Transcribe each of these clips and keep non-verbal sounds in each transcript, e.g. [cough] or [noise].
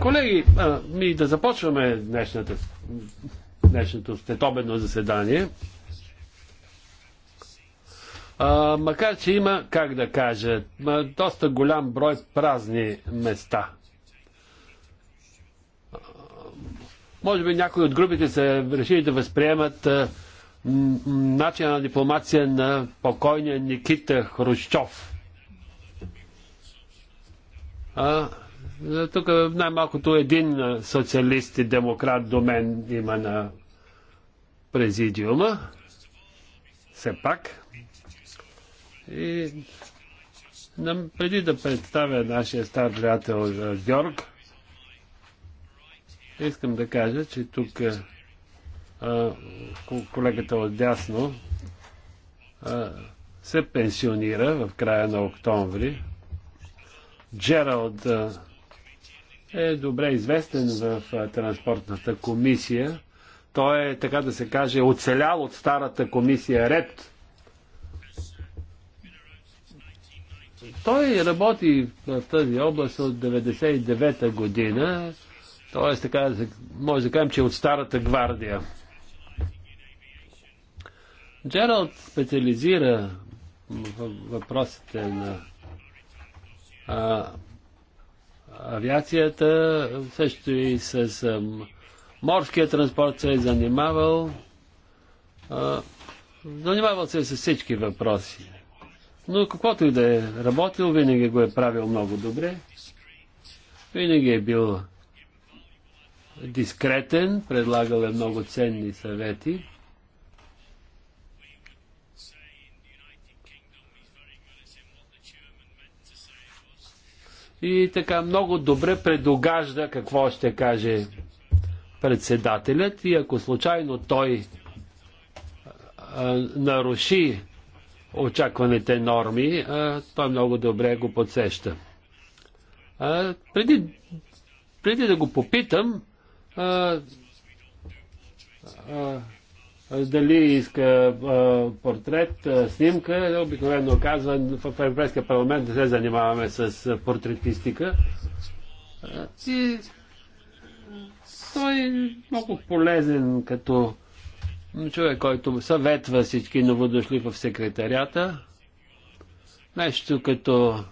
Колеги, ми да започваме днешната, днешното следобедно заседание. А, макар, че има, как да кажа, доста голям брой празни места. А, може би някои от групите са решили да възприемат а, начина на дипломация на покойния Никита Хрущов а, е, тук най-малкото един е, социалист и демократ до мен има на президиума. Все пак. И нам, преди да представя нашия стар приятел е, Георг, искам да кажа, че тук а, колегата от дясно се пенсионира в края на октомври. Джералд е добре известен в транспортната комисия. Той е, така да се каже, оцелял от старата комисия Ред. Той работи в тази област от 99-та година, т.е. така може да кажем, че е от старата гвардия. Джералд специализира въпросите на а, авиацията, също и с а, морския транспорт се е занимавал. А, занимавал се е с всички въпроси. Но каквото и да е работил, винаги го е правил много добре. Винаги е бил дискретен, предлагал е много ценни съвети. и така много добре предогажда какво ще каже председателят и ако случайно той а, наруши очакваните норми, а, той много добре го подсеща. А, преди, преди да го попитам, а, а, е, дали иска портрет, снимка, обикновено казва, в Европейския парламент не се занимаваме с портретистика. И той е много полезен като човек, който съветва всички новодошли в секретарията, Нещо като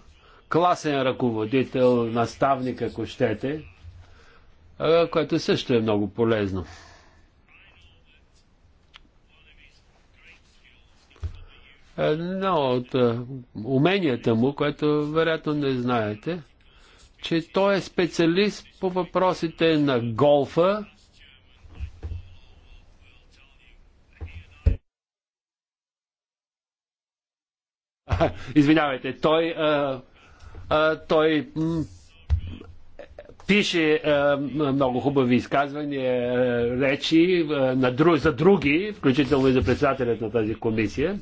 класен ръководител, наставник, ако щете, което също е много полезно. едно от е, уменията му, което вероятно не знаете, че той е специалист по въпросите на голфа. [laughs] Извинявайте, той, а, е, а, е, той пише а, много хубави изказвания, речи а, на за други, включително и за председателят на тази комисия.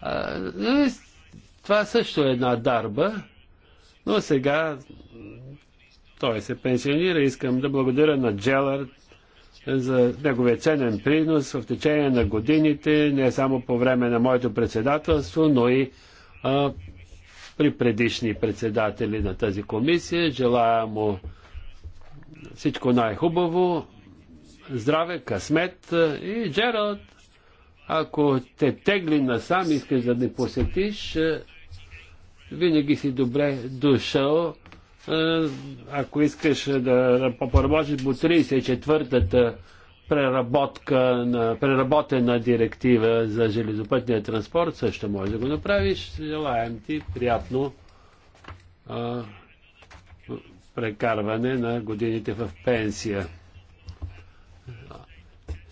А, това също е една дарба, но сега той се пенсионира. Искам да благодаря на Джелър за неговия ценен принос в течение на годините, не само по време на моето председателство, но и а, при предишни председатели на тази комисия. Желая му всичко най-хубаво, здраве, късмет и Джералд ако те тегли насам, искаш да не посетиш, е, винаги си добре дошъл. Е, ако искаш да поработиш по 34-та преработка на, преработена директива за железопътния транспорт, също можеш да го направиш. Желаем ти приятно а, е, прекарване на годините в пенсия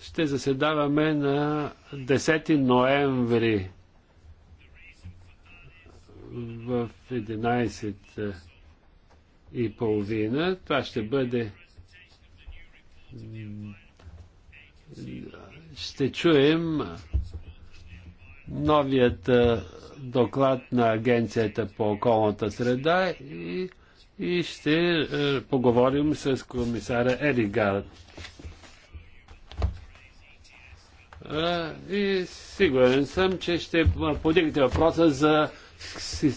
ще заседаваме на 10 ноември в 11 и половина. Това ще бъде ще чуем новият доклад на Агенцията по околната среда и, и ще е, поговорим с комисара Еригар и сигурен съм, че ще подигнете въпроса за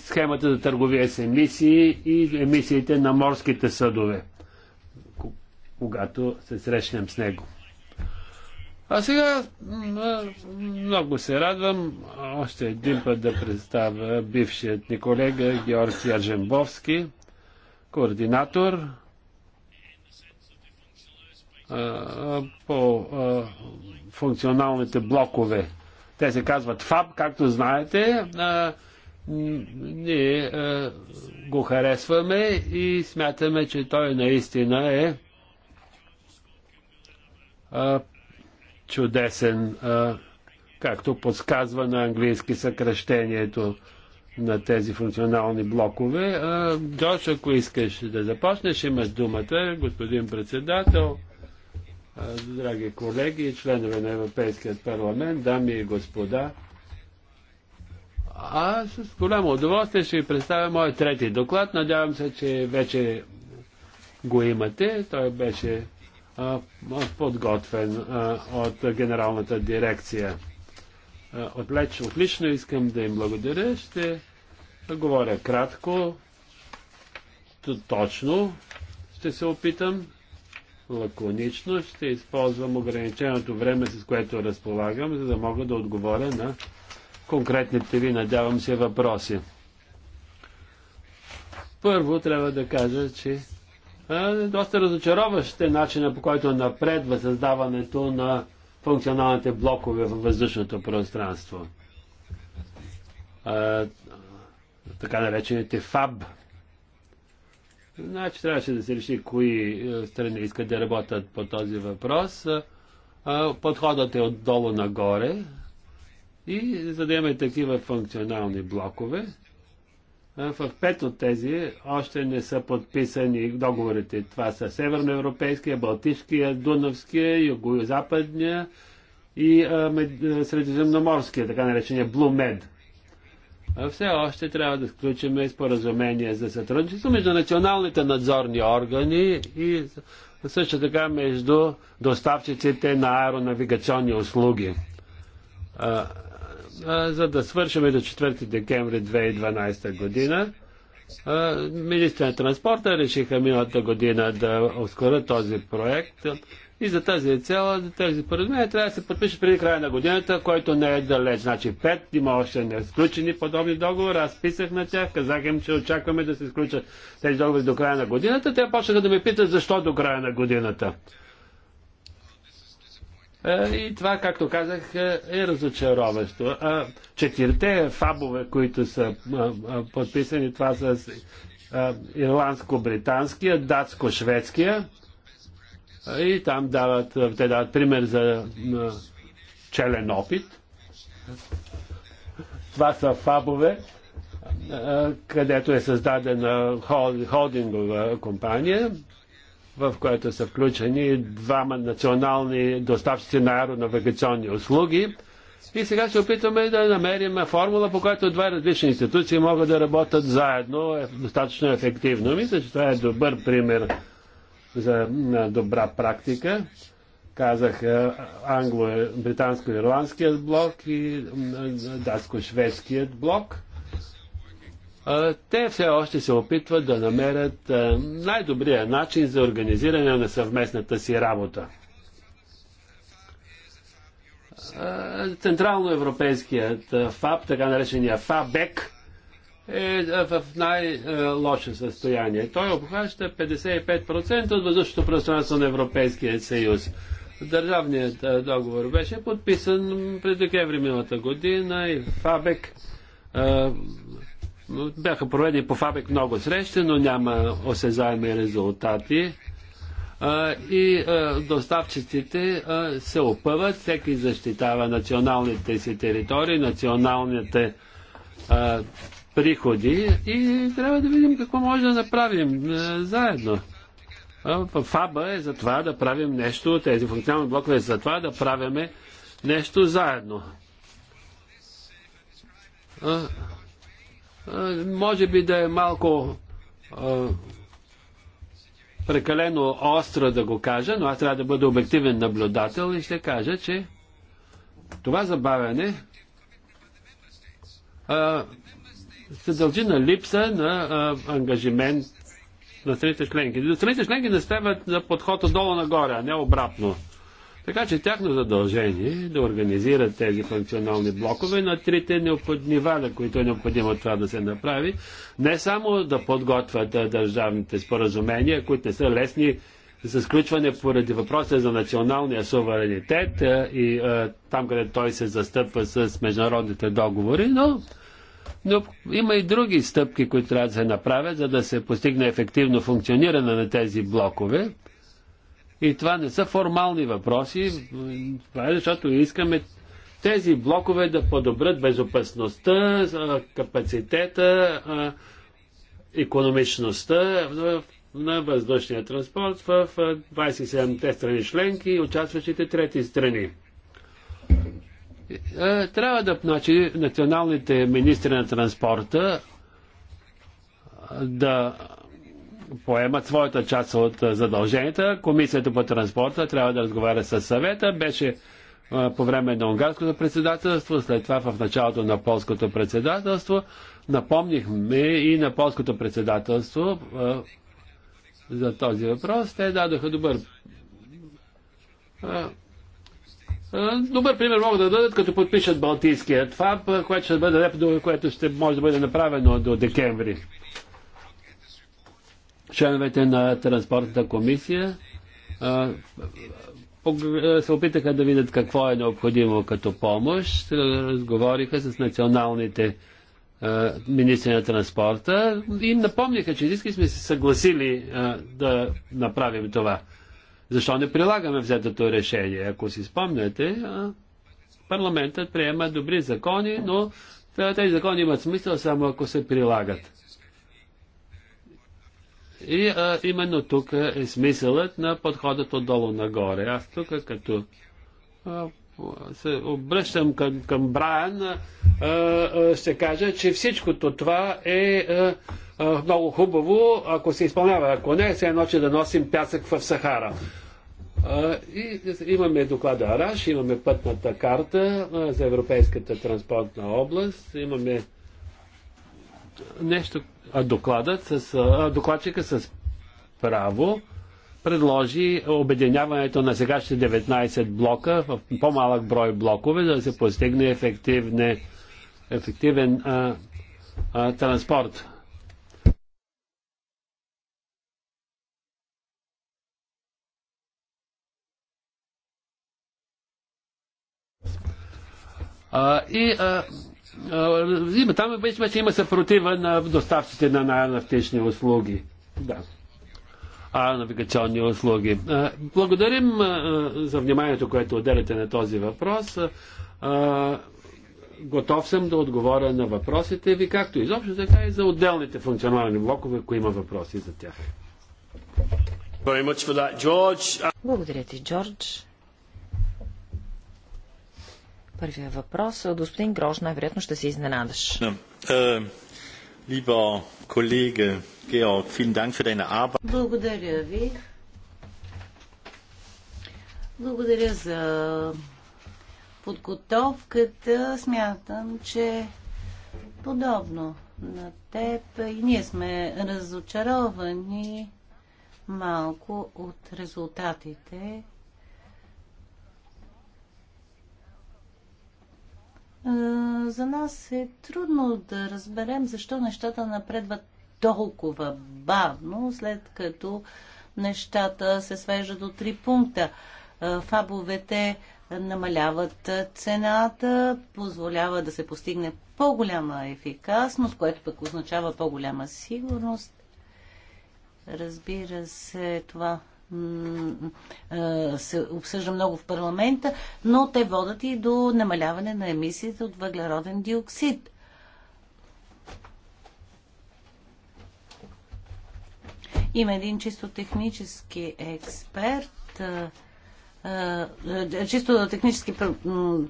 схемата за търговия с емисии и емисиите на морските съдове, когато се срещнем с него. А сега много се радвам още един път да представя бившият ни колега Георг Ярженбовски, координатор по функционалните блокове. Те се казват ФАБ, както знаете. Ние го харесваме и смятаме, че той наистина е чудесен, както подсказва на английски съкръщението на тези функционални блокове. Джош, ако искаш да започнеш, имаш думата, господин председател драги колеги, членове на Европейският парламент, дами и господа, аз с голямо удоволствие ще ви представя моят трети доклад. Надявам се, че вече го имате. Той беше а, подготвен а, от генералната дирекция. А, отлично искам да им благодаря. Ще говоря кратко, точно ще се опитам лаконично. Ще използвам ограниченото време, с което разполагам, за да мога да отговоря на конкретните ви, надявам се, въпроси. Първо трябва да кажа, че е доста разочароващ е начина по който напредва създаването на функционалните блокове във въздушното пространство. Е, така наречените ФАБ Значи трябваше да се реши кои е, страни искат да работят по този въпрос. Е, е, подходът е отдолу нагоре и за да имаме такива функционални блокове. В пет от тези още не са подписани договорите. Това са Северноевропейския, Балтийския, Дунавския, Юго-Западния и Средиземноморския, така наречения Блумед все още трябва да включим споразумение за сътрудничество между националните надзорни органи и също така между доставчиците на аеронавигационни услуги. А, а, за да свършим до 4 декември 2012 година, министрите на транспорта решиха миналата година да ускорят този проект и за тази цел, за тези поразумения трябва да се подпише преди края на годината, който не е далеч. Значи пет, има още не сключени подобни договори. Аз писах на тях, казах им, че очакваме да се сключат тези договори до края на годината. Те почнаха да ме питат защо до края на годината. Е, и това, както казах, е, е разочароващо. Четирите фабове, които са подписани, това са ирландско-британския, датско-шведския, и там дават, те дават пример за челен опит. Това са фабове, където е създадена холдингова компания, в която са включени двама национални доставчици на аеронавигационни услуги. И сега се опитваме да намерим формула, по която две различни институции могат да работят заедно е достатъчно ефективно. Мисля, че това е добър пример за добра практика. Казах е, англо-британско-ирландският блок и датско-шведският блок. Те все още се опитват да намерят е, най-добрия начин за организиране на съвместната си работа. Е, Централноевропейският ФАБ, така наречения ФАБЕК, е, е в най-лошо състояние. Той обхваща 55% от въздушното пространство на Европейския съюз. Държавният е, договор беше подписан през декември миналата година и Фабек а, е, бяха проведени по Фабек много срещи, но няма осезаеми резултати. и доставчиците се опъват, всеки защитава националните си територии, националните приходи и трябва да видим какво може да направим е, заедно. ФАБА е за това да правим нещо, тези функционални блокове е за това да правиме нещо заедно. А, а, може би да е малко а, прекалено остро да го кажа, но аз трябва да бъда обективен наблюдател и ще кажа, че това забавяне се дължи на липса на а, ангажимент на страните членки. Страните членки не стават на подход отдолу нагоре, а не обратно. Така че тяхно задължение е да организират тези функционални блокове на трите нива, на които е необходимо това да се направи. Не само да подготвят държавните споразумения, които не са лесни за сключване поради въпроса за националния суверенитет и а, там, къде той се застъпва с международните договори, но но има и други стъпки, които трябва да се направят, за да се постигне ефективно функциониране на тези блокове. И това не са формални въпроси, това е защото искаме тези блокове да подобрят безопасността, капацитета, економичността на въздушния транспорт в 27-те страни членки и участващите трети страни. Е, трябва да, значи, националните министри на транспорта е, да поемат своята част от е, задълженията. Комисията по транспорта трябва да разговаря с съвета. Беше по време на унгарското председателство, след това в началото на полското председателство. Напомнихме и на полското председателство за този въпрос. Те дадоха добър е, добър пример могат да дадат, като подпишат Балтийския ФАП, е, което ще бъде, което ще може да бъде направено до декември. Членовете на транспортната комисия е, се опитаха да видят какво е необходимо като помощ. Разговориха с националните министри на транспорта и напомниха, че всички сме се съгласили да направим това. Защо не прилагаме взетото решение? Ако си спомняте, парламентът приема добри закони, но тези закони имат смисъл само ако се прилагат. И а, именно тук е смисълът на подходът отдолу нагоре. Аз тук като а, се обръщам към, към Брайан, а, а, ще кажа, че всичкото това е а, а, много хубаво, ако се изпълнява. Ако не, се едно, да носим пясък в Сахара. И имаме доклада Араш, имаме пътната карта за Европейската транспортна област, имаме нещо, докладът с, докладчика с право предложи обединяването на сегашните 19 блока в по-малък брой блокове, за да се постигне ефективен а, а, транспорт А, и а, има, там вече, вече има съпротива на доставците на най-нафтични услуги. Да. А, навигационни услуги. А, благодарим а, за вниманието, което отделяте на този въпрос. А, готов съм да отговоря на въпросите ви, както изобщо така и за отделните функционални блокове, ако има въпроси за тях. Благодаря ти, Джордж. Първия въпрос е от господин Грош. Най-вероятно ще се изненадаш. Е, Благодаря ви. Благодаря за подготовката. Смятам, че подобно на теб и ние сме разочаровани малко от резултатите за нас е трудно да разберем защо нещата напредват толкова бавно, след като нещата се свежат до три пункта. Фабовете намаляват цената, позволява да се постигне по-голяма ефикасност, което пък означава по-голяма сигурност. Разбира се, това се обсъжда много в парламента, но те водат и до намаляване на емисиите от въглероден диоксид. Има един чисто технически експерт, е, е, чисто технически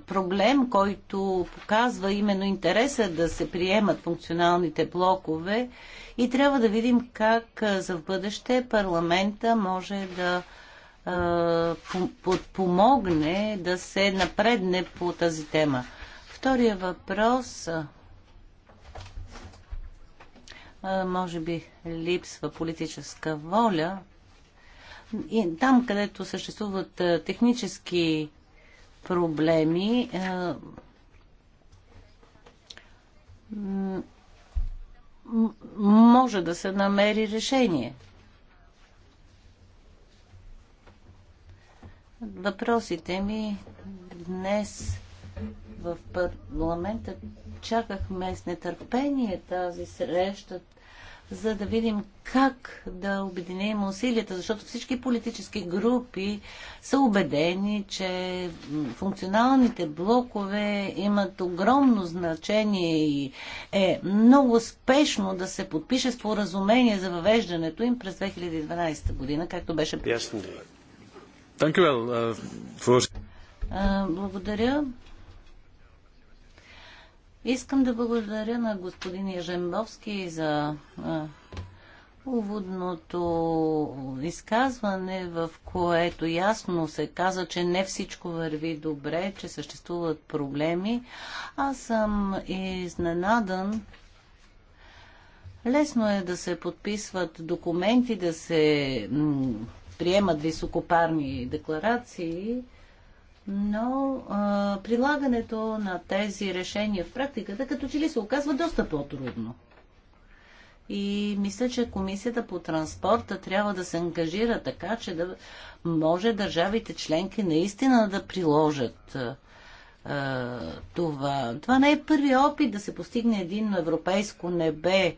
проблем, който показва именно интереса да се приемат функционалните блокове и трябва да видим как е, за в бъдеще парламента може да подпомогне да се напредне по тази тема. Втория въпрос може би липсва политическа воля и там, където съществуват технически проблеми, може да се намери решение. Въпросите ми днес в парламента чакахме с нетърпение тази среща за да видим как да обединим усилията, защото всички политически групи са убедени, че функционалните блокове имат огромно значение и е много спешно да се подпише споразумение за въвеждането им през 2012 година, както беше. Ясно. Uh, благодаря. Искам да благодаря на господин Ежембовски за уводното изказване, в което ясно се каза, че не всичко върви добре, че съществуват проблеми. Аз съм изненадан. Лесно е да се подписват документи, да се приемат високопарни декларации, но а, прилагането на тези решения в практиката като че ли се оказва доста по-трудно. И мисля, че комисията по транспорта трябва да се ангажира така, че да може държавите членки наистина да приложат а, това. Това не е първият опит да се постигне един европейско небе.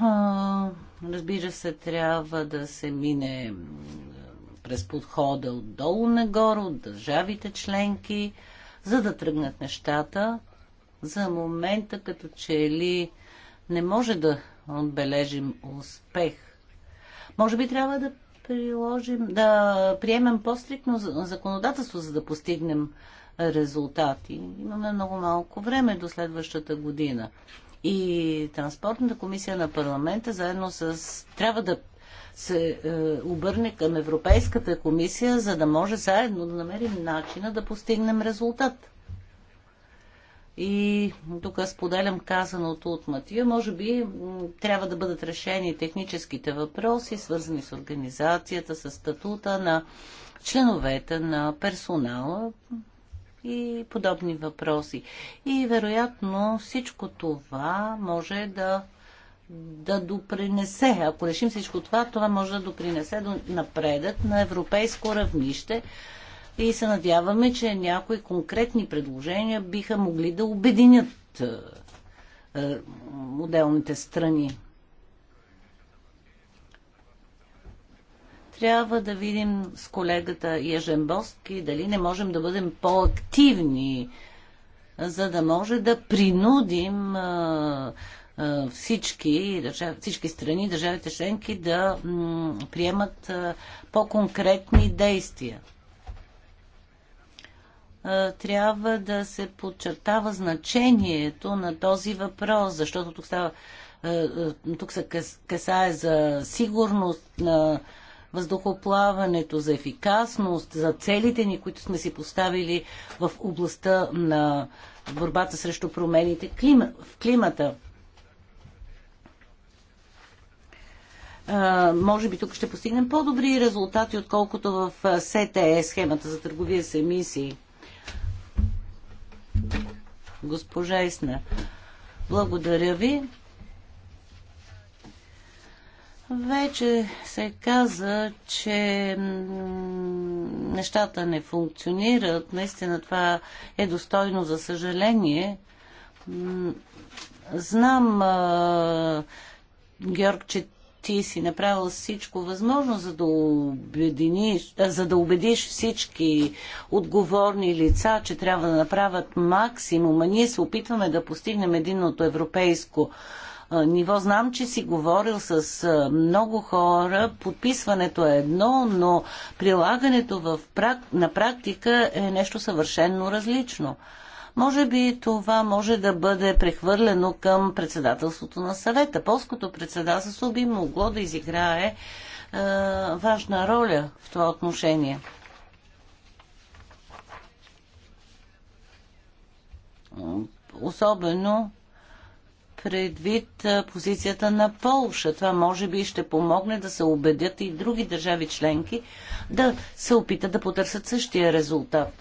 А, разбира се, трябва да се мине през подхода отдолу нагоре, от държавите членки, за да тръгнат нещата. За момента, като че ли не може да отбележим успех. Може би трябва да приложим, да приемем по-стрикно законодателство, за да постигнем резултати. Имаме много малко време до следващата година. И Транспортната комисия на парламента заедно с... трябва да се е, обърне към Европейската комисия, за да може заедно да намерим начина да постигнем резултат. И тук споделям казаното от Матия. Може би трябва да бъдат решени техническите въпроси, свързани с организацията, с статута на членовете на персонала и подобни въпроси. И вероятно всичко това може да да допринесе, ако решим всичко това, това може да допринесе до напредък на европейско равнище и се надяваме, че някои конкретни предложения биха могли да обединят е, е, отделните страни. Трябва да видим с колегата Ежембоски дали не можем да бъдем по-активни, за да може да принудим е, всички, държав, всички страни, държавите членки да приемат по-конкретни действия. Трябва да се подчертава значението на този въпрос, защото тук, става, тук се касае за сигурност на въздухоплаването, за ефикасност, за целите ни, които сме си поставили в областта на борбата срещу промените в климата може би тук ще постигнем по-добри резултати, отколкото в СТЕ, схемата за търговия с емисии. Госпожа Исна, благодаря ви. Вече се каза, че нещата не функционират. Наистина това е достойно за съжаление. Знам, Георг, че ти си направил всичко възможно, за да, обединиш, за да убедиш всички отговорни лица, че трябва да направят максимум. А ние се опитваме да постигнем единното европейско ниво. Знам, че си говорил с много хора. Подписването е едно, но прилагането в прак... на практика е нещо съвършенно различно. Може би това може да бъде прехвърлено към председателството на съвета. Полското председателство би могло да изиграе е, важна роля в това отношение. Особено предвид е, позицията на Полша. Това може би ще помогне да се убедят и други държави членки да се опитат да потърсят същия резултат.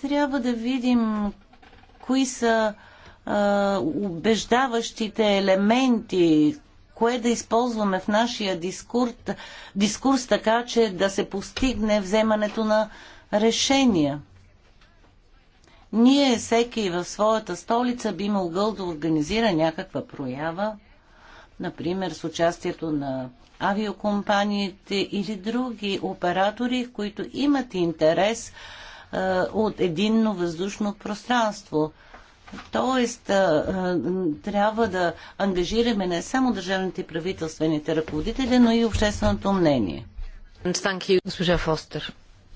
Трябва да видим кои са а, убеждаващите елементи, кое да използваме в нашия дискурс, дискурс, така че да се постигне вземането на решения. Ние, всеки в своята столица, би могъл да организира някаква проява, например с участието на авиокомпаниите или други оператори, които имат интерес е, от единно въздушно пространство. Тоест, е, е, трябва да ангажираме не само държавните и правителствените ръководители, но и общественото мнение. Госпожа Фостер,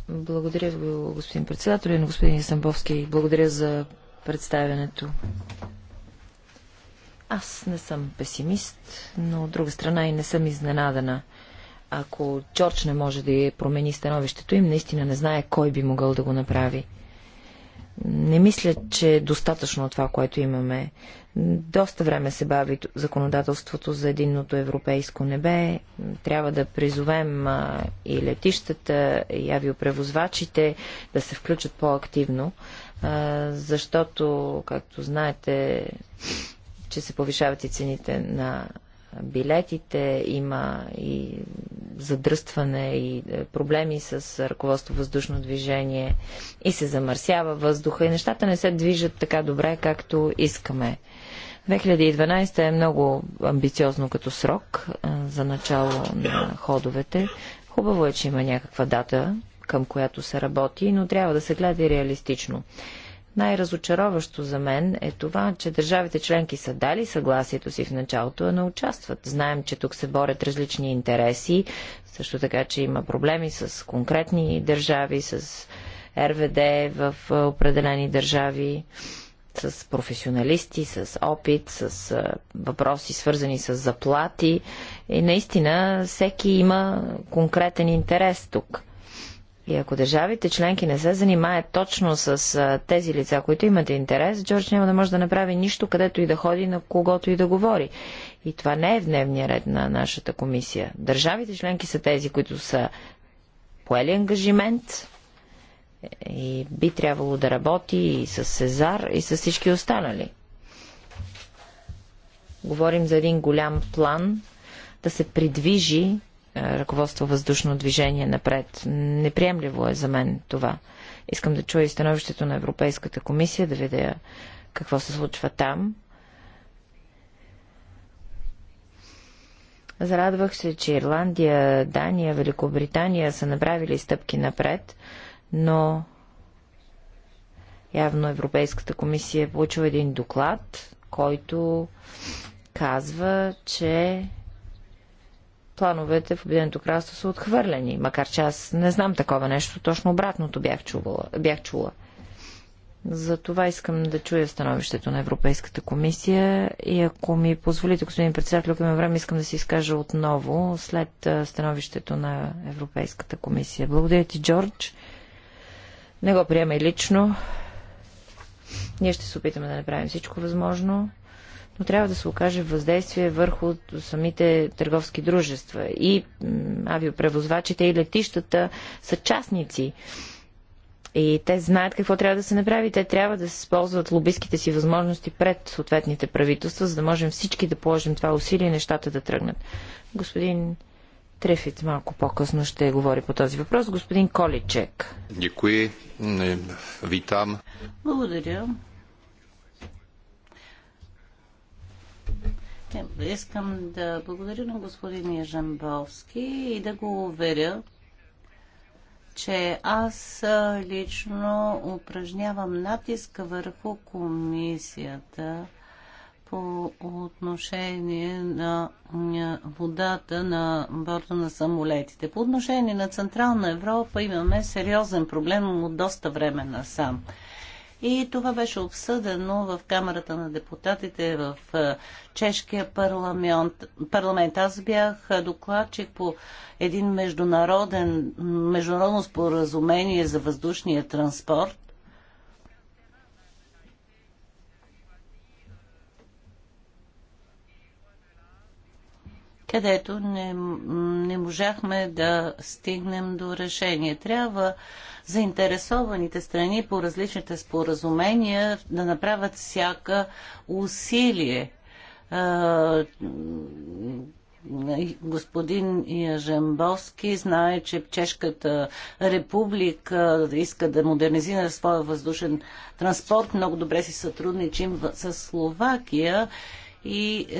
благодаря ви, господин председател и на господин Самбовски. Благодаря за представянето. Аз не съм песимист, но от друга страна и не съм изненадана. Ако Джордж не може да промени становището им, наистина не знае кой би могъл да го направи. Не мисля, че е достатъчно това, което имаме. Доста време се бави законодателството за единното европейско небе. Трябва да призовем и летищата, и авиопревозвачите да се включат по-активно, защото, както знаете, че се повишават и цените на билетите, има и задръстване и е, проблеми с ръководство въздушно движение и се замърсява въздуха и нещата не се движат така добре, както искаме. 2012 е много амбициозно като срок е, за начало на ходовете. Хубаво е, че има някаква дата, към която се работи, но трябва да се гледа и реалистично. Най-разочароващо за мен е това, че държавите членки са дали съгласието си в началото, а не участват. Знаем, че тук се борят различни интереси, също така, че има проблеми с конкретни държави, с РВД в определени държави, с професионалисти, с опит, с въпроси свързани с заплати. И наистина всеки има конкретен интерес тук. И ако държавите членки не се занимаят точно с тези лица, които имат интерес, Джордж няма да може да направи нищо, където и да ходи, на когото и да говори. И това не е в дневния ред на нашата комисия. Държавите членки са тези, които са поели ангажимент и би трябвало да работи и с Сезар, и с всички останали. Говорим за един голям план да се придвижи Ръководство въздушно движение напред. Неприемливо е за мен това. Искам да чуя и становището на Европейската комисия, да видя какво се случва там. Зарадвах се, че Ирландия, Дания, Великобритания са направили стъпки напред, но явно Европейската комисия е получила един доклад, който казва, че плановете в Обединеното кралство са отхвърлени, макар че аз не знам такова нещо, точно обратното бях чувала. Бях чула. За това искам да чуя становището на Европейската комисия и ако ми позволите, господин председател, ако има време, искам да се изкажа отново след становището на Европейската комисия. Благодаря ти, Джордж. Не го приемай лично. Ние ще се опитаме да направим всичко възможно но трябва да се окаже въздействие върху самите търговски дружества. И авиопревозвачите и летищата са частници. И те знаят какво трябва да се направи. Те трябва да се използват лобистските си възможности пред съответните правителства, за да можем всички да положим това усилие и нещата да тръгнат. Господин Трефит малко по-късно ще говори по този въпрос. Господин Количек. Витам. Благодаря. Искам да благодаря на господин Ежембовски и да го уверя, че аз лично упражнявам натиска върху комисията по отношение на водата на борда на самолетите. По отношение на Централна Европа имаме сериозен проблем от доста време насам. сам и това беше обсъдено в Камерата на депутатите в е, Чешкия парламент. парламент. Аз бях докладчик по един международен, международно споразумение за въздушния транспорт където не, не можахме да стигнем до решение. Трябва заинтересованите страни по различните споразумения да направят всяка усилие. Господин Яжембовски знае, че Чешката република иска да модернизира своя въздушен транспорт. Много добре си сътрудничим с Словакия и е,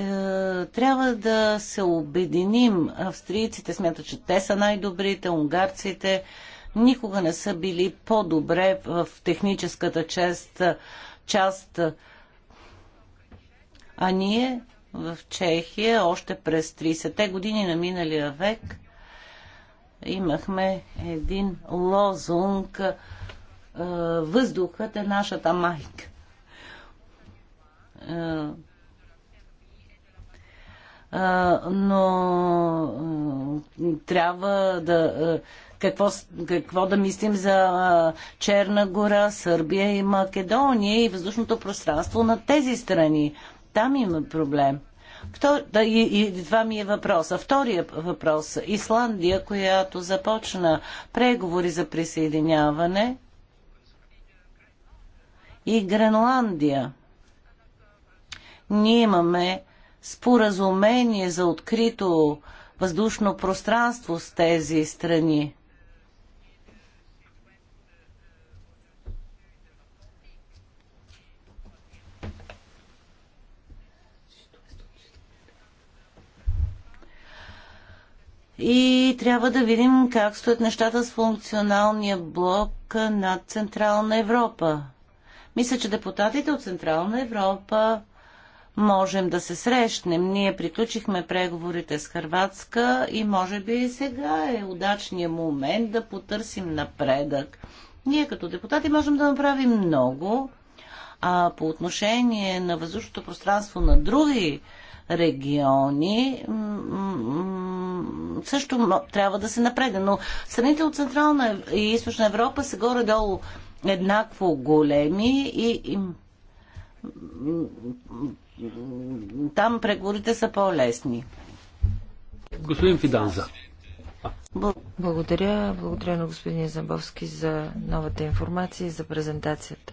трябва да се обединим. Австрийците смятат, че те са най-добрите, унгарците никога не са били по-добре в техническата част, част. А ние в Чехия още през 30-те години на миналия век имахме един лозунг е, Въздухът е нашата майка е, но трябва да. Какво, какво да мислим за Черна гора, Сърбия и Македония и въздушното пространство на тези страни? Там има проблем. Втор... Да, и, и това ми е въпроса. Втория въпрос. Исландия, която започна преговори за присъединяване и Гренландия. Ние имаме споразумение за открито въздушно пространство с тези страни. И трябва да видим как стоят нещата с функционалния блок над Централна Европа. Мисля, че депутатите от Централна Европа можем да се срещнем. Ние приключихме преговорите с Харватска и може би и сега е удачният момент да потърсим напредък. Ние като депутати можем да направим много, а по отношение на въздушното пространство на други региони също трябва да се напреде. Но страните от Централна и Източна Европа са горе-долу еднакво големи и там преговорите са по-лесни. Господин Фиданза. Благодаря. Благодаря на господин Замбовски за новата информация и за презентацията.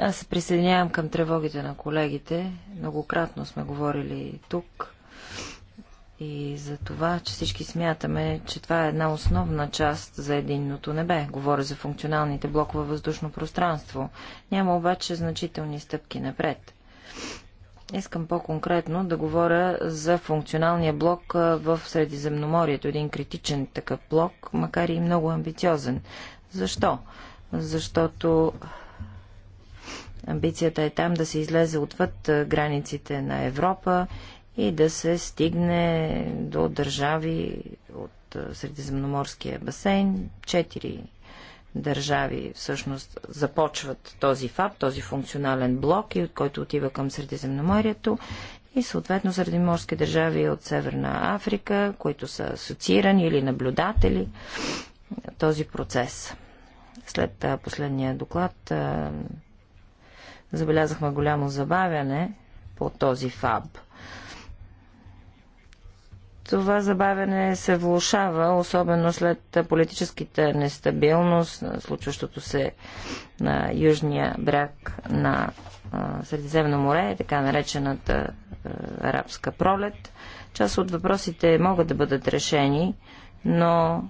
Аз се присъединявам към тревогите на колегите. Многократно сме говорили тук и за това, че всички смятаме, че това е една основна част за единното небе. Говоря за функционалните блокове въздушно пространство. Няма обаче значителни стъпки напред. Искам по-конкретно да говоря за функционалния блок в Средиземноморието. Един критичен такъв блок, макар и много амбициозен. Защо? Защото амбицията е там да се излезе отвъд границите на Европа и да се стигне до държави от Средиземноморския басейн. Четири държави всъщност започват този ФАБ, този функционален блок, и от който отива към Средиземноморието и съответно средиморски държави от Северна Африка, които са асоциирани или наблюдатели този процес. След последния доклад забелязахме голямо забавяне по този ФАБ – това забавяне се влушава, особено след политическите нестабилност, случващото се на южния бряг на Средиземно море, така наречената арабска пролет. Част от въпросите могат да бъдат решени, но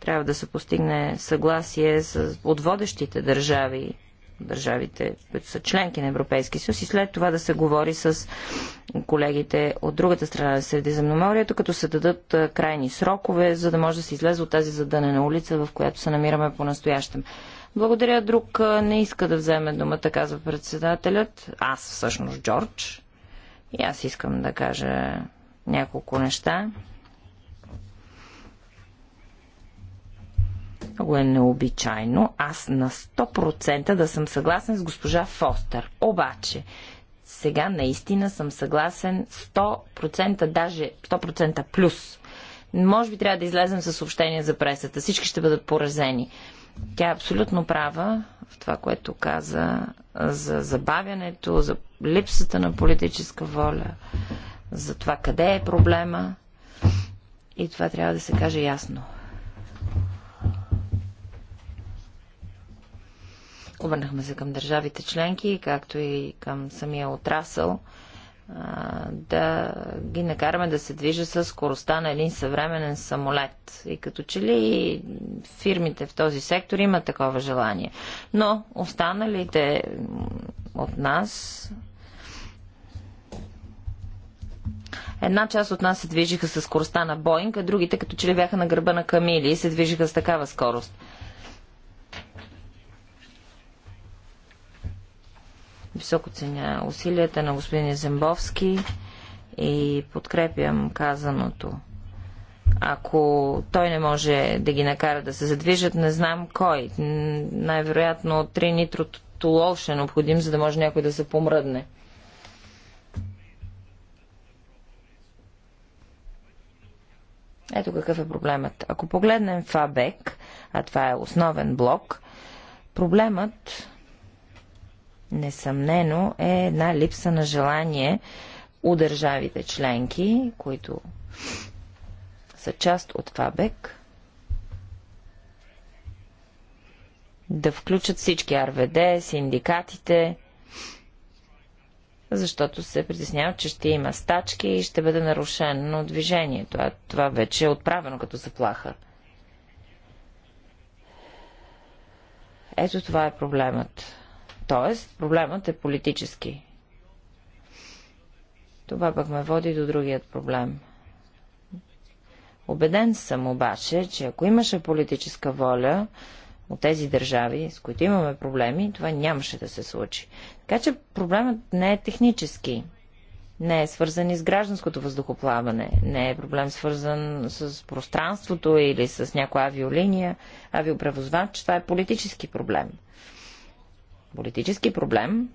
трябва да се постигне съгласие с, отводещите водещите държави държавите, които са членки на Европейски съюз и след това да се говори с колегите от другата страна на Средиземноморието, като се дадат крайни срокове, за да може да се излезе от тази задънена улица, в която се намираме по-настоящем. Благодаря, друг не иска да вземе думата, казва председателят. Аз всъщност, Джордж. И аз искам да кажа няколко неща. Много е необичайно аз на 100% да съм съгласен с госпожа Фостер. Обаче, сега наистина съм съгласен 100%, даже 100% плюс. Може би трябва да излезем със съобщение за пресата. Всички ще бъдат поразени. Тя е абсолютно права в това, което каза за забавянето, за липсата на политическа воля, за това къде е проблема. И това трябва да се каже ясно. Обърнахме се към държавите членки, както и към самия отрасъл, да ги накараме да се движат с скоростта на един съвременен самолет. И като че ли фирмите в този сектор имат такова желание. Но останалите от нас Една част от нас се движиха с скоростта на Боинг, а другите като че ли бяха на гърба на камили и се движиха с такава скорост. Високо ценя усилията на господин Зембовски и подкрепям казаното. Ако той не може да ги накара да се задвижат, не знам кой. Най-вероятно три нитротолол ще е необходим, за да може някой да се помръдне. Ето какъв е проблемът. Ако погледнем Фабек, а това е основен блок, проблемът несъмнено е една липса на желание у държавите членки, които са част от ФАБЕК, да включат всички РВД, синдикатите, защото се притесняват, че ще има стачки и ще бъде нарушено движението. Това, това вече е отправено като заплаха. Ето това е проблемът. Тоест, проблемът е политически. Това пък ме води до другият проблем. Обеден съм обаче, че ако имаше политическа воля от тези държави, с които имаме проблеми, това нямаше да се случи. Така че проблемът не е технически не е свързан и с гражданското въздухоплаване, не е проблем свързан с пространството или с някоя авиолиния, авиопревозвач, това е политически проблем. Политически проблем,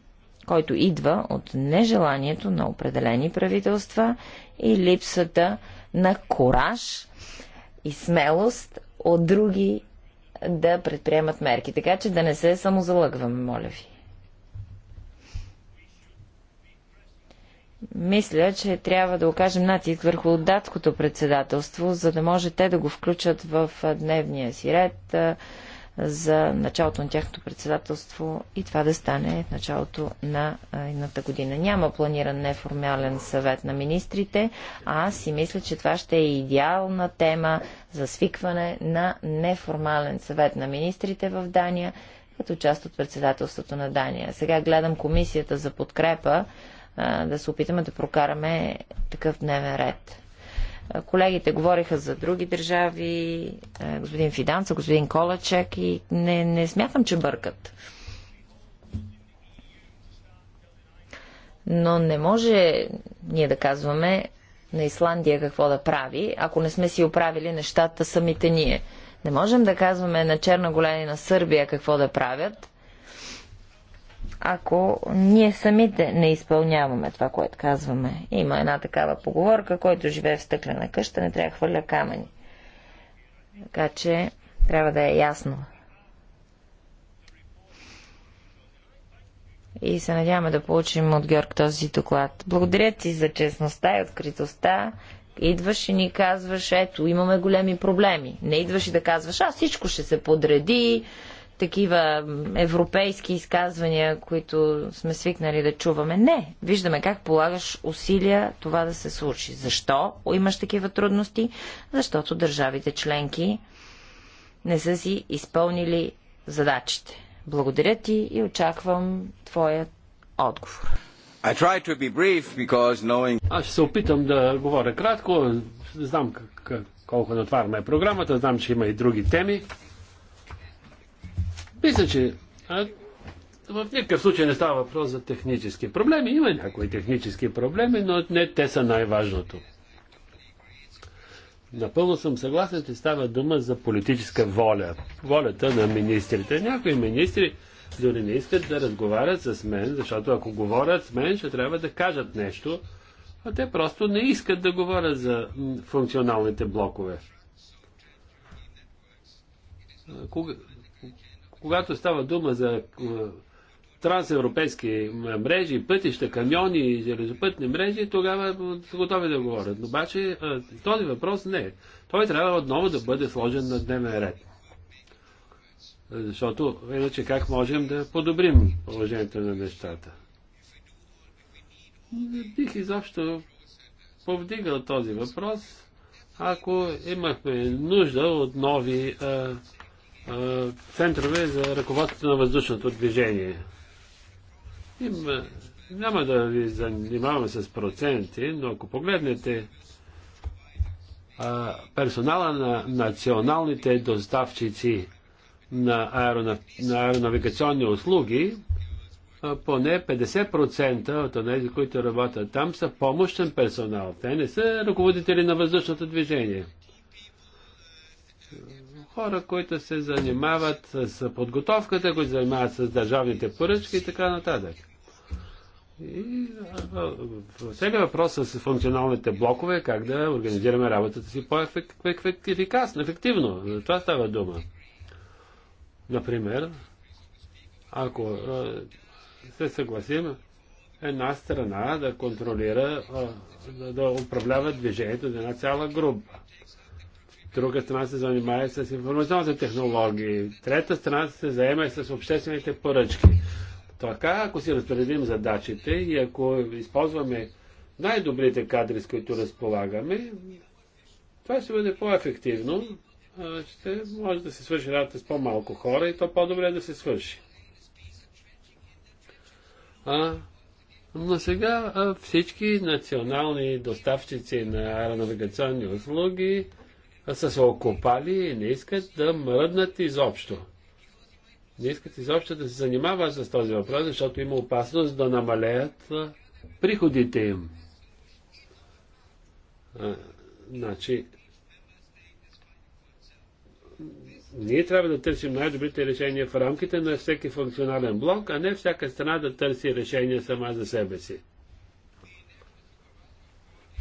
който идва от нежеланието на определени правителства и липсата на кораж и смелост от други да предприемат мерки. Така че да не се самозалъгваме, моля ви. Мисля, че трябва да окажем натиск върху датското председателство, за да може те да го включат в дневния си ред за началото на тяхното председателство и това да стане в началото на едната година. Няма планиран неформален съвет на министрите, а аз си мисля, че това ще е идеална тема за свикване на неформален съвет на министрите в Дания, като част от председателството на Дания. Сега гледам комисията за подкрепа да се опитаме да прокараме такъв дневен ред. Колегите говориха за други държави, е, господин Фиданца, господин Колачек и не, не смятам, че бъркат. Но не може ние да казваме на Исландия какво да прави, ако не сме си оправили нещата самите ние. Не можем да казваме на Черна Голяни на Сърбия какво да правят, ако ние самите не изпълняваме това, което казваме. Има една такава поговорка, който живее в стъклена къща, не трябва да хвърля камъни. Така че трябва да е ясно. И се надяваме да получим от Георг този доклад. Благодаря ти за честността и откритостта. Идваш и ни казваш, ето, имаме големи проблеми. Не идваш и да казваш, а всичко ще се подреди, такива европейски изказвания, които сме свикнали да чуваме. Не, виждаме как полагаш усилия това да се случи. Защо имаш такива трудности? Защото държавите членки не са си изпълнили задачите. Благодаря ти и очаквам твоя отговор. Knowing... Аз ще се опитам да говоря кратко. Знам как, колко да отваряме програмата, знам, че има и други теми. Мисля, че а, в никакъв случай не става въпрос за технически проблеми. Има някои технически проблеми, но не те са най-важното. Напълно съм съгласен, че става дума за политическа воля. Волята на министрите. Някои министри дори не искат да разговарят с мен, защото ако говорят с мен, ще трябва да кажат нещо, а те просто не искат да говорят за функционалните блокове когато става дума за е, трансевропейски мрежи, пътища, камиони и железопътни мрежи, тогава са готови да говорят. Но обаче е, този въпрос не. е. Той трябва отново да бъде сложен на дневен ред. Защото иначе как можем да подобрим положението на нещата? Не бих изобщо повдигал този въпрос, ако имахме нужда от нови а, е, центрове за ръководството на въздушното движение. Има, няма да ви занимаваме с проценти, но ако погледнете а, персонала на националните доставчици на, аерона, на аеронавигационни услуги, а, поне 50% от тези, които работят там, са помощен персонал. Те не са ръководители на въздушното движение хора, които се занимават с подготовката, които се занимават с държавните поръчки и така нататък. И сега въпрос с функционалните блокове, как да организираме работата си по-ефикасно, ефективно. За това става дума. Например, ако се съгласим една страна да контролира, да управлява движението за една цяла група друга страна се занимава с информационните технологии, трета страна се заема и с обществените поръчки. Така, ако си разпределим задачите и ако използваме най-добрите кадри, с които разполагаме, това ще бъде по-ефективно, ще може да се свърши работа с по-малко хора и то по-добре да се свърши. А, но сега всички национални доставчици на аеронавигационни услуги са се окопали и не искат да мръднат изобщо. Не искат изобщо да се занимават с този въпрос, защото има опасност да намалеят приходите им. А, значи, ние трябва да търсим най-добрите решения в рамките на всеки функционален блок, а не всяка страна да търси решения сама за себе си.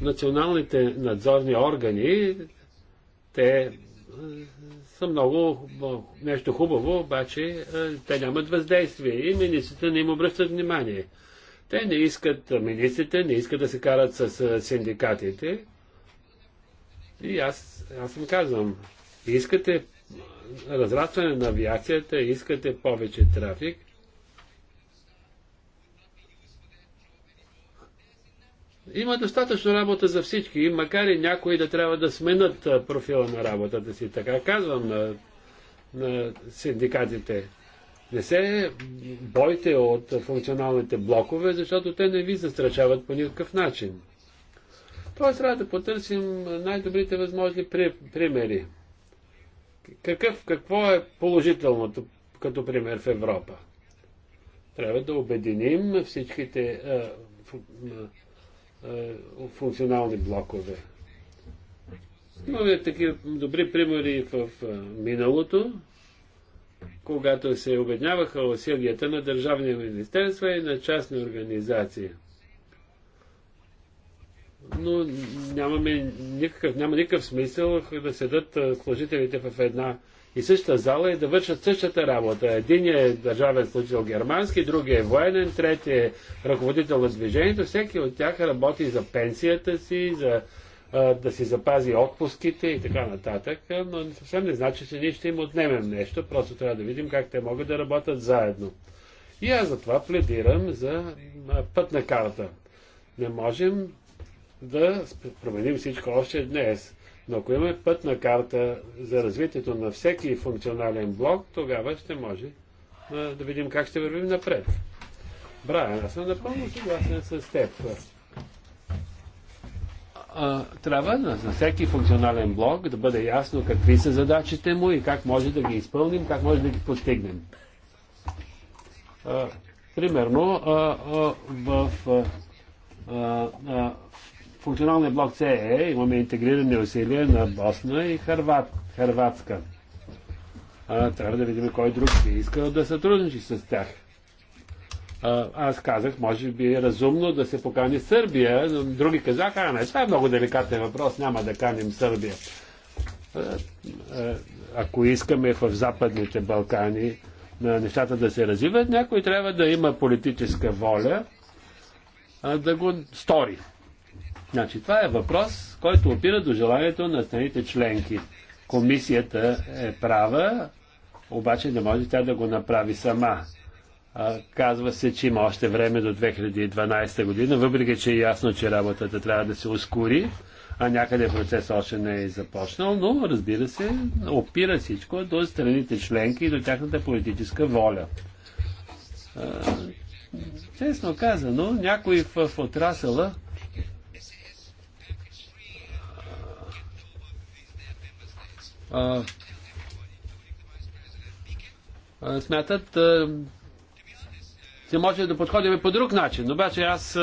Националните надзорни органи те е, са много е, нещо хубаво, обаче е, те нямат въздействие и министрите не им обръщат внимание. Те не искат, министрите не искат да се карат с синдикатите. И аз, аз им казвам, искате разрастване на авиацията, искате повече трафик, Има достатъчно работа за всички, макар и някои да трябва да сменят профила на работата си. Така казвам на, на синдикатите. Не се бойте от функционалните блокове, защото те не ви застрашават по никакъв начин. Тоест трябва да потърсим най-добрите възможни при, примери. Какъв, какво е положителното като пример в Европа? Трябва да обединим всичките е, функционални блокове. Имаме такива добри примери в е, миналото, когато се обедняваха усилията на държавни министерства и на частни организации. Но нямаме никакъв, няма никакъв смисъл да седат е, служителите в една и същата зала и е да вършат същата работа. Един е държавен служител германски, другия е военен, третия е ръководител на движението. Всеки от тях работи за пенсията си, за да си запази отпуските и така нататък, но съвсем не значи, че ние ще им отнемем нещо, просто трябва да видим как те могат да работят заедно. И аз затова пледирам за пътна карта. Не можем да променим всичко още днес. Но ако имаме пътна карта за развитието на всеки функционален блок, тогава ще може да, да видим как ще вървим напред. Брайан, аз съм напълно съгласен с теб. А, трябва на, на всеки функционален блок да бъде ясно какви са задачите му и как може да ги изпълним, как може да ги постигнем. А, примерно, а, а, в а, а, функционалния блок е, имаме интегрирани усилия на Босна и Харват, Харватска. А, трябва да видим кой друг би искал да сътрудничи с тях. А, аз казах, може би е разумно да се покани Сърбия, но други казаха, а не, това е много деликатен въпрос, няма да каним Сърбия. А, а, ако искаме в Западните Балкани на нещата да се развиват, някой трябва да има политическа воля а, да го стори. Значи, това е въпрос, който опира до желанието на страните членки. Комисията е права, обаче не може тя да го направи сама. А, казва се, че има още време до 2012 година, въпреки че е ясно, че работата трябва да се ускори, а някъде процес още не е започнал, но разбира се, опира всичко до страните членки и до тяхната политическа воля. А, честно казано, някои в, в отрасъла смятат, че може да подходим по друг начин. Обаче аз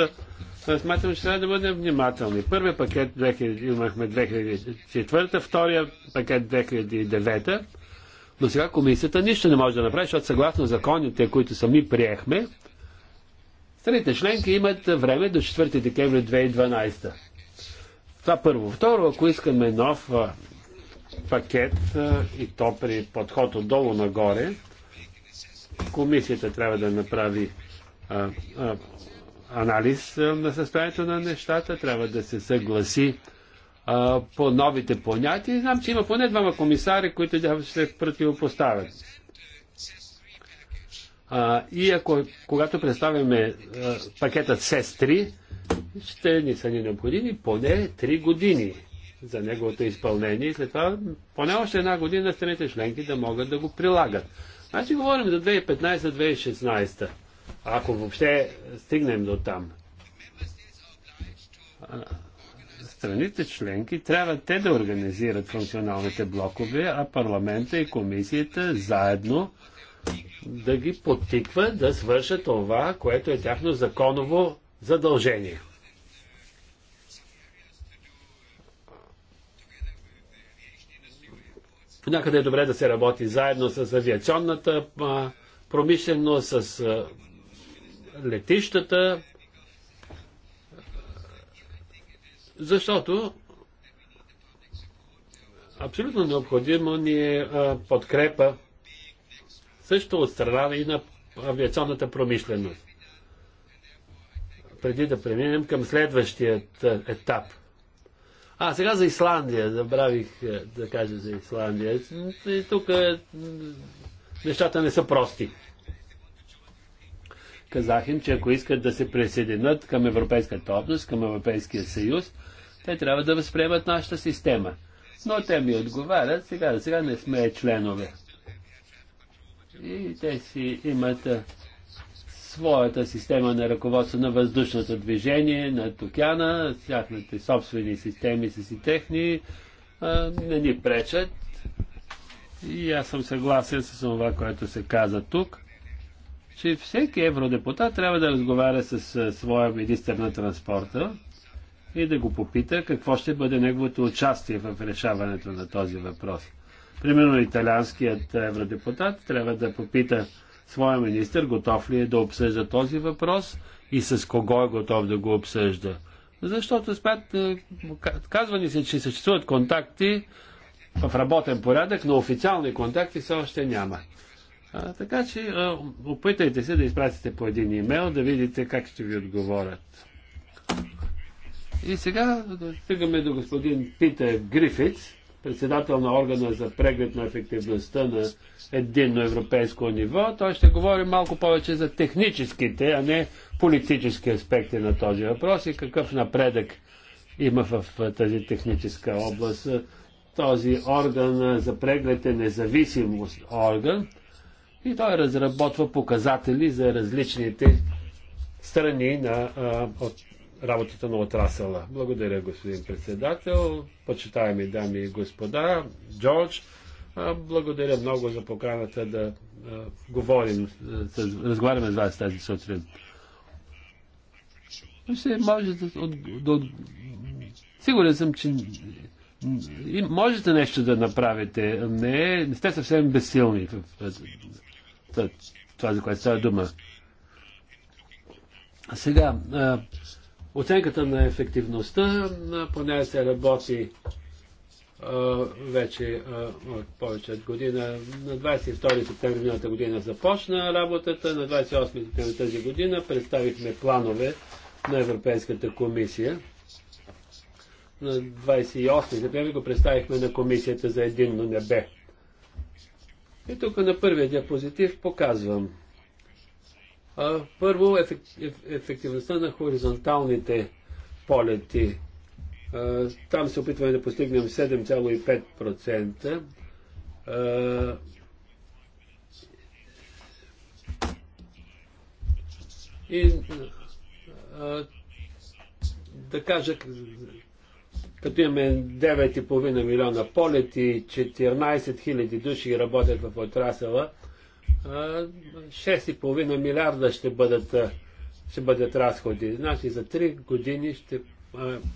смятам, че трябва да бъдем внимателни. Първият пакет 2000, имахме 2004, втория пакет 2009, но сега комисията нищо не може да направи, защото съгласно законите, които сами приехме, страните членки имат време до 4 декември 2012. Това първо. Второ, ако искаме нов пакет и то при подход отдолу нагоре, комисията трябва да направи а, а, анализ на състоянието на нещата, трябва да се съгласи а, по новите понятия. Знам, че има поне двама комисари, които се противопоставят. А, и ако, когато представяме пакетът СЕС-3, ще ни са ни необходими поне 3 години за неговото изпълнение и след това поне още една година страните членки да могат да го прилагат. Значи говорим за 2015-2016, ако въобще стигнем до там. Страните членки трябва те да организират функционалните блокове, а парламента и комисията заедно да ги потиква да свършат това, което е тяхно законово задължение. Понякъде е добре да се работи заедно с авиационната промишленост, с летищата, защото абсолютно необходимо ни е подкрепа също от страна и на авиационната промишленост. Преди да преминем към следващият етап – а, сега за Исландия. Забравих е, да кажа за Исландия. тук е, нещата не са прости. Казах им, че ако искат да се присъединят към Европейската общност, към Европейския съюз, те трябва да възприемат нашата система. Но те ми отговарят, сега сега не сме членове. И те си имат е, своята система на ръководство на въздушното движение, на океана, тяхните собствени системи с си техни, не ни пречат. И аз съм съгласен с това, което се каза тук, че всеки евродепутат трябва да разговаря с своя министър на транспорта и да го попита какво ще бъде неговото участие в решаването на този въпрос. Примерно италианският евродепутат трябва да попита своя министр готов ли е да обсъжда този въпрос и с кого е готов да го обсъжда. Защото спят, е, казва ни се, че съществуват контакти в работен порядък, но официални контакти все още няма. А, така че а, е, опитайте се да изпратите по един имейл, да видите как ще ви отговорят. И сега стигаме до господин Питер Грифиц, председател на органа за преглед на ефективността на единно европейско ниво. Той ще говори малко повече за техническите, а не политически аспекти на този въпрос и какъв напредък има в тази техническа област. Този орган за преглед е независимост орган и той разработва показатели за различните страни на, от работата на отрасъла. Благодаря, господин председател, почитаеми дами и господа, Джордж. Благодаря много за поканата да говорим, да разговаряме с вас тази сутрин. може да, да, сигурен съм, че и можете нещо да направите. Не, не сте съвсем безсилни в, в, в това, за което става дума. Сега, а, Оценката на ефективността на поне се работи вече повече от година. На 22 септември миналата година започна работата, на 28 септември тази година представихме планове на Европейската комисия. На 28 септември го представихме на Комисията за единно небе. И тук на първия диапозитив показвам първо, ефективността на хоризонталните полети. Там се опитваме да постигнем 7,5%. И да кажа, като имаме 9,5 милиона полети, 14 000 души работят в отрасъла, 6,5 милиарда ще бъдат, ще бъдат разходи. Значи за 3 години ще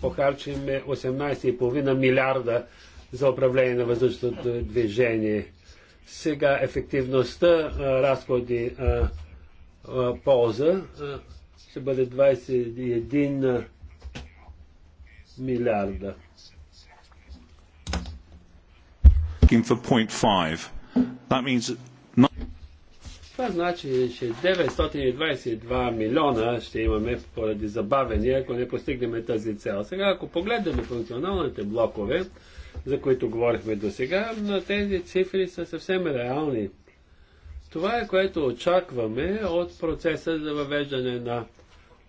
похарчим 18,5 милиарда за управление на въздушното движение. Сега ефективността, разходи, полза ще бъде 21 милиарда. For five. That means това значи, че 922 милиона ще имаме поради забавения, ако не постигнем тази цел. Сега, ако погледнем функционалните блокове, за които говорихме до сега, но тези цифри са съвсем реални. Това е което очакваме от процеса за въвеждане на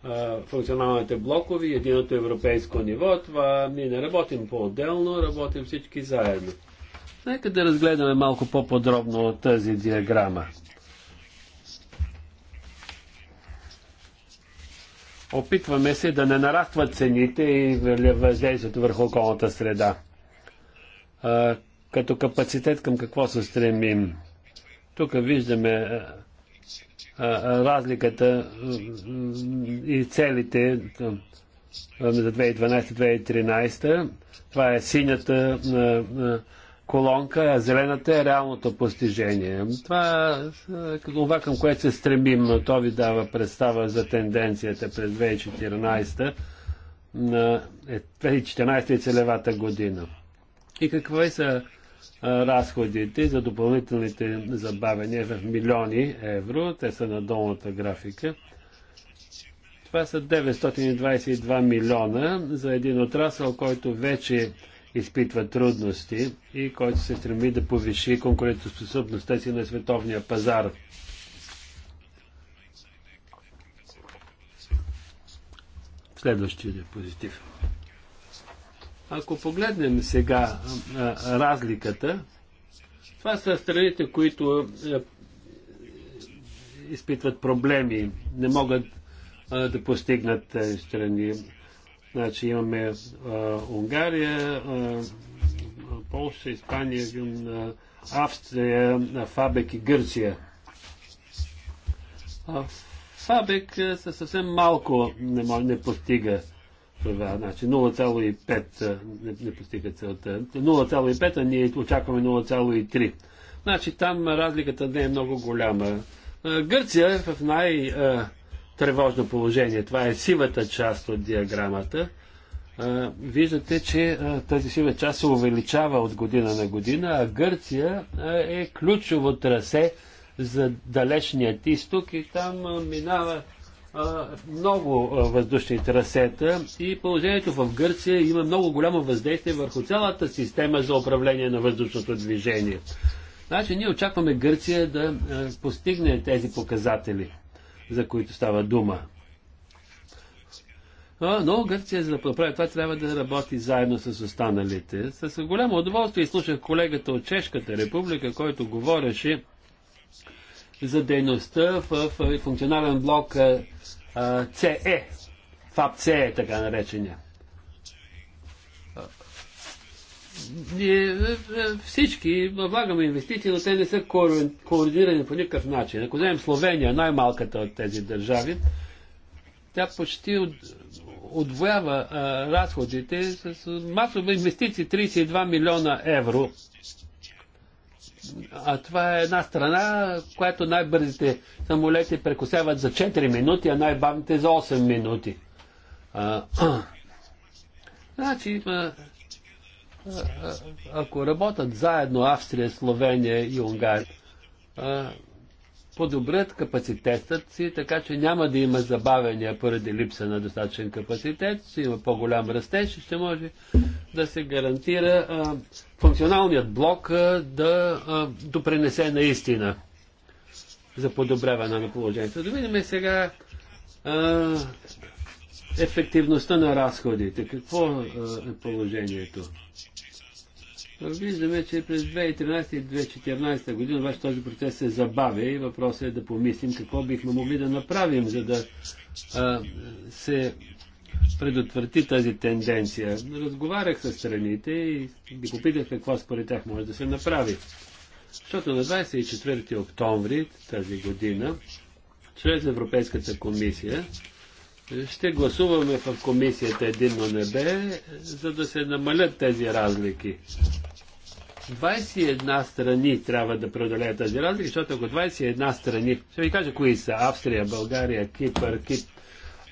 а, функционалните блокови, единото европейско ниво. Това ние не работим по-отделно, работим всички заедно. Нека да разгледаме малко по-подробно тази диаграма. Опитваме се да не нарастват цените и въздействието върху околната среда. А, като капацитет към какво се стремим? Тук виждаме а, разликата и целите за 2012-2013. Това е синята колонка, а зелената е реалното постижение. Това е, е това, към което се стремим. То ви дава представа за тенденцията през 2014 на 2014 е, и целевата година. И какви са е, разходите за допълнителните забавения в милиони евро. Те са на долната графика. Това са 922 милиона за един отрасъл, който вече изпитва трудности и който се стреми да повиши конкурентоспособността си на световния пазар. Следващия диапозитив. Ако погледнем сега а, разликата, това са страните, които а, изпитват проблеми, не могат а, да постигнат а, страни Значи имаме Унгария, а, Полша, Испания, а, Австрия, а, Фабек и Гърция. А, Фабек със съвсем малко не, може, не постига това. Значи 0,5 не, не постига целта. 0,5, а ние очакваме 0,3. Значи там разликата не е много голяма. Гърция е в най- тревожно положение. Това е сивата част от диаграмата. Виждате, че тази сива част се увеличава от година на година, а Гърция е ключово трасе за далечният изток и там минава много въздушни трасета и положението в Гърция има много голямо въздействие върху цялата система за управление на въздушното движение. Значи ние очакваме Гърция да постигне тези показатели за които става дума. Но Гърция, за да направи това, трябва да работи заедно с останалите. С голямо удоволствие слушах колегата от Чешката република, който говореше за дейността в, функционален блок Це, CE, FAB така наречения. ние е, е, всички влагаме инвестиции, но те не са координирани по никакъв начин. Ако вземем Словения, най-малката от тези държави, тя почти отвоява разходите с, с масови инвестиции 32 милиона евро. А това е една страна, която най-бързите самолети прекусяват за 4 минути, а най-бавните за 8 минути. А, а. [clears throat] Значи, а, ако работят заедно Австрия, Словения и Унгария, подобрят капацитетът си, така че няма да има забавения поради липса на достатъчен капацитет, ще има по-голям растеж и ще може да се гарантира функционалният блок да допренесе наистина за подобряване на положението. Да видим сега ефективността на разходите. Какво е положението? Виждаме, че през 2013 и 2014 година обаче този процес се забавя и въпросът е да помислим какво бихме могли да направим, за да а, се предотврати тази тенденция. Разговарях с страните и ги попитах какво според тях може да се направи. Защото на 24 октомври тази година, чрез Европейската комисия, ще гласуваме в комисията Единно небе, за да се намалят тези разлики. 21 страни трябва да преодолеят тази разлика, защото ако 21 страни, ще ви кажа кои са, Австрия, България, Кипър, Кип,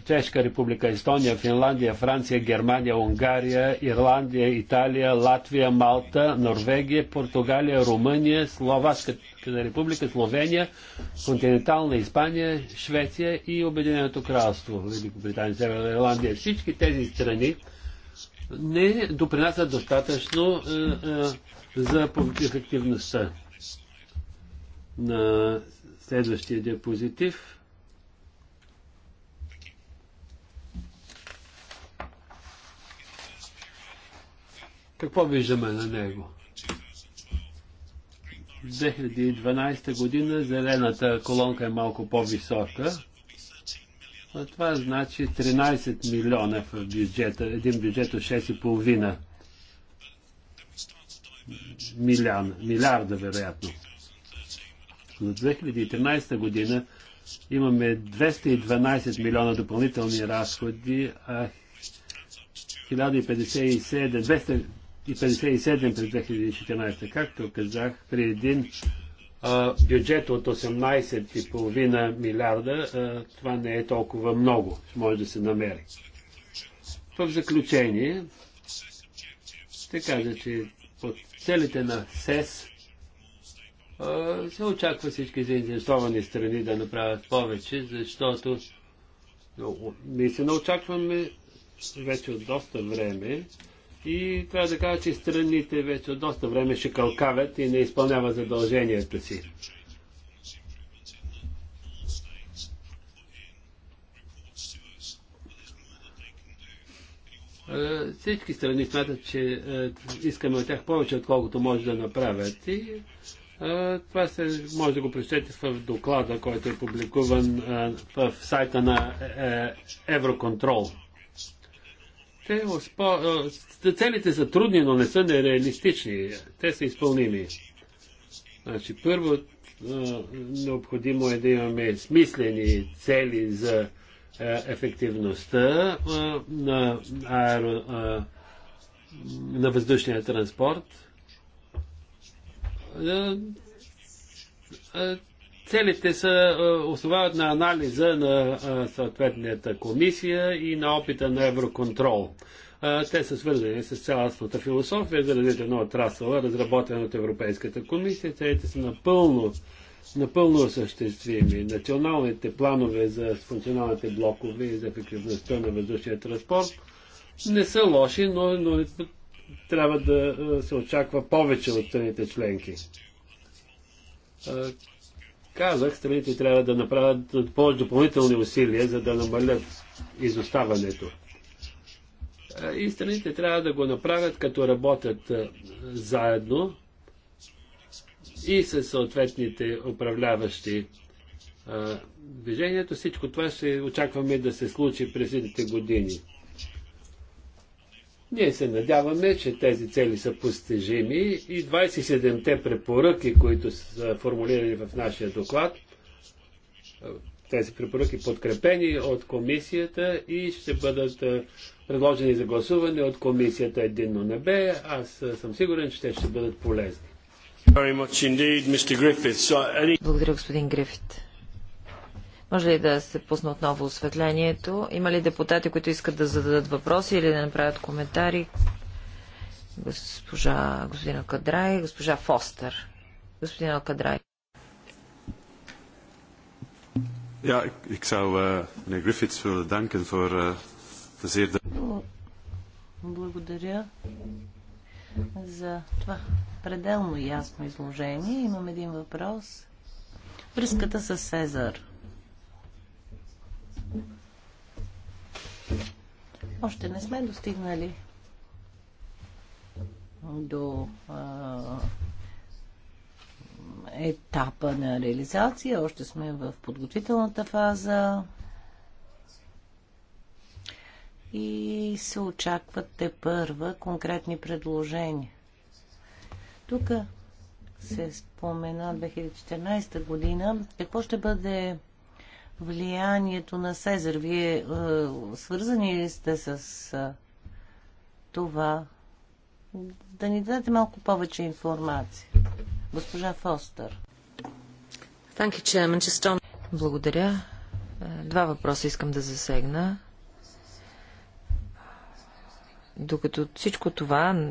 Чешка република, Естония, Финландия, Франция, Германия, Унгария, Ирландия, Италия, Латвия, Малта, Норвегия, Португалия, Румъния, Словашката република, Словения, континентална Испания, Швеция и Обединеното кралство, Великобритания, Северна Ирландия. Всички тези страни не допринасят достатъчно е, е, за ефективността. На следващия диапозитив Какво виждаме на него? 2012 година зелената колонка е малко по-висока. Това значи 13 милиона в бюджета, един бюджет от 6,5 милиарда, милиарда вероятно. За 2013 година имаме 212 милиона допълнителни разходи, а 1057, и 57 през 2014, както казах, при един а, бюджет от 18,5 милиарда, а, това не е толкова много, може да се намери. В заключение, ще кажа, че от целите на СЕС а, се очаква всички заинтересовани страни да направят повече, защото ние се наочакваме вече от доста време и трябва да кажа, че страните вече от доста време ще кълкавят и не изпълняват задълженията си. Всички страни смятат, че искаме от тях повече, отколкото може да направят. И това се, може да го прочете в доклада, който е публикуван в сайта на е, е, Евроконтрол. Те успо... Целите са трудни, но не са нереалистични. Те са изпълними. Значи, първо, необходимо е да имаме смислени цели за ефективността на, аеро, на въздушния транспорт Целите са, е, основават на анализа на е, съответната комисия и на опита на Евроконтрол. Е, те са свързани с цялостната философия за развитие на отрасъла, разработена от Европейската комисия. Целите са напълно, напълно осъществими. Националните планове за функционалните блокове и за ефективността на въздушния транспорт не са лоши, но, но трябва да се очаква повече от страните членки казах, страните трябва да направят повече допълнителни усилия, за да намалят изоставането. Е, и страните трябва да го направят, като работят е, заедно и с съответните управляващи е, движението. Всичко това ще очакваме да се случи през едните години. Ние се надяваме, че тези цели са постижими и 27-те препоръки, които са формулирани в нашия доклад, тези препоръки подкрепени от комисията и ще бъдат предложени за гласуване от комисията Единно небе. Аз съм сигурен, че те ще бъдат полезни. Благодаря, господин Грифит. Може ли да се пусне отново осветлението? Има ли депутати, които искат да зададат въпроси или да направят коментари? Госпожа господина Кадрай, госпожа Фостер. Господин Кадрай. Ja, ik zou uh, meneer Griffiths willen danken voor uh, de zeer... Благодаря за това пределно ясно изложение. Имам един въпрос. Връзката с Сезар. Още не сме достигнали до а, етапа на реализация. Още сме в подготвителната фаза и се очакват те първа конкретни предложения. Тук се спомена 2014 година. Какво ще бъде влиянието на Сезар. Вие е, свързани ли сте с е, това? Да ни дадете малко повече информация. Госпожа on... Благодаря. Е, два въпроса искам да засегна. Докато всичко това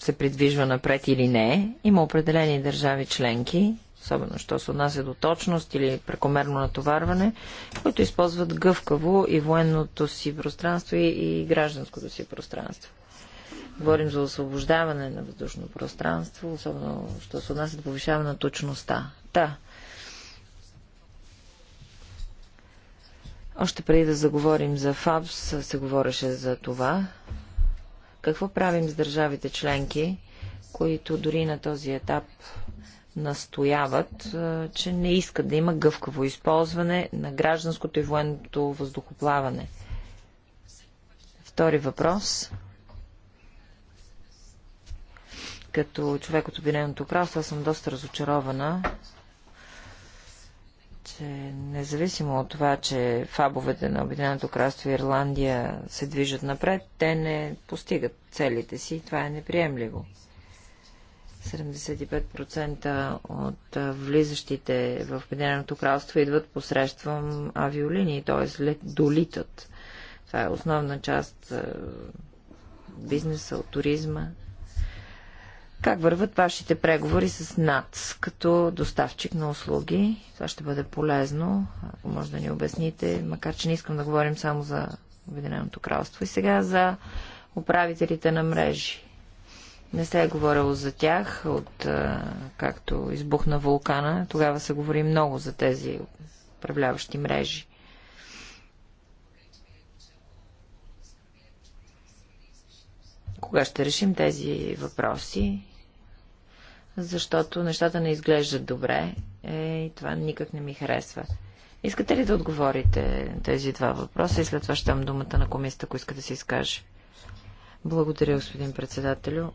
се придвижва напред или не, има определени държави членки, особено що се отнася до точност или прекомерно натоварване, които използват гъвкаво и военното си пространство и, и гражданското си пространство. Говорим за освобождаване на въздушно пространство, особено що се отнася до повишаване на точността. Та. Да. Още преди да заговорим за ФАБС, се говореше за това. Какво правим с държавите членки, които дори на този етап настояват, че не искат да има гъвкаво използване на гражданското и военното въздухоплаване. Втори въпрос. Като човек от Обединеното кралство, аз съм доста разочарована, че независимо от това, че фабовете на Обединеното кралство и Ирландия се движат напред, те не постигат целите си това е неприемливо. 75% от влизащите в Обединеното кралство идват посредством авиолинии, т.е. долитат. Това е основна част бизнеса, от туризма. Как върват вашите преговори с НАЦ като доставчик на услуги? Това ще бъде полезно, ако може да ни обясните, макар че не искам да говорим само за Обединеното кралство. И сега за управителите на мрежи. Не се е говорило за тях, от както избухна вулкана. Тогава се говори много за тези управляващи мрежи. Кога ще решим тези въпроси? Защото нещата не изглеждат добре е, и това никак не ми харесва. Искате ли да отговорите тези два въпроса и след това ще дам думата на комисията, ако иска да се изкаже? Благодаря, господин председателю.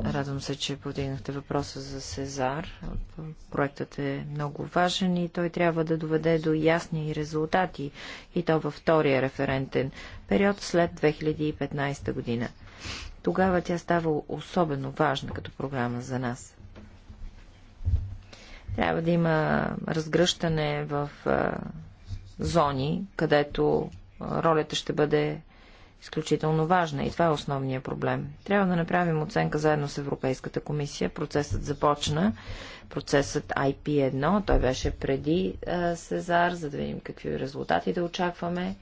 Радвам се, че подигнахте въпроса за Сезар. Проектът е много важен и той трябва да доведе до ясни резултати и то във втория референтен период след 2015 година. Тогава тя става особено важна като програма за нас. Трябва да има разгръщане в зони, където ролята ще бъде изключително важна и това е основният проблем. Трябва да направим оценка заедно с Европейската комисия. Процесът започна, процесът IP1, той беше преди а, Сезар, за да видим какви резултати да очакваме.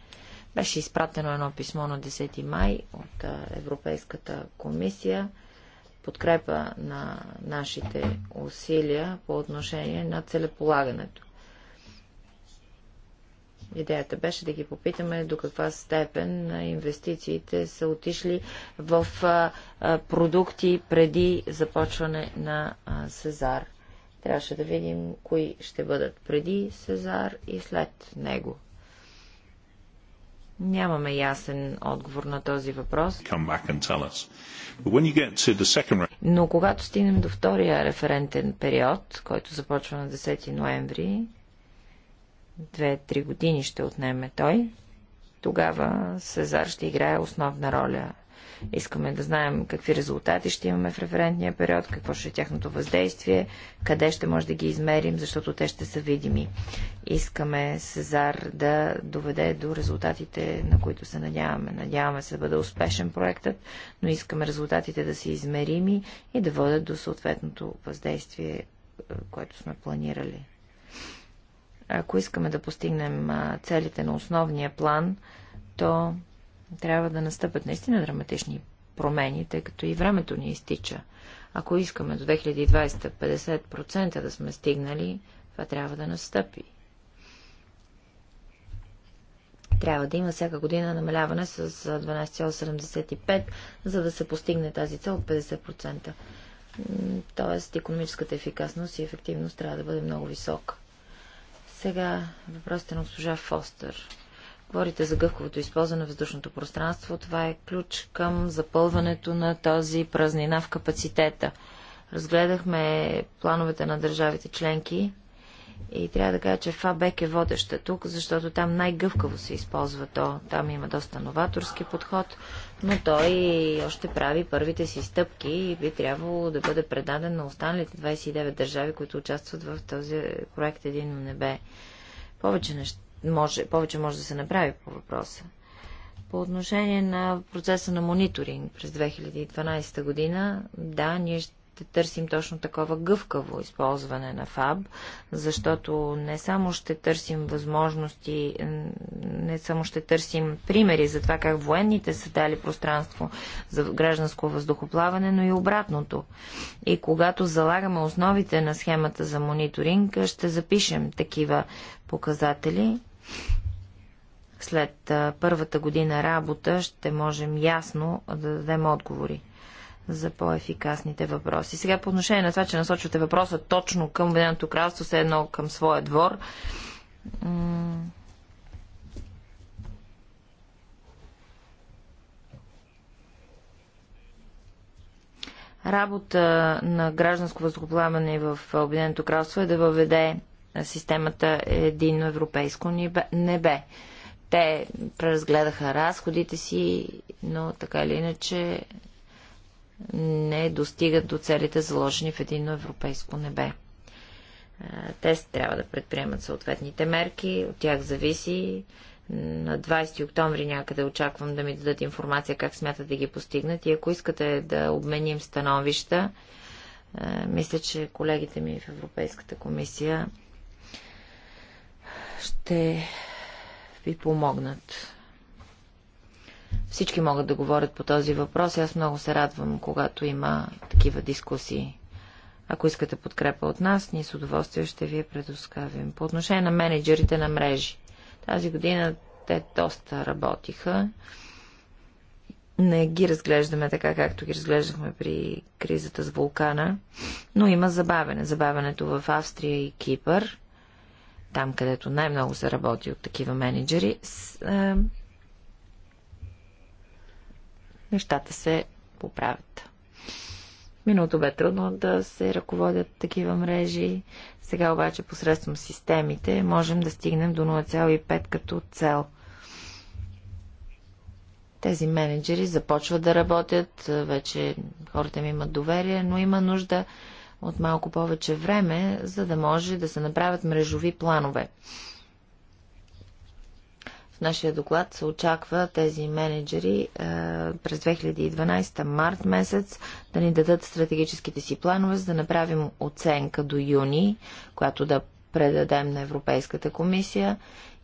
Беше изпратено едно писмо на 10 май от а, Европейската комисия подкрепа на нашите усилия по отношение на целеполагането. Идеята беше да ги попитаме до каква степен инвестициите са отишли в продукти преди започване на Сезар. Трябваше да видим кои ще бъдат преди Сезар и след него. Нямаме ясен отговор на този въпрос. Но когато стигнем до втория референтен период, който започва на 10 ноември, 2-3 години ще отнеме той, тогава Сезар ще играе основна роля. Искаме да знаем какви резултати ще имаме в референтния период, какво ще е тяхното въздействие, къде ще може да ги измерим, защото те ще са видими. Искаме Сезар да доведе до резултатите, на които се надяваме. Надяваме се да бъде успешен проектът, но искаме резултатите да са измерими и да водят до съответното въздействие, е, което сме планирали. Ако искаме да постигнем целите на основния план, то трябва да настъпят наистина драматични промени, тъй като и времето ни изтича. Ако искаме до 2020 50% да сме стигнали, това трябва да настъпи. Трябва да има всяка година намаляване с 12,75, за да се постигне тази цел от 50%. Тоест, економическата ефикасност и ефективност трябва да бъде много висока. Сега въпросите на госпожа Фостер. Говорите за гъвковото използване на въздушното пространство. Това е ключ към запълването на този празнина в капацитета. Разгледахме плановете на държавите членки и трябва да кажа, че ФАБЕК е водеща тук, защото там най-гъвкаво се използва то. Там има доста новаторски подход, но той още прави първите си стъпки и би трябвало да бъде предаден на останалите 29 държави, които участват в този проект Един небе. Повече, нещ... може, повече може да се направи по въпроса. По отношение на процеса на мониторинг през 2012 година, да, ние ще ще търсим точно такова гъвкаво използване на ФАБ, защото не само ще търсим възможности, не само ще търсим примери за това как военните са дали пространство за гражданско въздухоплаване, но и обратното. И когато залагаме основите на схемата за мониторинг, ще запишем такива показатели след първата година работа ще можем ясно да дадем отговори за по-ефикасните въпроси. Сега по отношение на това, че насочвате въпроса точно към Веденото кралство, все едно към своя двор. Работа на гражданско въздухоплаване в Обединеното кралство е да въведе системата Едино европейско небе. Те преразгледаха разходите си, но така или иначе не достигат до целите заложени в едино европейско небе. Те трябва да предприемат съответните мерки, от тях зависи. На 20 октомври някъде очаквам да ми дадат информация как смятат да ги постигнат и ако искате да обменим становища, мисля, че колегите ми в Европейската комисия ще ви помогнат всички могат да говорят по този въпрос и аз много се радвам, когато има такива дискусии. Ако искате подкрепа от нас, ние с удоволствие ще ви я предоставим. По отношение на менеджерите на мрежи. Тази година те доста работиха. Не ги разглеждаме така, както ги разглеждахме при кризата с вулкана, но има забавене. Забавенето в Австрия и Кипър, там където най-много се работи от такива менеджери, е, нещата се поправят. Миналото бе трудно да се ръководят такива мрежи. Сега обаче посредством системите можем да стигнем до 0,5 като цел. Тези менеджери започват да работят, вече хората ми имат доверие, но има нужда от малко повече време, за да може да се направят мрежови планове нашия доклад се очаква тези менеджери е, през 2012 март месец да ни дадат стратегическите си планове, за да направим оценка до юни, която да предадем на Европейската комисия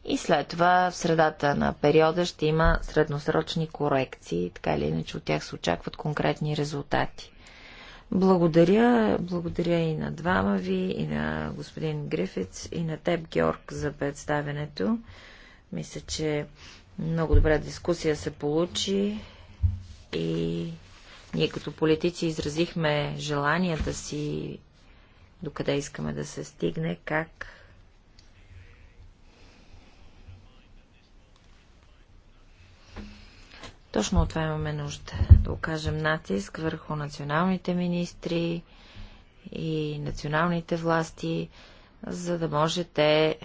и след това в средата на периода ще има средносрочни корекции, така или иначе от тях се очакват конкретни резултати. Благодаря, благодаря и на двама ви, и на господин Грифиц, и на теб, Георг, за представенето. Мисля, че много добра дискусия се получи и ние като политици изразихме желанията си докъде искаме да се стигне, как Точно от това имаме нужда. Да окажем натиск върху националните министри и националните власти, за да може те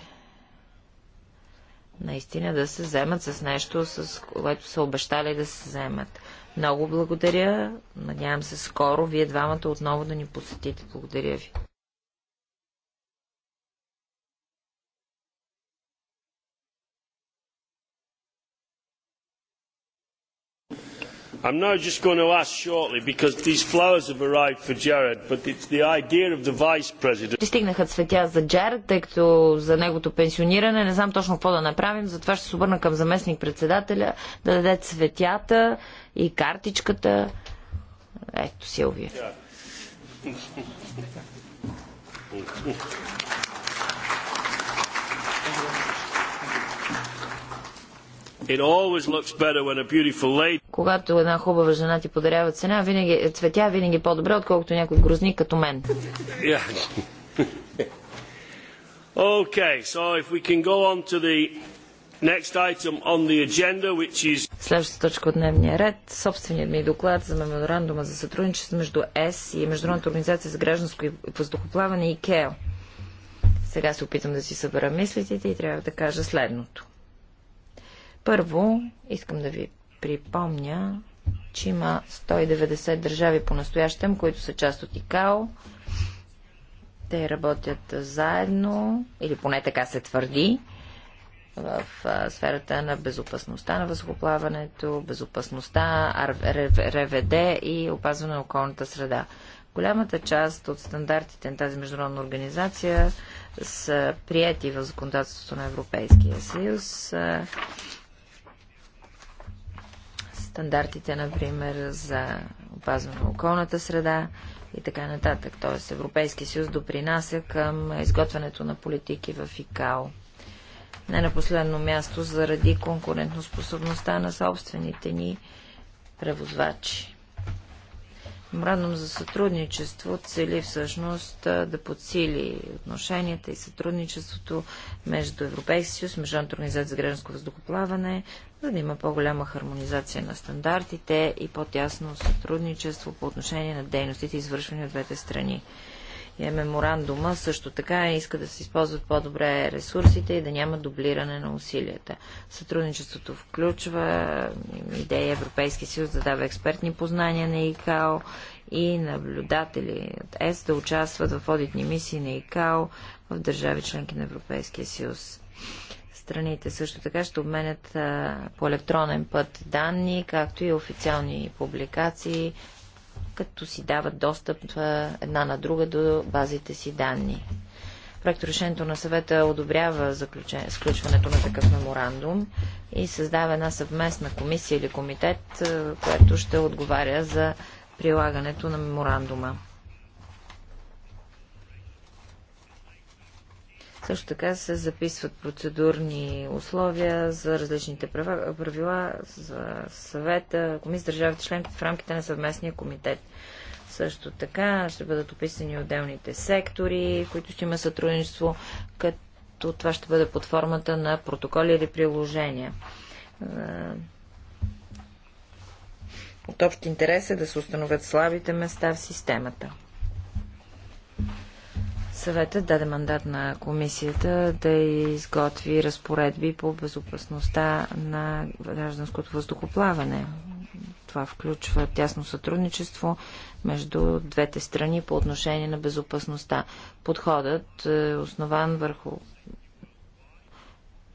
наистина да се вземат с нещо, с което са обещали да се вземат. Много благодаря. Надявам се скоро вие двамата отново да ни посетите. Благодаря ви. I'm now just going to ask shortly, because these flowers have arrived for Jared, but it's the idea of the vice president. Пристигнаха цветя за Джаред, тъй като за негото пенсиониране не знам точно какво да направим, затова ще се обърна към заместник председателя да даде цветята и картичката. Ето, Силвия. Yeah. [laughs] Когато една хубава жена ти подарява цена, винаги, цветя винаги по-добре, отколкото някой грозник като мен. Okay, so if we can go on to the next item on the agenda, which is... Следващата точка от дневния ред, собственият ми доклад за меморандума за сътрудничество между ЕС и Международната организация за гражданско и въздухоплаване и КЕО. Сега се опитам да си събера мислите и трябва да кажа следното. Първо, искам да ви припомня, че има 190 държави по-настоящем, които са част от ИКАО. Те работят заедно, или поне така се твърди, в сферата на безопасността на възхоплаването, безопасността, РВД и опазване на околната среда. Голямата част от стандартите на тази международна организация са прияти в законодателството на Европейския съюз стандартите, например, за опазване на околната среда и така нататък. Тоест Европейския съюз допринася към изготвянето на политики в ИКАО. Не на последно място заради конкурентоспособността на собствените ни превозвачи. Мрадом за сътрудничество цели всъщност да подсили отношенията и сътрудничеството между Европейския съюз, Международната организация за гражданско въздухоплаване, за да има по-голяма хармонизация на стандартите и по-тясно сътрудничество по отношение на дейностите, извършвани от двете страни. И е меморандума също така иска да се използват по-добре ресурсите и да няма дублиране на усилията. Сътрудничеството включва идея Европейски съюз да дава експертни познания на ИКАО и наблюдатели от ЕС да участват в одитни мисии на ИКАО в държави членки на Европейския съюз страните също така ще обменят а, по електронен път данни, както и официални публикации, като си дават достъп а, една на друга до базите си данни. Проект решението на съвета одобрява сключването на такъв меморандум и създава една съвместна комисия или комитет, а, което ще отговаря за прилагането на меморандума. Също така се записват процедурни условия за различните права, правила за съвета, комисия, държавите членки в рамките на съвместния комитет. Също така ще бъдат описани отделните сектори, които ще има сътрудничество, като това ще бъде под формата на протоколи или приложения. От общ интерес е да се установят слабите места в системата. Съветът даде мандат на комисията да изготви разпоредби по безопасността на гражданското въздухоплаване. Това включва тясно сътрудничество между двете страни по отношение на безопасността. Подходът е основан върху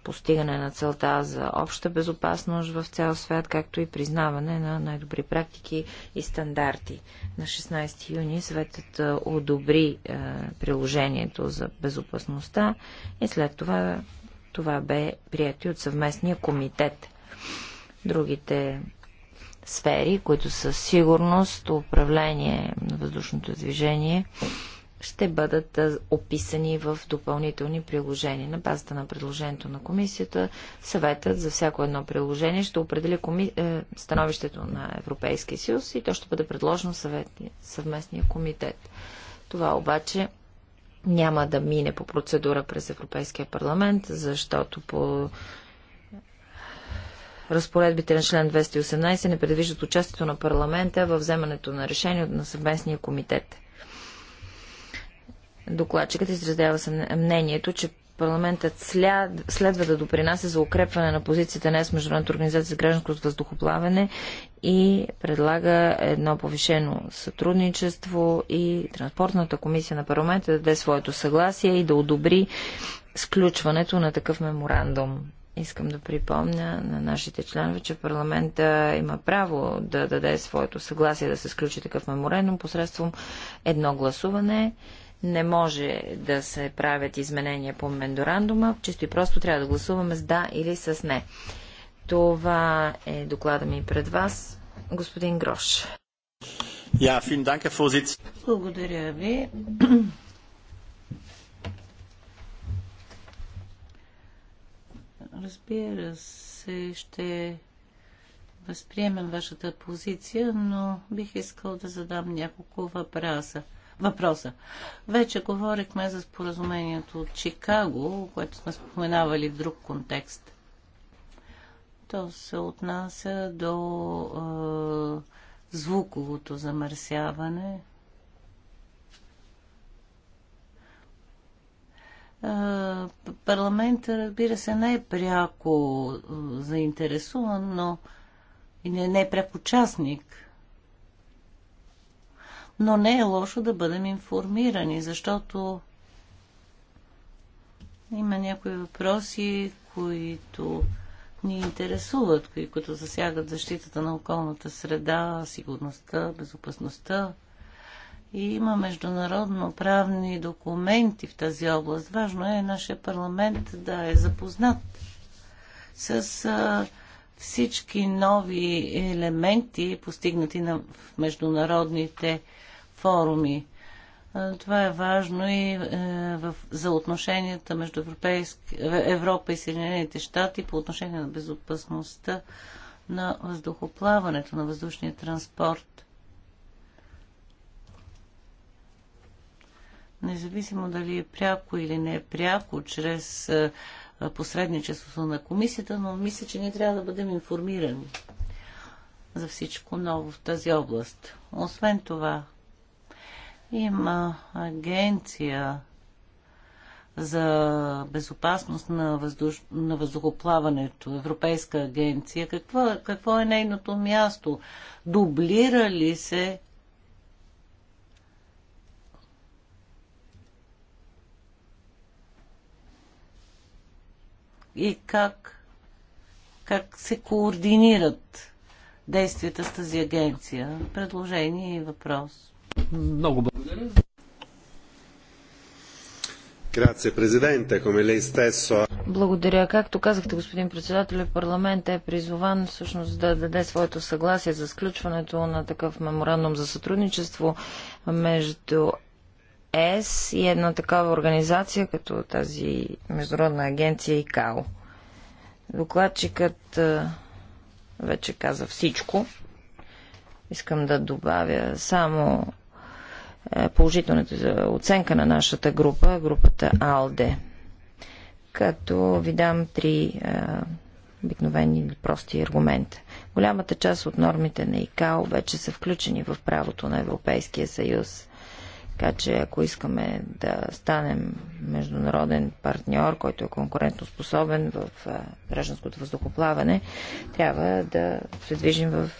постигане на целта за обща безопасност в цял свят, както и признаване на най-добри практики и стандарти. На 16 юни светът е, одобри е, приложението за безопасността и след това това бе прието и от съвместния комитет. Другите сфери, които са сигурност, управление на въздушното движение ще бъдат описани в допълнителни приложения. На базата на предложението на комисията, съветът за всяко едно приложение ще определи коми... Е, становището на Европейския съюз и то ще бъде предложено в съвет... съвместния комитет. Това обаче няма да мине по процедура през Европейския парламент, защото по разпоредбите на член 218 не предвиждат участието на парламента в вземането на решение на съвместния комитет. Докладчикът изразява мнението, че парламентът след, следва да допринася за укрепване на позицията на Международната организация за гражданско въздухоплаване и предлага едно повишено сътрудничество и Транспортната комисия на парламента да даде своето съгласие и да одобри сключването на такъв меморандум. Искам да припомня на нашите членове, че парламента има право да даде своето съгласие да се сключи такъв меморандум посредством едно гласуване. Не може да се правят изменения по мендорандума, чисто и просто трябва да гласуваме с да или с не. Това е доклада ми пред вас, господин Грош. Yeah, Dank, Благодаря ви. Разбира се, ще възприемем вашата позиция, но бих искал да задам няколко въпроса въпроса. Вече говорихме за споразумението от Чикаго, което сме споменавали в друг контекст. То се отнася до е, звуковото замърсяване. Е, парламента, разбира се, не е пряко заинтересуван, но и не, е пряк участник – но не е лошо да бъдем информирани, защото има някои въпроси, които ни интересуват, които засягат защитата на околната среда, сигурността, безопасността. И има международно правни документи в тази област. Важно е нашия парламент да е запознат с всички нови елементи, постигнати на, в международните форуми. Това е важно и е, за отношенията между Европа и Съединените щати по отношение на безопасността на въздухоплаването, на въздушния транспорт. Независимо дали е пряко или не е пряко, чрез е, посредничеството на комисията, но мисля, че ние трябва да бъдем информирани за всичко ново в тази област. Освен това, има агенция за безопасност на, въздуш... на въздухоплаването, Европейска агенция. Какво, какво е нейното място? Дублира ли се и как, как се координират действията с тази агенция? Предложение и въпрос. Много благодаря. Благодаря. Както казахте, господин председател, парламент е призован всъщност да даде своето съгласие за сключването на такъв меморандум за сътрудничество между ЕС и една такава организация, като тази Международна агенция ИКАО. Докладчикът вече каза всичко. Искам да добавя само е, положителната оценка на нашата група, групата АЛДЕ. Като ви дам три е, обикновени или прости аргумента. Голямата част от нормите на ИКАО вече са включени в правото на Европейския съюз. Така че ако искаме да станем международен партньор, който е конкурентоспособен в е, гражданското въздухоплаване, трябва да се движим в,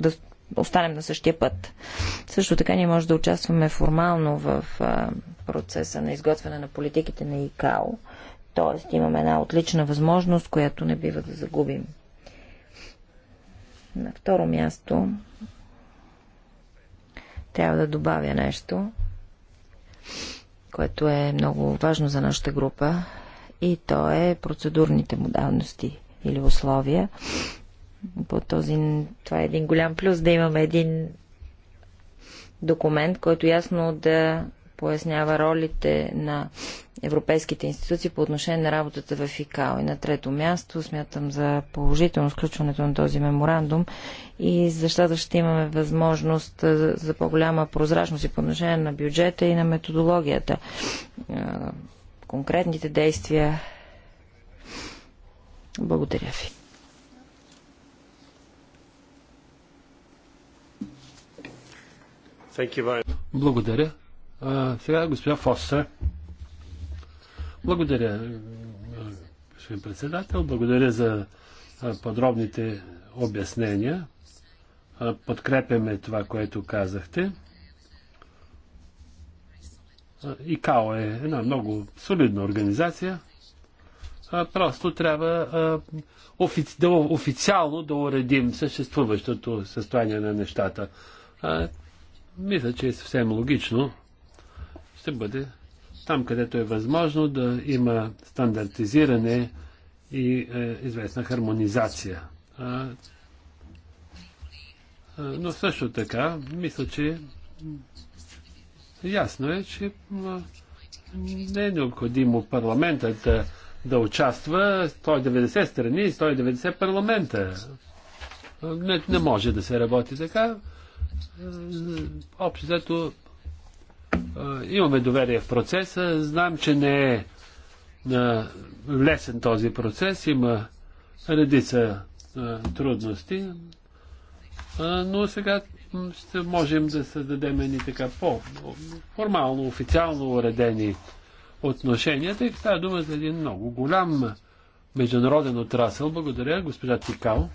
да останем на същия път. Също така ние може да участваме формално в процеса на изготвяне на политиките на ИКАО. Тоест имаме една отлична възможност, която не бива да загубим. На второ място трябва да добавя нещо, което е много важно за нашата група и то е процедурните модалности или условия по този, това е един голям плюс да имаме един документ, който ясно да пояснява ролите на европейските институции по отношение на работата в ИКАО. И на трето място смятам за положително сключването на този меморандум и защото ще имаме възможност за по-голяма прозрачност и по отношение на бюджета и на методологията. Конкретните действия. Благодаря ви. Благодаря. А, сега госпожа Фостер. Благодаря, господин председател. Благодаря за подробните обяснения. Подкрепяме това, което казахте. ИКАО е една много солидна организация. Просто трябва офици... да, официално да уредим съществуващото състояние на нещата мисля, че е съвсем логично, ще бъде там, където е възможно да има стандартизиране и е, известна хармонизация. А, а, но също така, мисля, че ясно е, че а, не е необходимо парламентът да, е, да участва 190 страни и 190 парламента. Не, не може да се работи така общо взето имаме доверие в процеса. Знам, че не е лесен този процес. Има редица трудности. Но сега ще можем да създадем и така по-формално, официално уредени отношения, тъй като става дума за един много голям международен отрасъл. Благодаря, госпожа Тикал.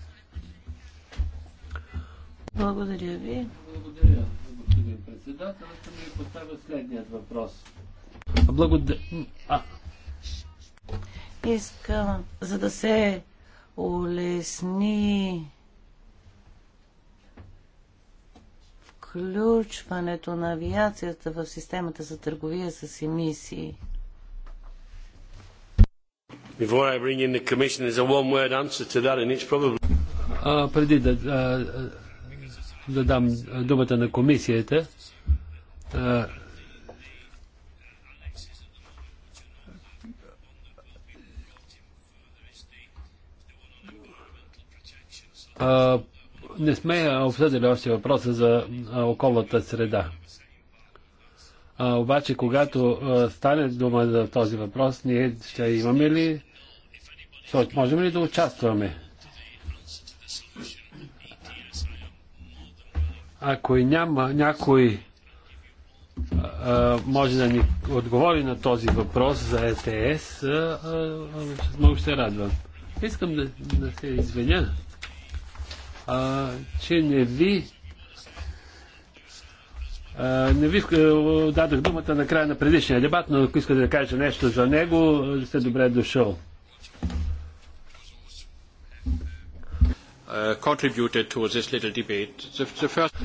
Благодаря ви. Благодаря, господин председател. Искам да ви поставя следният въпрос. Благодаря. Искам, за да се улесни включването на авиацията в системата за търговия с емисии. That, probably... преди да да дам думата на комисията. не сме обсъдили още въпроса за околната среда. А, обаче, когато а, стане дума за този въпрос, ние ще имаме ли, можем ли да участваме? Ако и няма някой може да ни отговори на този въпрос за ЕТС, много ще радвам. Искам да, да се извиня, а, че не ви а, не ви дадох думата на края на предишния дебат, но ако искате да кажете нещо за него, сте добре дошъл. Uh, contributed this little debate. The, the first...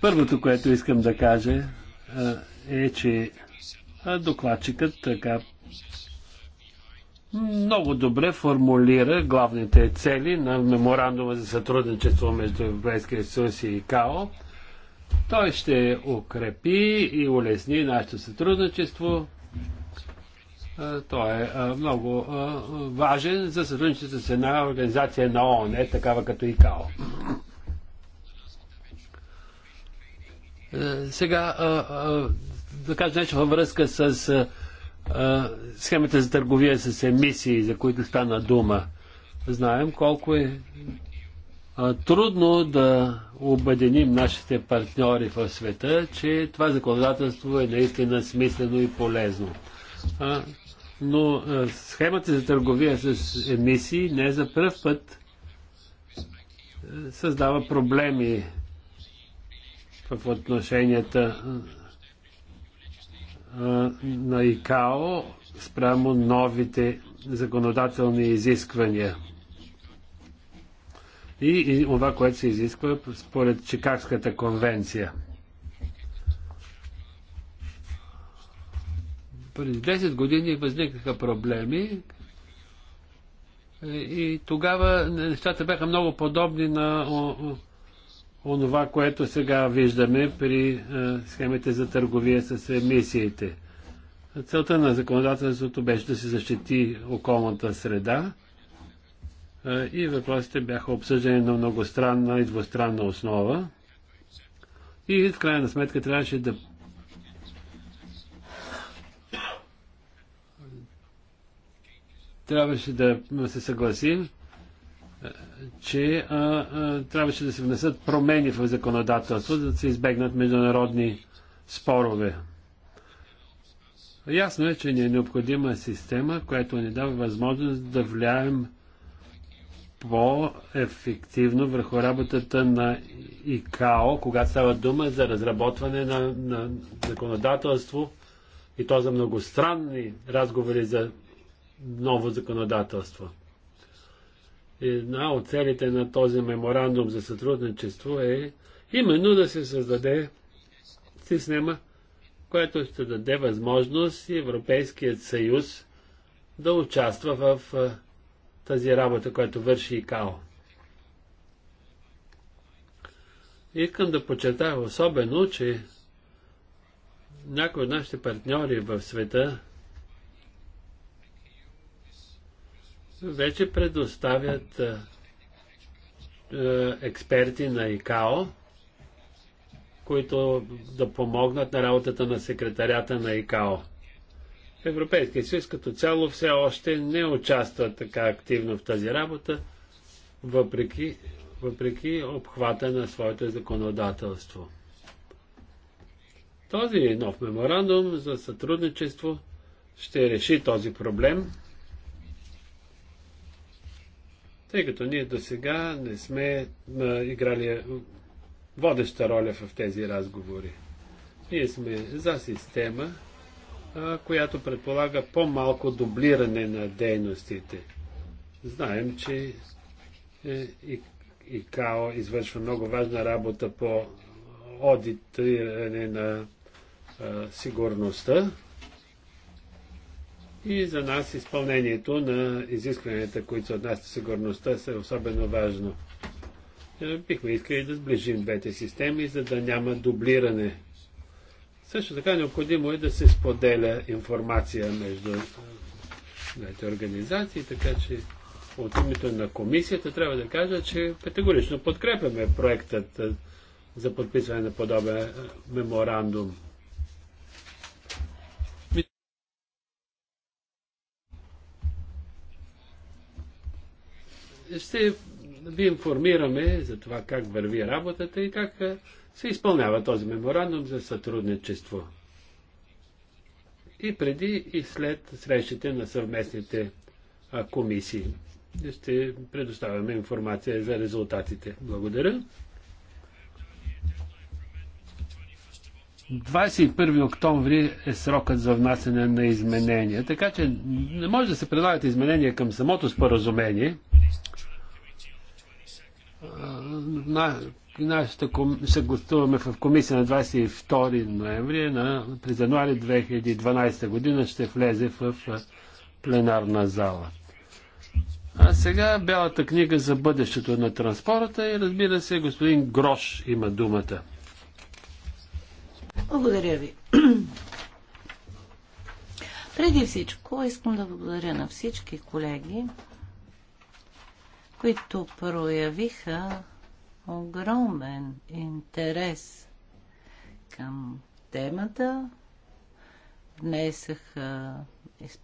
Първото, което искам да кажа е, че докладчикът така много добре формулира главните цели на меморандума за сътрудничество между Европейския съюз и ИКАО. Той ще укрепи и улесни нашето сътрудничество е, той е, е много е, важен за сътрудничество с една организация на ООН, е такава като ИКАО. Сега, да кажа нещо във връзка с схемата за търговия с емисии, за които стана дума. Знаем колко е трудно да обединим нашите партньори в света, че това законодателство е наистина смислено и полезно но е, схемата за търговия с емисии не за първ път е, създава проблеми в отношенията е, на ИКАО спрямо новите законодателни изисквания. И, и това, което се изисква според Чикагската конвенция. Преди 10 години възникнаха проблеми е, и тогава нещата бяха много подобни на онова, което сега виждаме при е, схемите за търговия с емисиите. Целта на законодателството беше да се защити околната среда е, и въпросите бяха обсъждани на многостранна и двустранна основа. И в крайна сметка трябваше да трябваше да се съгласим, е, че а, е, а, е, трябваше да се внесат промени в законодателството, за да се избегнат международни спорове. Ясно е, че ни е необходима система, която ни дава възможност да влияем по-ефективно върху работата на ИКАО, когато става дума за разработване на, на законодателство и то за многостранни разговори за ново законодателство. Една от целите на този меморандум за сътрудничество е именно да се създаде система, която ще даде възможност Европейският съюз да участва в тази работа, която върши ИКАО. Искам да подчертая особено, че някои от нашите партньори в света вече предоставят е, е, експерти на ИКАО, които да помогнат на работата на секретарята на ИКАО. Европейския съюз като цяло все още не участва така активно в тази работа, въпреки, въпреки обхвата на своето законодателство. Този нов меморандум за сътрудничество ще реши този проблем – тъй като ние до сега не сме играли водеща роля в тези разговори. Ние сме за система, която предполага по-малко дублиране на дейностите. Знаем, че е, ИКАО извършва много важна работа по одитиране на сигурността и за нас изпълнението на изискванията, които от нас сигурността, са особено важно. Е, бихме искали да сближим двете системи, за да няма дублиране. Също така необходимо е да се споделя информация между е, двете организации, така че от името на комисията трябва да кажа, че категорично подкрепяме проектът е, за подписване на подобен меморандум. ще ви информираме за това как върви работата и как се изпълнява този меморандум за сътрудничество. И преди и след срещите на съвместните комисии. Ще предоставяме информация за резултатите. Благодаря. 21 октомври е срокът за внасяне на изменения, така че не може да се предлагат изменения към самото споразумение, на, нашата ще гостуваме в комисия на 22 ноември, на, през януари 2012 година ще влезе в пленарна зала. А сега бялата книга за бъдещето на транспорта и разбира се, господин Грош има думата. Благодаря ви. Преди всичко искам да благодаря на всички колеги, които проявиха огромен интерес към темата, внесаха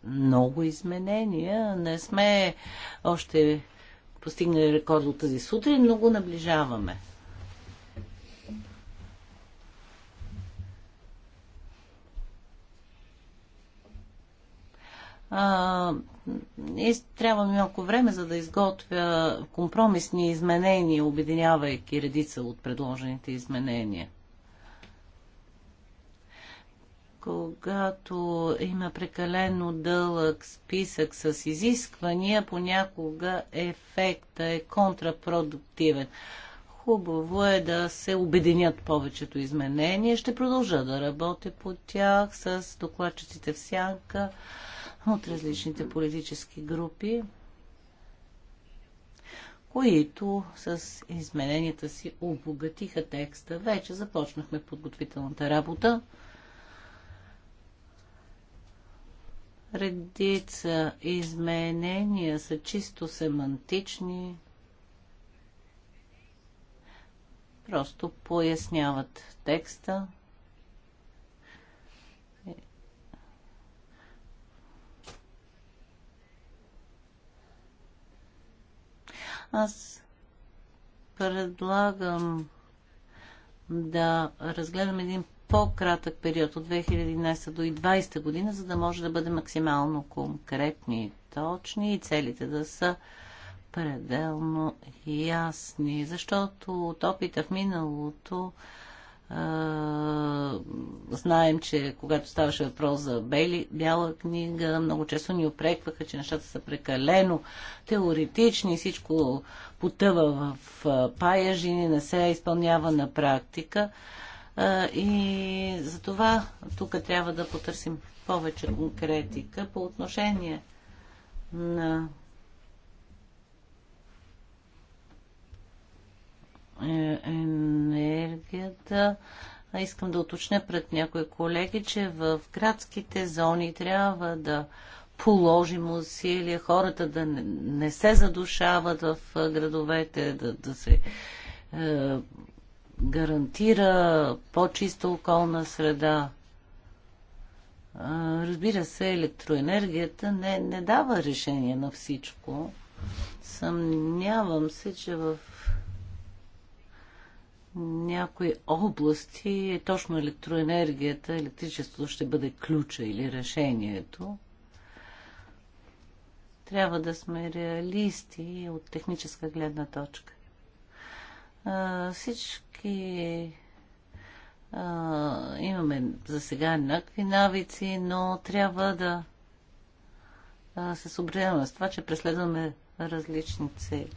много изменения. Не сме още постигнали рекорд от тази сутрин, но го наближаваме. А, трябва ми малко време, за да изготвя компромисни изменения, обединявайки редица от предложените изменения. Когато има прекалено дълъг списък с изисквания, понякога ефекта е контрапродуктивен. Хубаво е да се обединят повечето изменения. Ще продължа да работя по тях с докладчиците в сянка от различните политически групи, които с измененията си обогатиха текста. Вече започнахме подготвителната работа. Редица изменения са чисто семантични, просто поясняват текста. Аз предлагам да разгледам един по-кратък период от 2011 до 2020 година, за да може да бъде максимално конкретни и точни и целите да са пределно ясни, защото от опита в миналото знаем, че когато ставаше въпрос за бели, бяла книга, много често ни опрекваха, че нещата са прекалено теоретични, всичко потъва в паяжи, не се изпълнява на практика. И за това тук трябва да потърсим повече конкретика по отношение на Е, енергията. Искам да уточня пред някои колеги, че в градските зони трябва да положим усилия, хората да не, не се задушават в градовете, да, да се е, гарантира по-чиста околна среда. Е, разбира се, електроенергията не, не дава решение на всичко. Съмнявам се, че в някои области е точно електроенергията, електричеството ще бъде ключа или решението. Трябва да сме реалисти от техническа гледна точка. А, всички а, имаме за сега някакви навици, но трябва да а, се съобразяваме с това, че преследваме различни цели.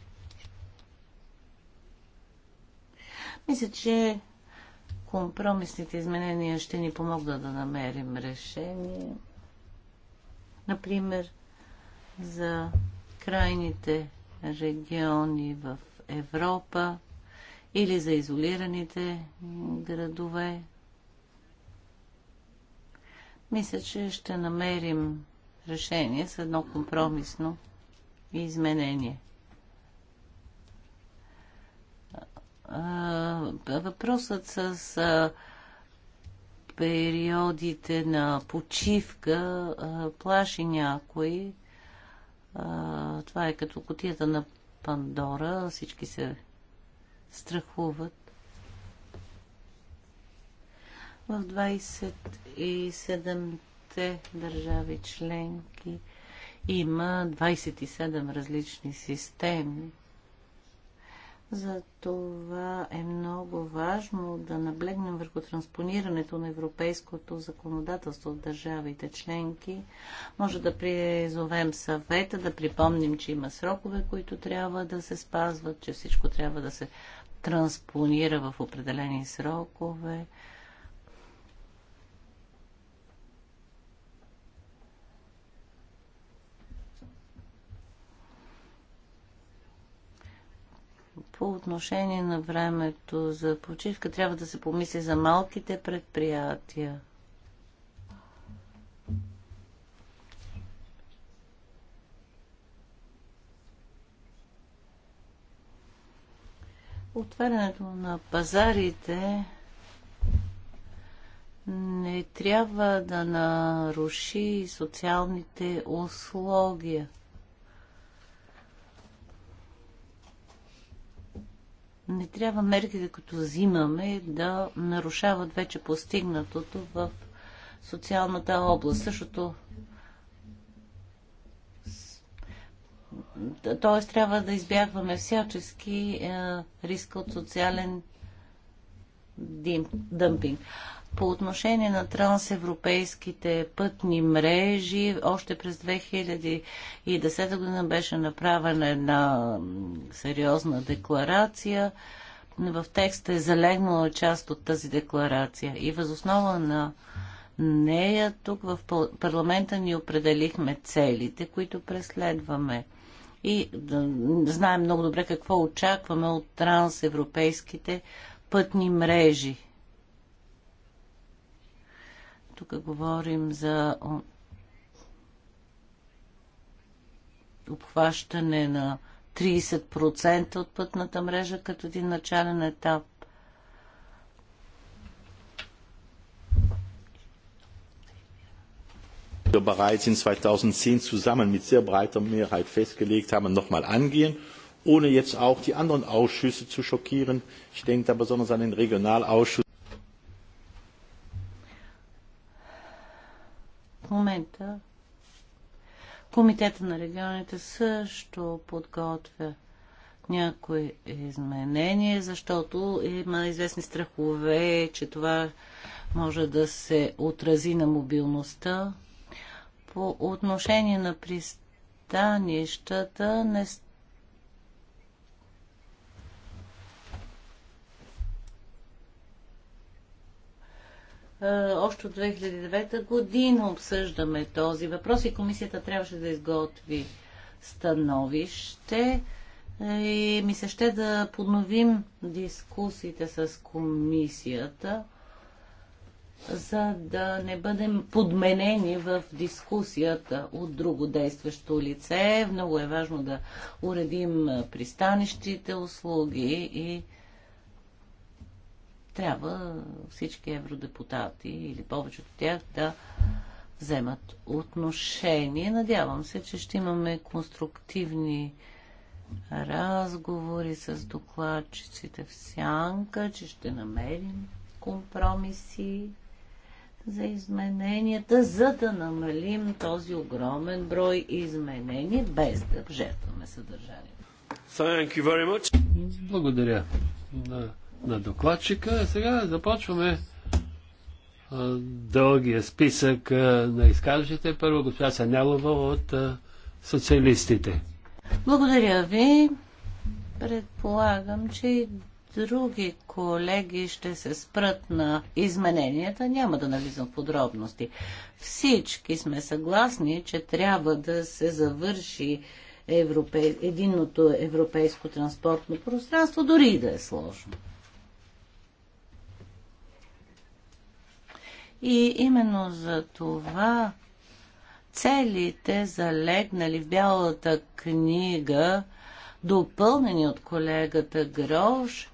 Мисля, че компромисните изменения ще ни помогнат да намерим решение. Например, за крайните региони в Европа или за изолираните градове. Мисля, че ще намерим решение с едно компромисно изменение. Въпросът с периодите на почивка плаши някой. Това е като котията на Пандора. Всички се страхуват. В 27-те държави членки има 27 различни системи за това е много важно да наблегнем върху транспонирането на европейското законодателство в държавите членки. Може да призовем съвета, да припомним, че има срокове, които трябва да се спазват, че всичко трябва да се транспонира в определени срокове. По отношение на времето за почивка трябва да се помисли за малките предприятия. Отварянето на пазарите не трябва да наруши социалните условия. Не трябва мерките, като взимаме, да нарушават вече постигнатото в социалната област. Същото т.е. трябва да избягваме всячески е, риска от социален дъмпинг. По отношение на трансевропейските пътни мрежи, още през 2010 година беше направена една сериозна декларация. В текста е залегнала част от тази декларация и възоснова на нея тук в парламента ни определихме целите, които преследваме. И да, знаем много добре какво очакваме от трансевропейските пътни мрежи. Тук говорим за обхващане на 30% от пътната мрежа като един начален етап. wir bereits in 2010 zusammen mit sehr breiter Mehrheit festgelegt haben, nochmal angehen, ohne jetzt auch die anderen Ausschüsse zu schockieren. Ich denke da besonders an den Regionalausschuss. В момента Комитета на регионите също подготвя някои изменения, защото има известни страхове, че това може да се отрази на мобилността. По отношение на пристанищата не Е, още от 2009 година обсъждаме този въпрос и комисията трябваше да изготви становище. И е, ми се ще да подновим дискусиите с комисията, за да не бъдем подменени в дискусията от друго действащо лице. Много е важно да уредим пристанищите, услуги и трябва всички евродепутати или повече от тях да вземат отношение. Надявам се, че ще имаме конструктивни разговори с докладчиците в сянка, че ще намерим компромиси за измененията, за да намалим този огромен брой изменения, без да жертваме съдържанието. Благодаря на докладчика. Сега започваме дългия списък на изказващите. Първо госпожа Санялова от социалистите. Благодаря ви. Предполагам, че и други колеги ще се спрат на измененията. Няма да навлизам в подробности. Всички сме съгласни, че трябва да се завърши европей... единното европейско транспортно пространство, дори и да е сложно. И именно за това целите, залегнали в Бялата книга, допълнени от колегата Грош,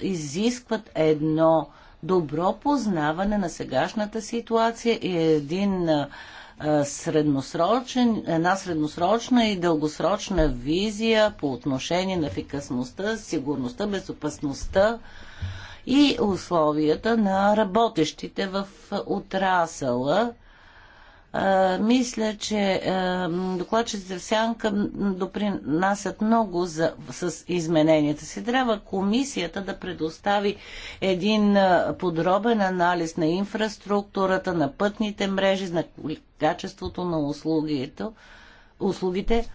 изискват едно добро познаване на сегашната ситуация и един средносрочен, една средносрочна и дългосрочна визия по отношение на ефикасността, сигурността, безопасността и условията на работещите в отрасъла. Мисля, че докладчиците в Сянка допринасят много за, с измененията си. Трябва комисията да предостави един подробен анализ на инфраструктурата, на пътните мрежи, на качеството на услугите, услугите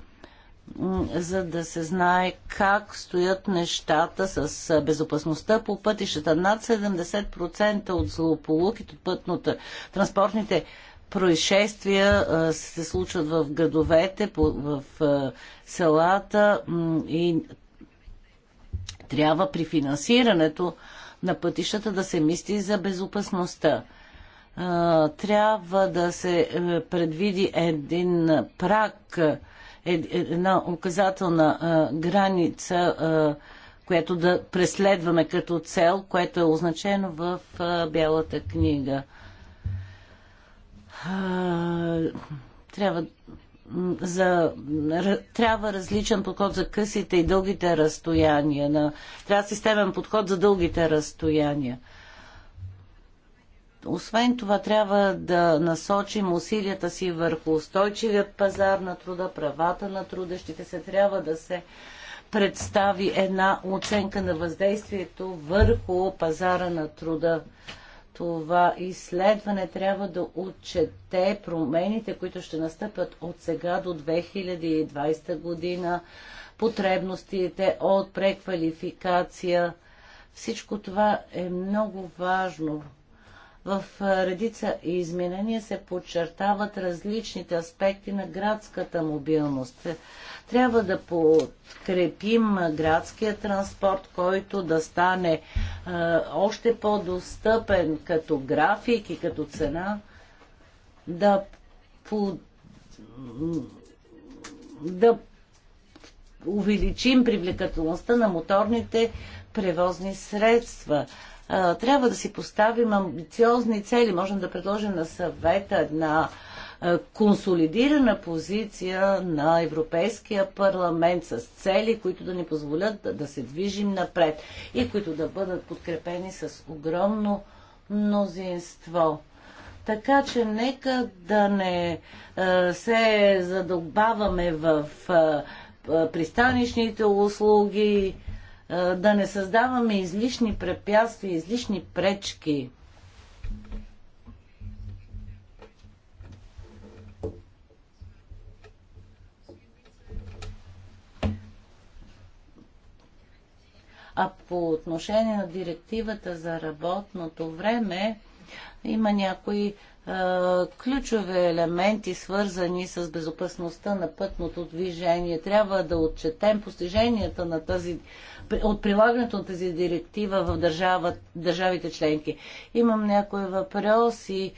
за да се знае как стоят нещата с безопасността по пътищата. Над 70% от злополуките от пътната транспортните происшествия се случват в градовете, в селата и трябва при финансирането на пътищата да се мисли за безопасността. Трябва да се е, предвиди един прак – е, е, една указателна граница, която да преследваме като цел, което е означено в Бялата книга. трябва за, трябва различен подход за късите и дългите разстояния. На, трябва системен подход за дългите разстояния. Освен това, трябва да насочим усилията си върху устойчивият пазар на труда, правата на трудещите се. Трябва да се представи една оценка на въздействието върху пазара на труда. Това изследване трябва да отчете промените, които ще настъпят от сега до 2020 година, потребностите от преквалификация. Всичко това е много важно в редица изменения се подчертават различните аспекти на градската мобилност. Трябва да подкрепим градския транспорт, който да стане е, още по-достъпен като график и като цена, да, по, да увеличим привлекателността на моторните превозни средства трябва да си поставим амбициозни цели. Можем да предложим на съвета една консолидирана позиция на Европейския парламент с цели, които да ни позволят да, да се движим напред и които да бъдат подкрепени с огромно мнозинство. Така че нека да не се задълбаваме в е, пристанищните услуги, да не създаваме излишни препятствия, излишни пречки. А по отношение на директивата за работното време, има някои ключови елементи, свързани с безопасността на пътното движение. Трябва да отчетем постиженията на тази, от прилагането на тази директива в държава, държавите членки. Имам някои въпроси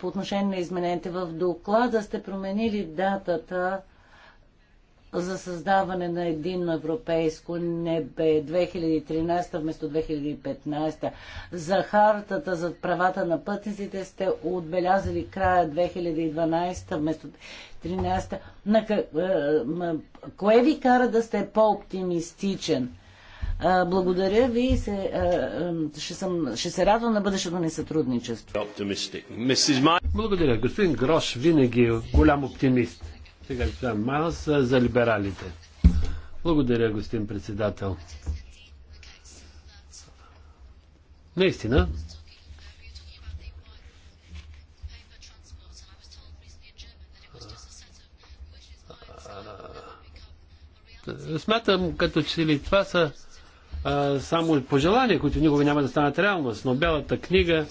по отношение на изменените. В доклада сте променили датата за създаване на един европейско небе 2013 вместо 2015. За хартата за правата на пътниците сте отбелязали края 2012 вместо 2013. На, е, кое ви кара да сте по-оптимистичен? Благодаря ви и се, е, е, ще, съм, ще се радвам на бъдещето ни сътрудничество. Благодаря. Господин Грош винаги е голям оптимист. Сега госпожа Майлс за либералите. Благодаря, господин председател. Наистина, смятам като че ли това са а, само пожелания, които никога няма да станат реалност, но белата книга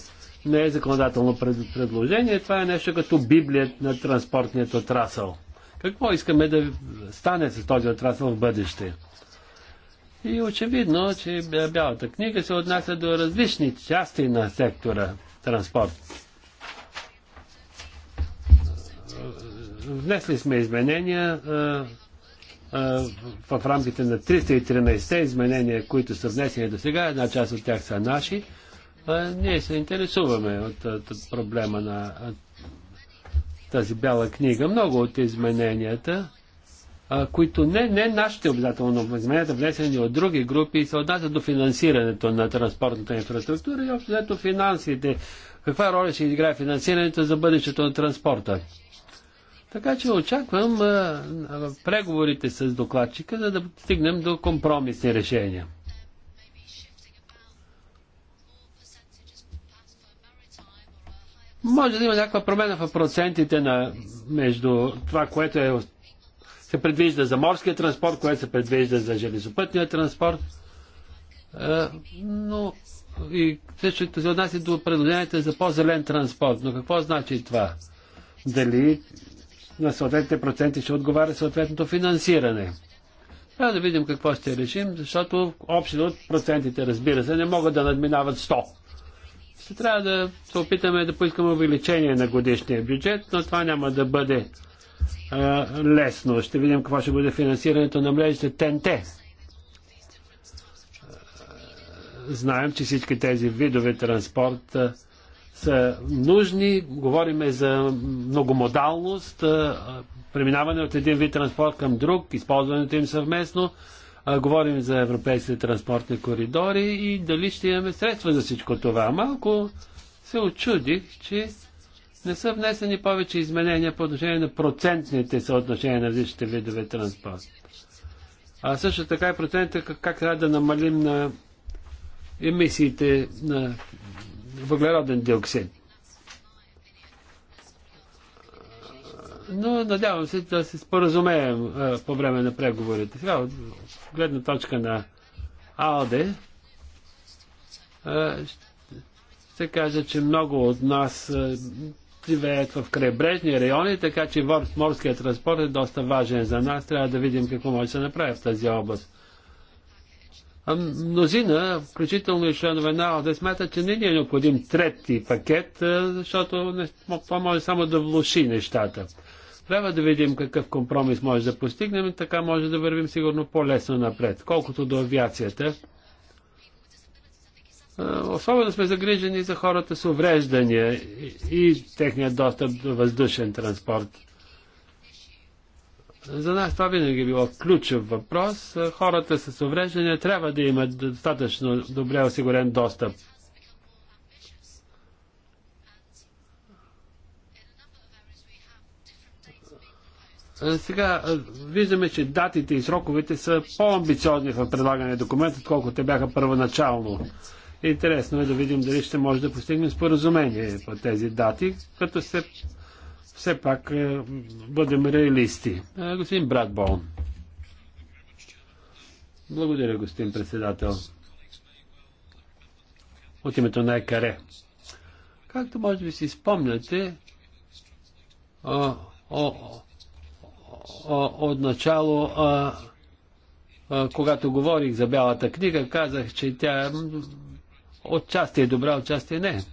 не е законодателно предложение, това е нещо като библият на транспортният отрасъл. Какво искаме да стане с този отрасъл в бъдеще? И очевидно, че Бялата книга се отнася до различни части на сектора транспорт. Внесли сме изменения в рамките на 313 изменения, които са внесени до сега, една част от тях са наши, ние се интересуваме от проблема на тази бяла книга, много от измененията, а, които не, не нашите обязателно, но измененията внесени от други групи, се отнасят до финансирането на транспортната инфраструктура и общо взето финансите. Каква роля ще играе финансирането за бъдещето на транспорта? Така че очаквам а, а, преговорите с докладчика, за да стигнем до компромисни решения. Може да има някаква промена в процентите на, между това, което е, се предвижда за морския транспорт, което се предвижда за железопътния транспорт. Е, но и същото се отнася до предложенията за по-зелен транспорт. Но какво значи това? Дали на съответните проценти ще отговаря съответното финансиране? Трябва да видим какво ще решим, защото общо процентите, разбира се, не могат да надминават 100. Ще трябва да се опитаме да поискаме увеличение на годишния бюджет, но това няма да бъде а, лесно. Ще видим какво ще бъде финансирането на мрежите ТНТ. Знаем, че всички тези видове транспорт а, са нужни. Говориме за многомодалност, а, преминаване от един вид транспорт към друг, използването им съвместно а, говорим за европейските транспортни коридори и дали ще имаме средства за всичко това. Малко се очудих, че не са внесени повече изменения по отношение на процентните съотношения на различните видове транспорт. А също така и процента как, как трябва да намалим на емисиите на въглероден диоксид. но надявам се да се споразумеем по време на преговорите. Сега, от гледна точка на АЛДЕ, ще кажа, че много от нас живеят в крайбрежни райони, така че морският транспорт е доста важен за нас. Трябва да видим какво може да се направи в тази област. Мнозина, включително и членове на ОДЕ, смятат, че не ни е необходим трети пакет, защото това може само да влуши нещата. Трябва да видим какъв компромис може да постигнем, така може да вървим сигурно по-лесно напред. Колкото до авиацията, особено сме загрижени за хората с увреждания и техният достъп до въздушен транспорт. За нас това винаги е било ключов въпрос. Хората с увреждания трябва да имат достатъчно добре осигурен достъп Е, сега е, виждаме, че датите и сроковете са по-амбициозни в предлагане документ, отколкото те бяха първоначално. Интересно е да видим дали ще може да постигнем споразумение по тези дати, като се все пак е, бъдем реалисти. Господин Братбон. Благодаря, господин председател. От името на Екаре. Както може би си спомняте, о, о, отначало, когато говорих за Бялата книга, казах, че тя отчасти е добра, отчасти е не.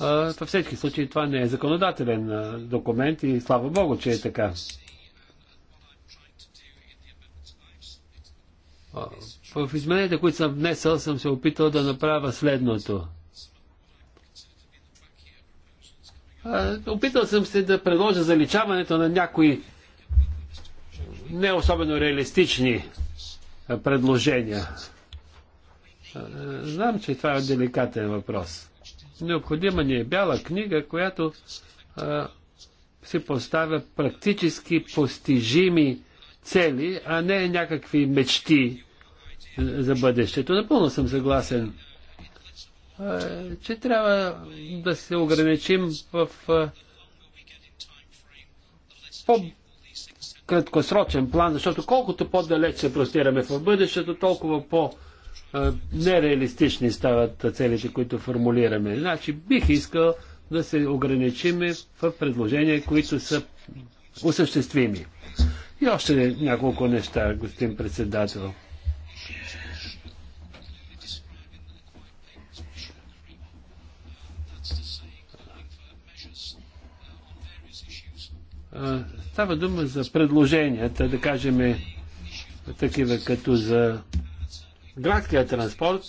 Във всички случаи това не е законодателен документ и слава Богу, че е така. В измененията, които съм внесъл, съм се опитал да направя следното – Опитал съм се да предложа заличаването на някои не особено реалистични предложения. Знам, че това е деликатен въпрос. Необходима ни е бяла книга, която а, си поставя практически постижими цели, а не някакви мечти за бъдещето. Напълно съм съгласен че трябва да се ограничим в по-краткосрочен план, защото колкото по-далеч се простираме в бъдещето, толкова по- нереалистични стават целите, които формулираме. Значи бих искал да се ограничим в предложения, които са осъществими. И още няколко неща, господин председател. Става дума за предложенията, да кажем, такива като за градския транспорт,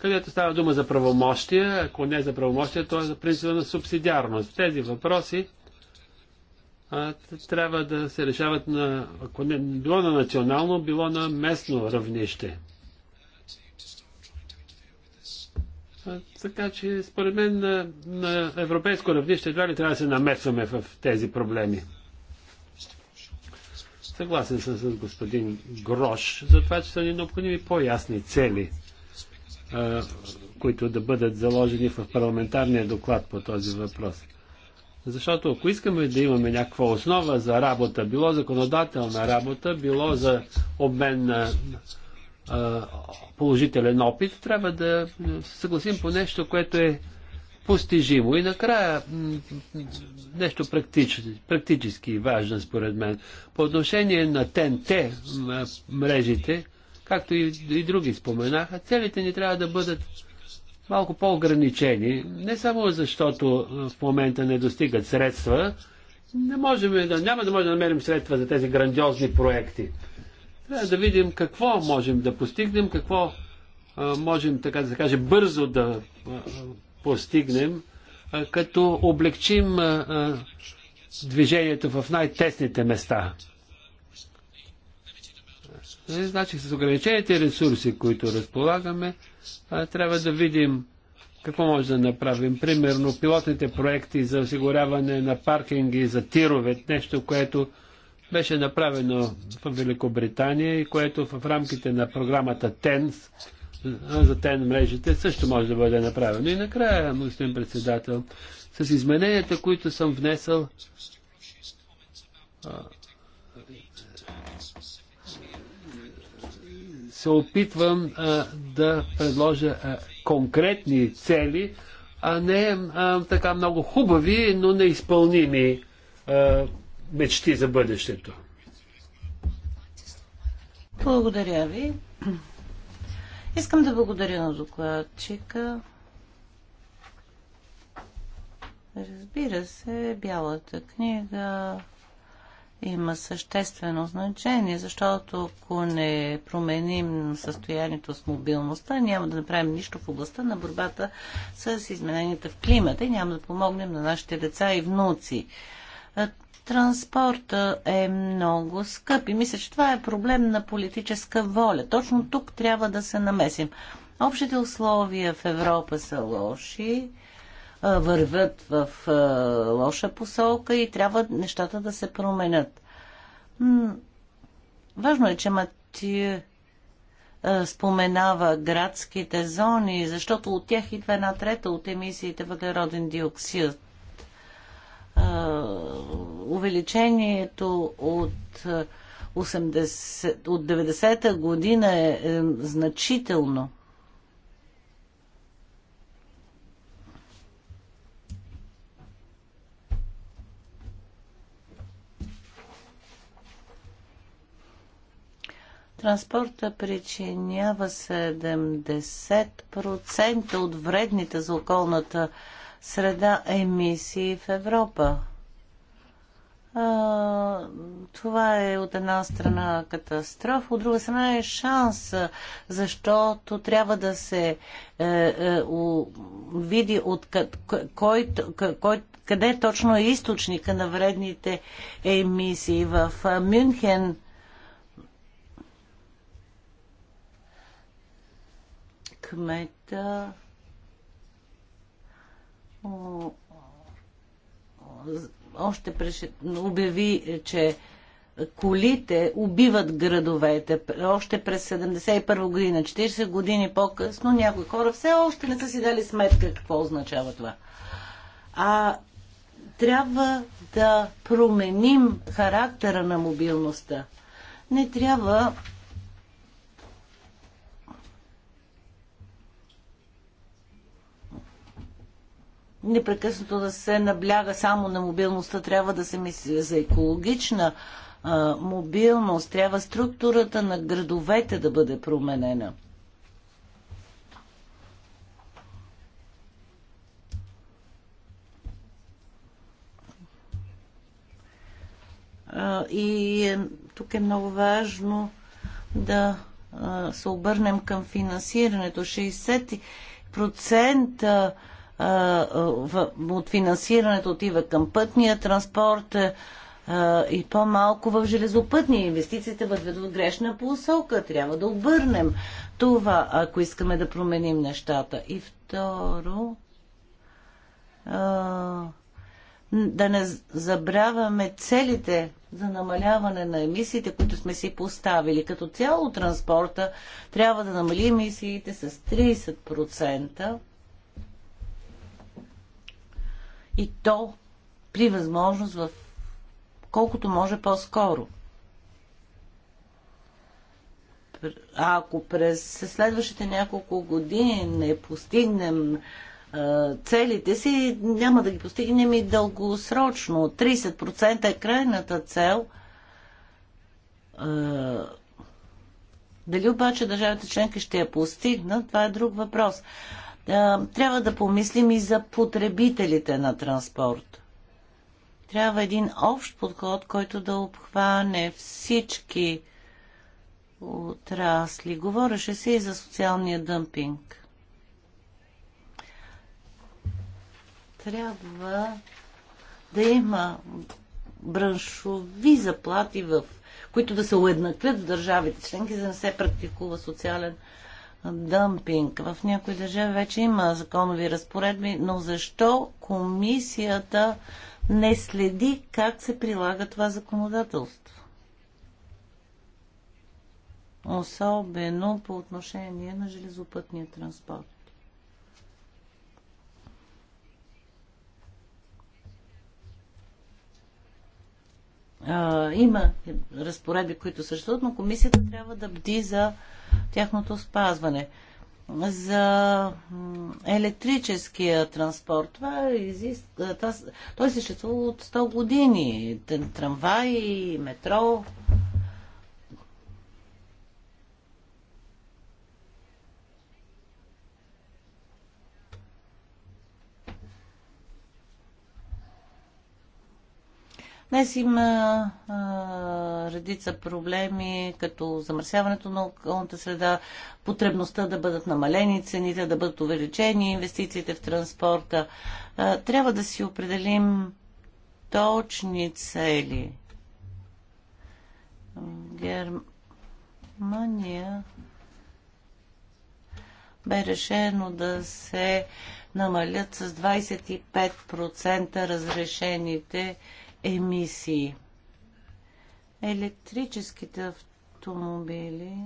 където става дума за правомощия, ако не за правомощия, то е за принципа на субсидиарност. Тези въпроси а, трябва да се решават на, ако не било на национално, било на местно равнище. Така че, според мен, на, на европейско равнище едва ли трябва да се намесваме в тези проблеми. Съгласен съм с господин Грош за това, че са ни необходими по-ясни цели, които да бъдат заложени в парламентарния доклад по този въпрос. Защото ако искаме да имаме някаква основа за работа, било законодателна работа, било за обмен на положителен опит, трябва да съгласим по нещо, което е постижимо. И накрая нещо практически, практически важно според мен. По отношение на ТНТ мрежите, както и, и други споменаха, целите ни трябва да бъдат малко по-ограничени. Не само защото в момента не достигат средства, не можем да, няма да можем да намерим средства за тези грандиозни проекти. Трябва е, да видим какво можем да постигнем, какво а, можем, така да се каже, бързо да а, постигнем, а, като облегчим движението в най-тесните места. Е, значи с ограничените ресурси, които разполагаме, трябва да видим какво може да направим. Примерно пилотните проекти за осигуряване на паркинги за тирове, нещо, което беше направено в Великобритания и което в рамките на програмата ТЕНС за ТЕН мрежите също може да бъде направено. И накрая, господин председател, с измененията, които съм внесъл, се опитвам а, да предложа а, конкретни цели, а не а, така много хубави, но неизпълними а, мечти за бъдещето. Благодаря ви. Искам да благодаря на докладчика. Разбира се, Бялата книга има съществено значение, защото ако не променим състоянието с мобилността, няма да направим нищо в областта на борбата с измененията в климата и няма да помогнем на нашите деца и внуци. Транспорта е много скъп и мисля, че това е проблем на политическа воля. Точно тук трябва да се намесим. Общите условия в Европа са лоши, вървят в лоша посока и трябва нещата да се променят. Важно е, че Матю споменава градските зони, защото от тях идва една трета от емисиите въглероден диоксид увеличението от, 80, е, от 90-та година е, е значително. Транспорта причинява 70% от вредните за околната среда емисии в Европа това е от една страна катастрофа, от друга страна е шанс, защото трябва да се е, е, у, види от кой, кой, къде точно е източника на вредните емисии. В Мюнхен кмета още преш... обяви, че колите убиват градовете. Още през 71 година, 40 години по-късно, някои хора все още не са си дали сметка какво означава това. А трябва да променим характера на мобилността. Не трябва непрекъснато да се набляга само на мобилността, трябва да се мисли за екологична а, мобилност, трябва структурата на градовете да бъде променена. А, и е, тук е много важно да а, се обърнем към финансирането. 60% от финансирането отива към пътния транспорт и по-малко в железопътния. Инвестициите вървят в грешна посока. Трябва да обърнем това, ако искаме да променим нещата. И второ, да не забравяме целите за намаляване на емисиите, които сме си поставили. Като цяло транспорта трябва да намали емисиите с 30% и то при възможност в колкото може по-скоро. А ако през следващите няколко години не постигнем целите си, няма да ги постигнем и дългосрочно. 30% е крайната цел. дали обаче държавите членки ще я постигнат, това е друг въпрос трябва да помислим и за потребителите на транспорт. Трябва един общ подход, който да обхване всички отрасли. Говореше се и за социалния дъмпинг. Трябва да има браншови заплати, в които да се уеднаквят в държавите членки, за да не се практикува социален дъмпинг дъмпинг. В някои държави вече има законови разпоредби, но защо комисията не следи как се прилага това законодателство? Особено по отношение на железопътния транспорт. има разпоредби, които съществуват, но комисията трябва да бди за тяхното спазване. За електрическия транспорт, това изиска, той съществува от 100 години. Трамвай, метро, Днес има а, редица проблеми, като замърсяването на околната среда, потребността да бъдат намалени цените, да бъдат увеличени инвестициите в транспорта. А, трябва да си определим точни цели. Германия бе решено да се намалят с 25% разрешените а, емисии. Електрическите автомобили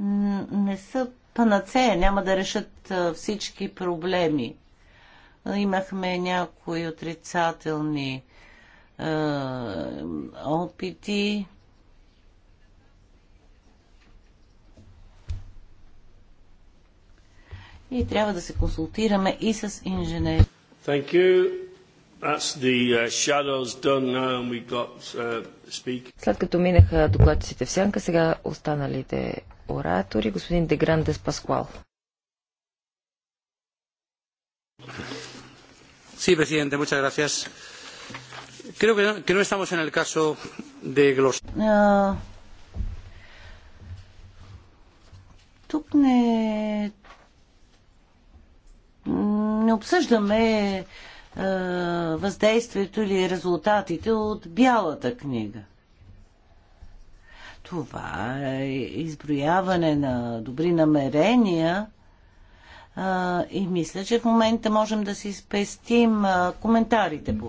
не са панацея, няма да решат всички проблеми. Имахме някои отрицателни е, опити. И трябва да се консултираме и с инженери. Thank you. That's the shadows done now and we got speak. След като минаха докладчиците в сянка, сега останалите оратори. Господин Дегран Дес Паскуал. Sí, presidente, muchas gracias. Creo que no, que no estamos en el caso de Glos. Uh, не обсъждаме е, въздействието или резултатите от бялата книга. Това е изброяване на добри намерения е, и мисля, че в момента можем да си спестим е, коментарите по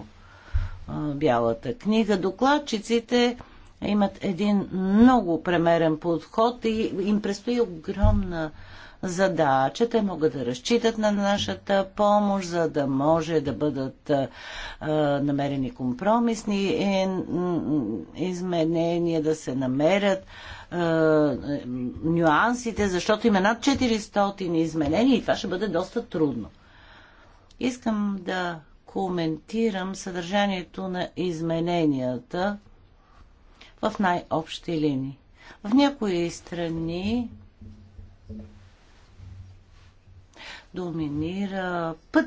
е, Бялата книга. Докладчиците имат един много премерен подход и им предстои огромна че Те могат да разчитат на нашата помощ, за да може да бъдат а, намерени компромисни е, изменения, да се намерят а, нюансите, защото има над 400 изменения и това ще бъде доста трудно. Искам да коментирам съдържанието на измененията в най-общи линии. В някои страни доминира път,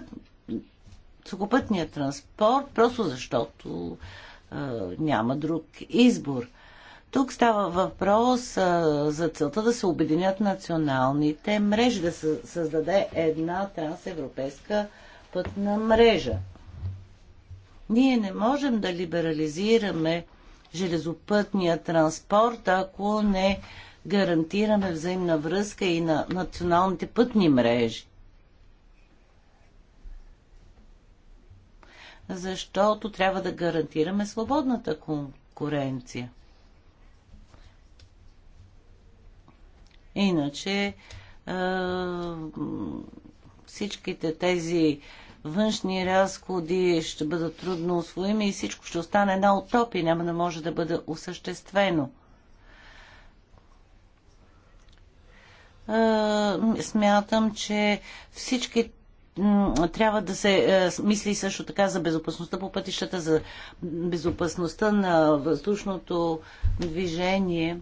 сухопътния транспорт, просто защото а, няма друг избор. Тук става въпрос а, за целта да се обединят националните мрежи, да се създаде една трансевропейска пътна мрежа. Ние не можем да либерализираме железопътния транспорт, ако не гарантираме взаимна връзка и на националните пътни мрежи. защото трябва да гарантираме свободната конкуренция. Иначе всичките тези външни разходи ще бъдат трудно освоими и всичко ще остане една утопия, няма да може да бъде осъществено. Смятам, че всички трябва да се е, мисли също така за безопасността по пътищата, за безопасността на въздушното движение.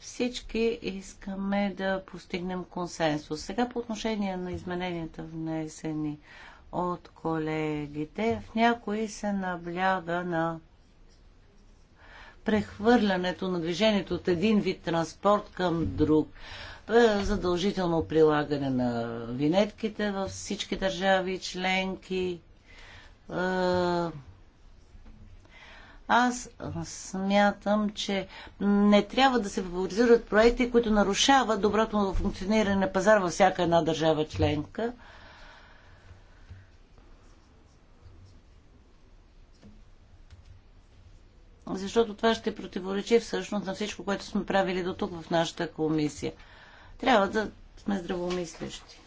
Всички искаме да постигнем консенсус. Сега по отношение на измененията внесени от колегите, в някои се набляга на прехвърлянето на движението от един вид транспорт към друг. Е, задължително прилагане на винетките във всички държави членки. Е, аз смятам, че не трябва да се фаворизират проекти, които нарушават доброто функциониране на пазар във всяка една държава членка. Защото това ще противоречи всъщност на всичко, което сме правили до тук в нашата комисия. Трябва да сме здравомислещи.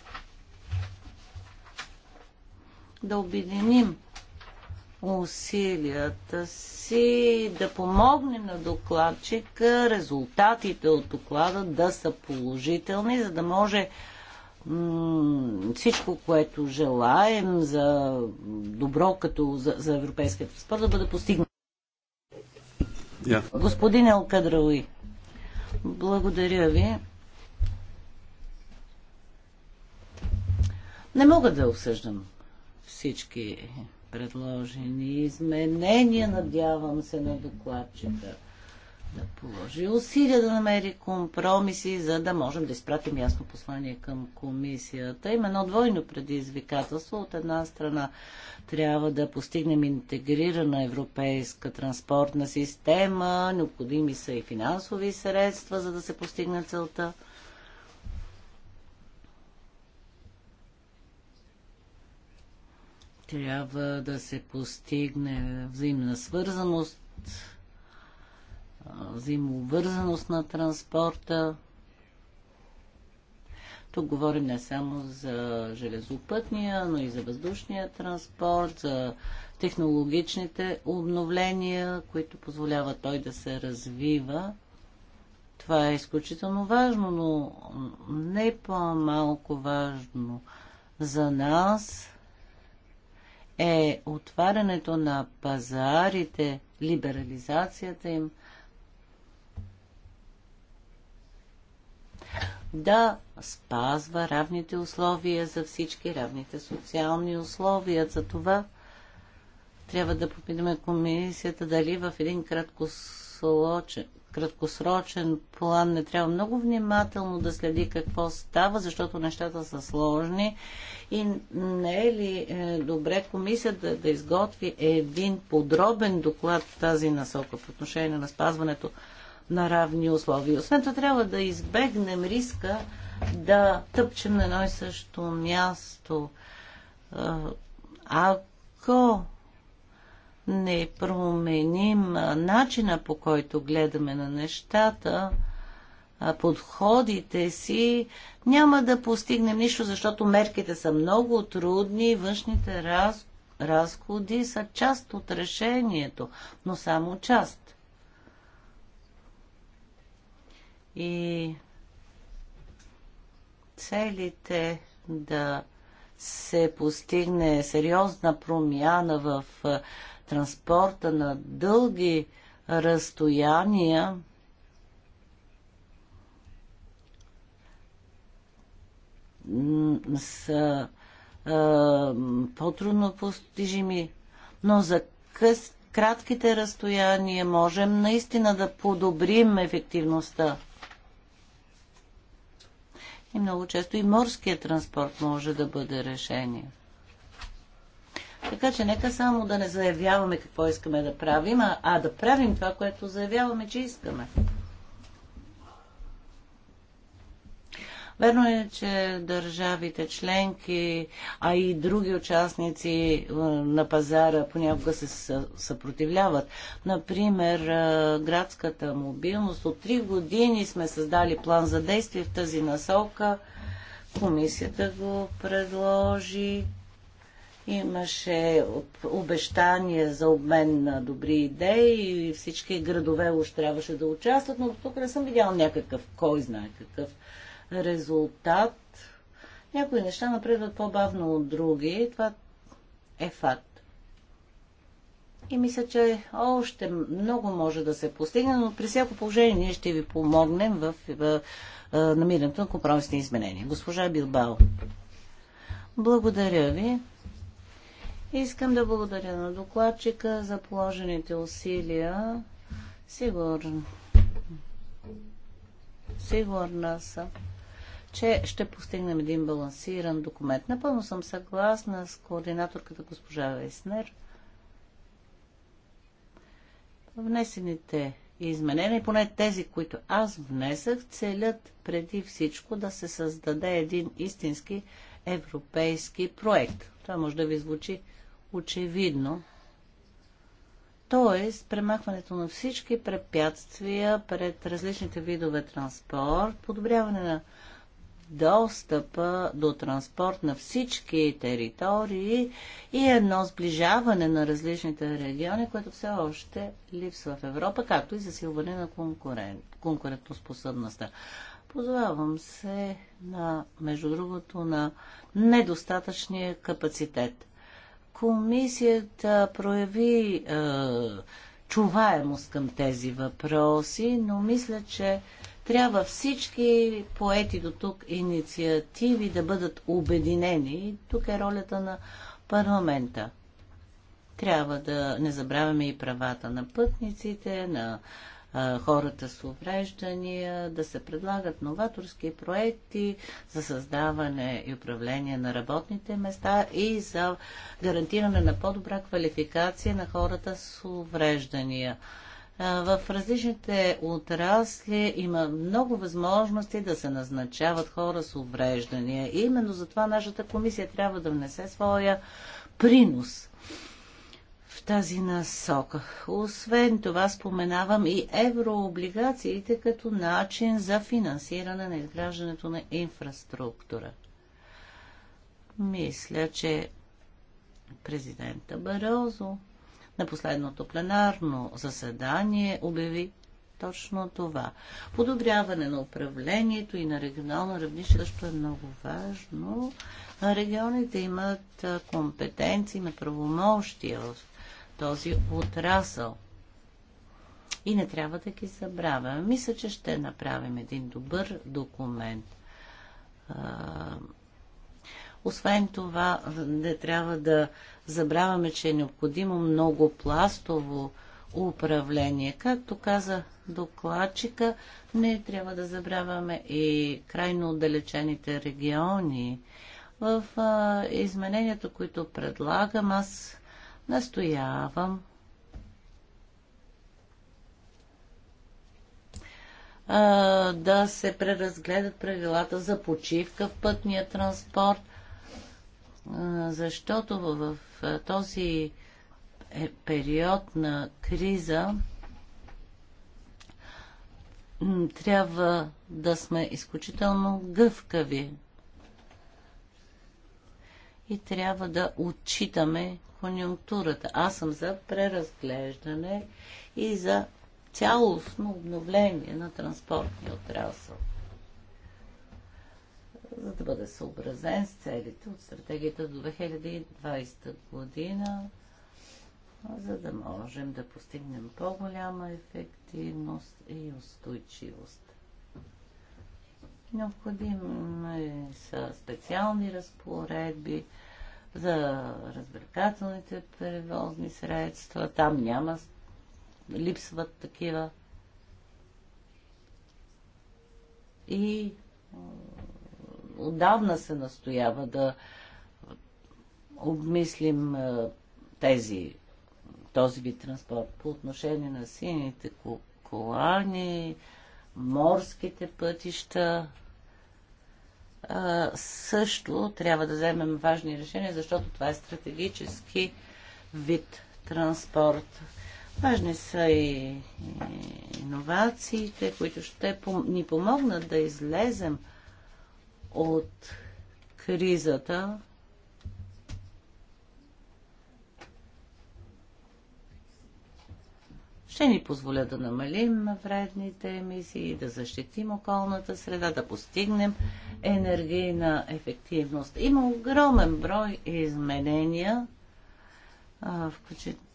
Да обединим усилията си, да помогнем на докладчика, резултатите от доклада да са положителни, за да може всичко, което желаем за добро като за, за европейския спорта, да бъде постигнато. Yeah. Господин Елкадрауи, благодаря ви. Не мога да обсъждам всички предложени изменения. Надявам се на докладчета да положи усилия да намери компромиси, за да можем да изпратим ясно послание към комисията. Има едно двойно предизвикателство. От една страна трябва да постигнем интегрирана европейска транспортна система, необходими са и финансови средства, за да се постигне целта. Трябва да се постигне взаимна свързаност, взаимовързаност на транспорта. Тук говорим не само за железопътния, но и за въздушния транспорт, за технологичните обновления, които позволяват той да се развива. Това е изключително важно, но не по-малко важно за нас е отварянето на пазарите, либерализацията им. Да спазва равните условия за всички, равните социални условия. За това трябва да попитаме комисията дали в един краткосрочен, краткосрочен план не трябва много внимателно да следи какво става, защото нещата са сложни и не е ли е, добре комисията да, да изготви един подробен доклад в тази насока по отношение на спазването на равни условия. Освен това трябва да избегнем риска да тъпчем на едно и също място. Е, ако не променим начина по който гледаме на нещата, подходите си, няма да постигнем нищо, защото мерките са много трудни, външните раз, разходи са част от решението, но само част. И целите да се постигне сериозна промяна в транспорта на дълги разстояния са по-трудно постижими, но за къс, кратките разстояния можем наистина да подобрим ефективността. И много често и морският транспорт може да бъде решение. Така че нека само да не заявяваме какво искаме да правим, а, а да правим това, което заявяваме, че искаме. Верно е, че държавите членки, а и други участници е, на пазара понякога се съпротивляват. Например, е, градската мобилност. От три години сме създали план за действие в тази насока. Комисията го предложи. Имаше обещания за обмен на добри идеи и всички градове още трябваше да участват, но тук не съм видял някакъв, кой знае какъв резултат. Някои неща напредват по-бавно от други. Това е факт. И мисля, че още много може да се постигне, но при всяко положение ние ще ви помогнем в, в, в намирането на компромисни изменения. Госпожа Билбао. Благодаря ви. Искам да благодаря на докладчика за положените усилия. Сигурно. Сигурна съм, че ще постигнем един балансиран документ. Напълно съм съгласна с координаторката госпожа Веснер. Внесените изменения, поне тези, които аз внесах, целят преди всичко да се създаде един истински европейски проект. Това може да ви звучи очевидно. Тоест, премахването на всички препятствия пред различните видове транспорт, подобряване на достъпа до транспорт на всички територии и едно сближаване на различните региони, което все още липсва в Европа, както и засилване на конкурен... конкурентоспособността. Позовавам се на, между другото, на недостатъчния капацитет. Комисията прояви е, чуваемост към тези въпроси, но мисля, че трябва всички поети до тук инициативи да бъдат обединени. Тук е ролята на парламента. Трябва да не забравяме и правата на пътниците, на хората с увреждания, да се предлагат новаторски проекти за създаване и управление на работните места и за гарантиране на по-добра квалификация на хората с увреждания. В различните отрасли има много възможности да се назначават хора с увреждания. И именно затова нашата комисия трябва да внесе своя принос тази насока. Освен това споменавам и еврооблигациите като начин за финансиране на изграждането на инфраструктура. Мисля, че президента Барозо на последното пленарно заседание обяви точно това. Подобряване на управлението и на регионално равнище също е много важно. Регионите имат компетенции на правомощия в този отрасъл. И не трябва да ги забравяме. Мисля, че ще направим един добър документ. Освен това, не трябва да забравяме, че е необходимо много пластово управление. Както каза докладчика, не трябва да забравяме и крайно отдалечените региони. В а, изменението, които предлагам, аз настоявам да се преразгледат правилата за почивка в пътния транспорт, защото в този е, период на криза трябва да сме изключително гъвкави и трябва да отчитаме конюнктурата. Аз съм за преразглеждане и за цялостно обновление на транспортния отрасъл, за да бъде съобразен с целите от стратегията до 2020 година, за да можем да постигнем по-голяма ефективност и устойчивост. Необходими са специални разпоредби, за развлекателните превозни средства. Там няма, липсват такива. И отдавна се настоява да обмислим е, тези, този вид транспорт по отношение на сините колани, морските пътища, също трябва да вземем важни решения, защото това е стратегически вид транспорт. Важни са и иновациите, които ще ни помогнат да излезем от кризата. Ще ни позволя да намалим вредните емисии, да защитим околната среда, да постигнем енергийна ефективност. Има огромен брой изменения, включително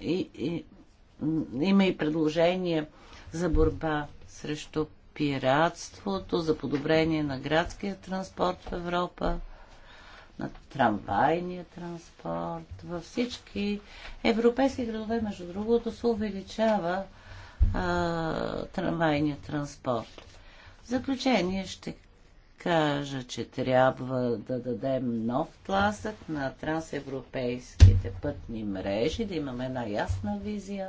и, и, има и предложения за борба срещу пиратството, за подобрение на градския транспорт в Европа, на трамвайния транспорт. Във всички европейски градове, между другото, се увеличава а, трамвайния транспорт. В заключение ще кажа, че трябва да дадем нов тласък на трансевропейските пътни мрежи, да имаме една ясна визия.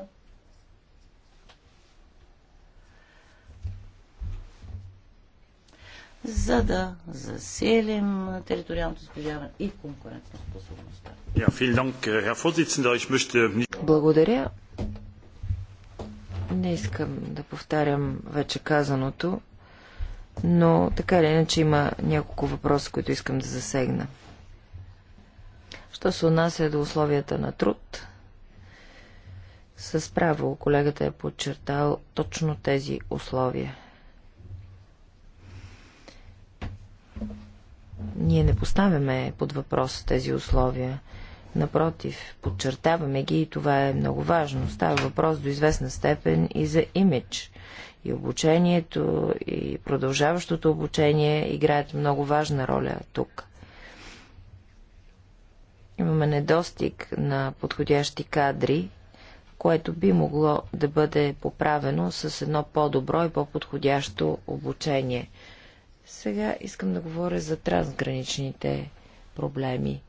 за да засилим териториалното сближаване и конкурентоспособността. Äh, Благодаря. Не искам да повтарям вече казаното но така или иначе има няколко въпроса, които искам да засегна. Що се отнася до условията на труд, с право колегата е подчертал точно тези условия. Ние не поставяме под въпрос тези условия. Напротив, подчертаваме ги и това е много важно. Става въпрос до известна степен и за имидж. И обучението, и продължаващото обучение играят много важна роля тук. Имаме недостиг на подходящи кадри, което би могло да бъде поправено с едно по-добро и по-подходящо обучение. Сега искам да говоря за трансграничните проблеми.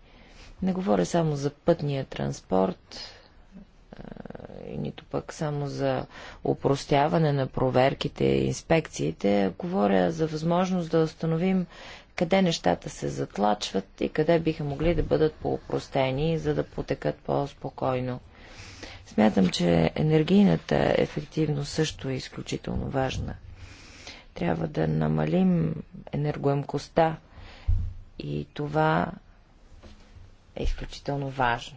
Не говоря само за пътния транспорт, нито пък само за упростяване на проверките и инспекциите, говоря за възможност да установим къде нещата се затлачват и къде биха могли да бъдат по-упростени, за да потекат по-спокойно. Смятам, че енергийната ефективност също е изключително важна. Трябва да намалим енергоемкостта и това е изключително важно.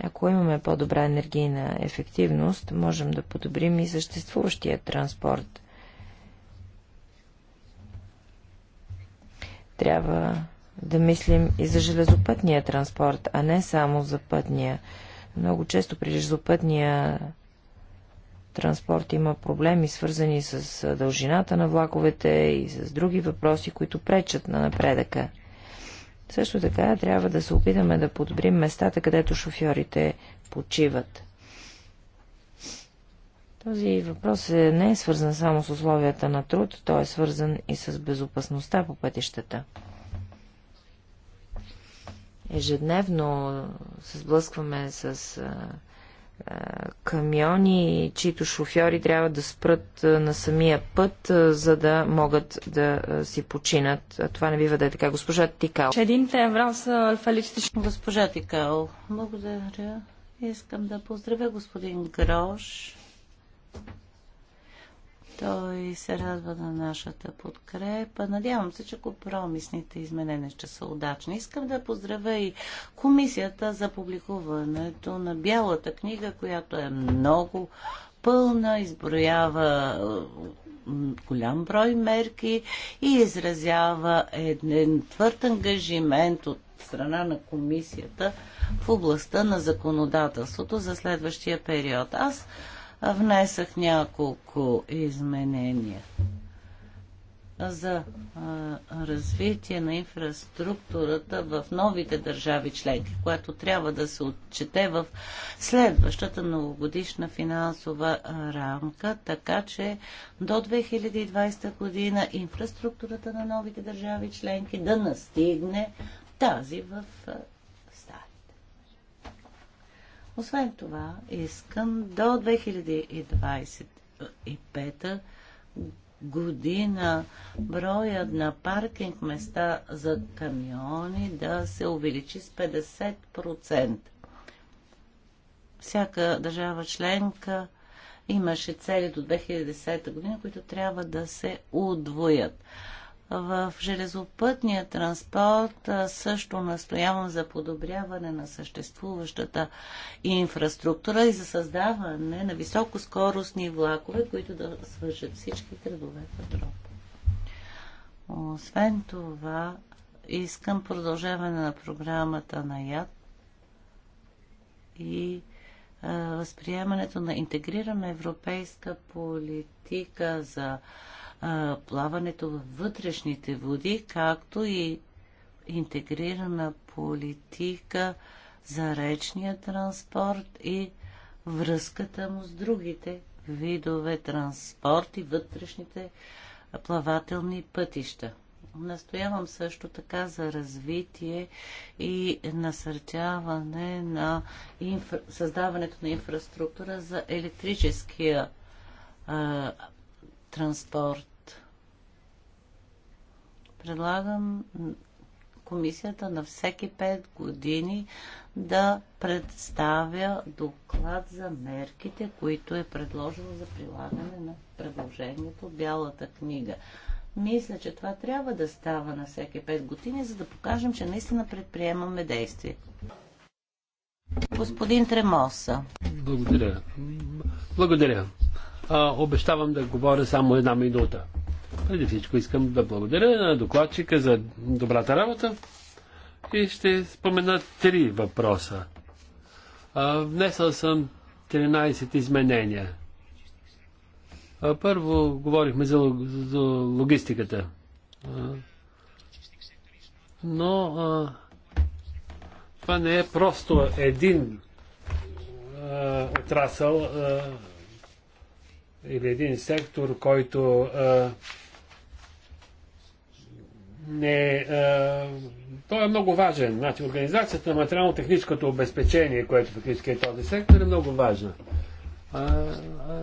Ако имаме по-добра енергийна ефективност, можем да подобрим и съществуващия транспорт. Трябва да мислим и за железопътния транспорт, а не само за пътния. Много често при железопътния транспорт има проблеми, свързани с дължината на влаковете и с други въпроси, които пречат на напредъка. Също така трябва да се опитаме да подобрим местата, където шофьорите почиват. Този въпрос е, не е свързан само с условията на труд, той е свързан и с безопасността по пътищата. Ежедневно се сблъскваме с камиони, чието шофьори трябва да спрат на самия път, за да могат да си починат. Това не бива да е така. Госпожа Тикал. Един те е врал са фалистично. Госпожа Тикал, благодаря. Искам да поздравя господин Грош той се радва на нашата подкрепа. Надявам се, че компромисните изменения ще са удачни. Искам да поздравя и комисията за публикуването на Бялата книга, която е много пълна, изброява голям брой мерки и изразява един твърд ангажимент от страна на комисията в областта на законодателството за следващия период. Аз внесах няколко изменения за а, развитие на инфраструктурата в новите държави членки, което трябва да се отчете в следващата многогодишна финансова рамка, така че до 2020 година инфраструктурата на новите държави членки да настигне тази в освен това, искам до 2025 година броят на паркинг места за камиони да се увеличи с 50%. Всяка държава членка имаше цели до 2010 година, които трябва да се удвоят. В железопътния транспорт също настоявам за подобряване на съществуващата инфраструктура и за създаване на високоскоростни влакове, които да свържат всички градове в Европа. Освен това, искам продължаване на програмата на ЯД и възприемането на интегрирана европейска политика за плаването във вътрешните води, както и интегрирана политика за речния транспорт и връзката му с другите видове транспорт и вътрешните плавателни пътища. Настоявам също така за развитие и насърчаване на инфра... създаването на инфраструктура за електрическия а, транспорт. Предлагам комисията на всеки 5 години да представя доклад за мерките, които е предложила за прилагане на предложението Бялата книга. Мисля, че това трябва да става на всеки 5 години, за да покажем, че наистина предприемаме действие. Господин Тремоса. Благодаря. Благодаря. А, обещавам да говоря само една минута. Преди всичко искам да благодаря на докладчика за добрата работа и ще спомена три въпроса. Внесъл съм 13 изменения. Първо говорихме за, за логистиката. Но а, това не е просто един а, отрасъл. А, или един сектор, който а, не. А, той е много важен. Значи, организацията на материално-техническото обезпечение, което фактически е този сектор, е много важна. А,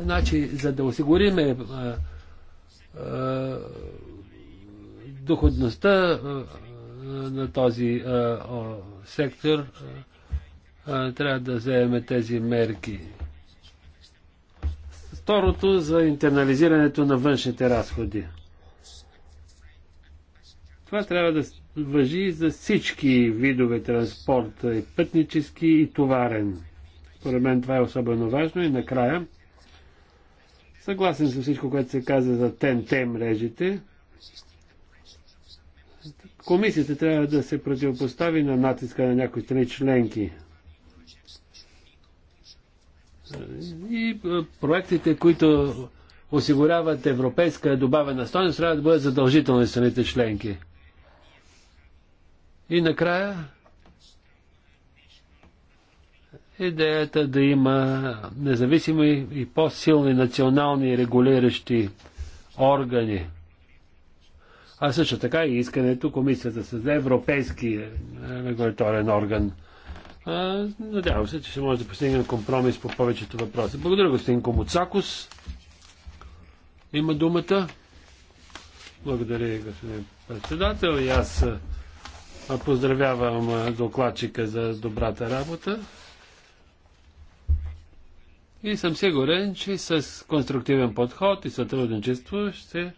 значи, за да осигуриме а, а, доходността а, на този а, о, сектор, а, трябва да вземем тези мерки. Второто за интернализирането на външните разходи. Това трябва да въжи за всички видове транспорт, и е пътнически и товарен. Поред мен това е особено важно и накрая. Съгласен съм всичко, което се каза за ТНТ мрежите. Комисията трябва да се противопостави на натиска на някои страни членки. И е, проектите, които осигуряват европейска добавена стойност, трябва да бъдат задължителни страните членки. И накрая идеята да има независими и по-силни национални регулиращи органи. А също така и искането комисията създаде европейски е, регуляторен орган – Надявам се, че ще може да постигнем компромис по повечето въпроси. Благодаря, господин Комуцакос. Има думата. Благодаря, господин председател. И аз поздравявам докладчика за добрата работа. И съм сигурен, че с конструктивен подход и сътрудничество ще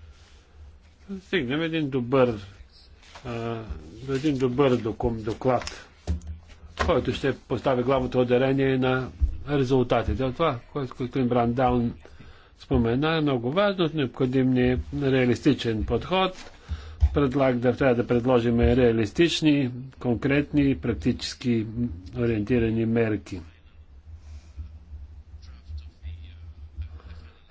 стигнем един добър, а, един добър доклад който ще постави главното отделение на резултатите. Това, което господин Брандаун спомена, е много важно. Необходим ни е реалистичен подход. Предлаг да трябва да предложим реалистични, конкретни практически ориентирани мерки.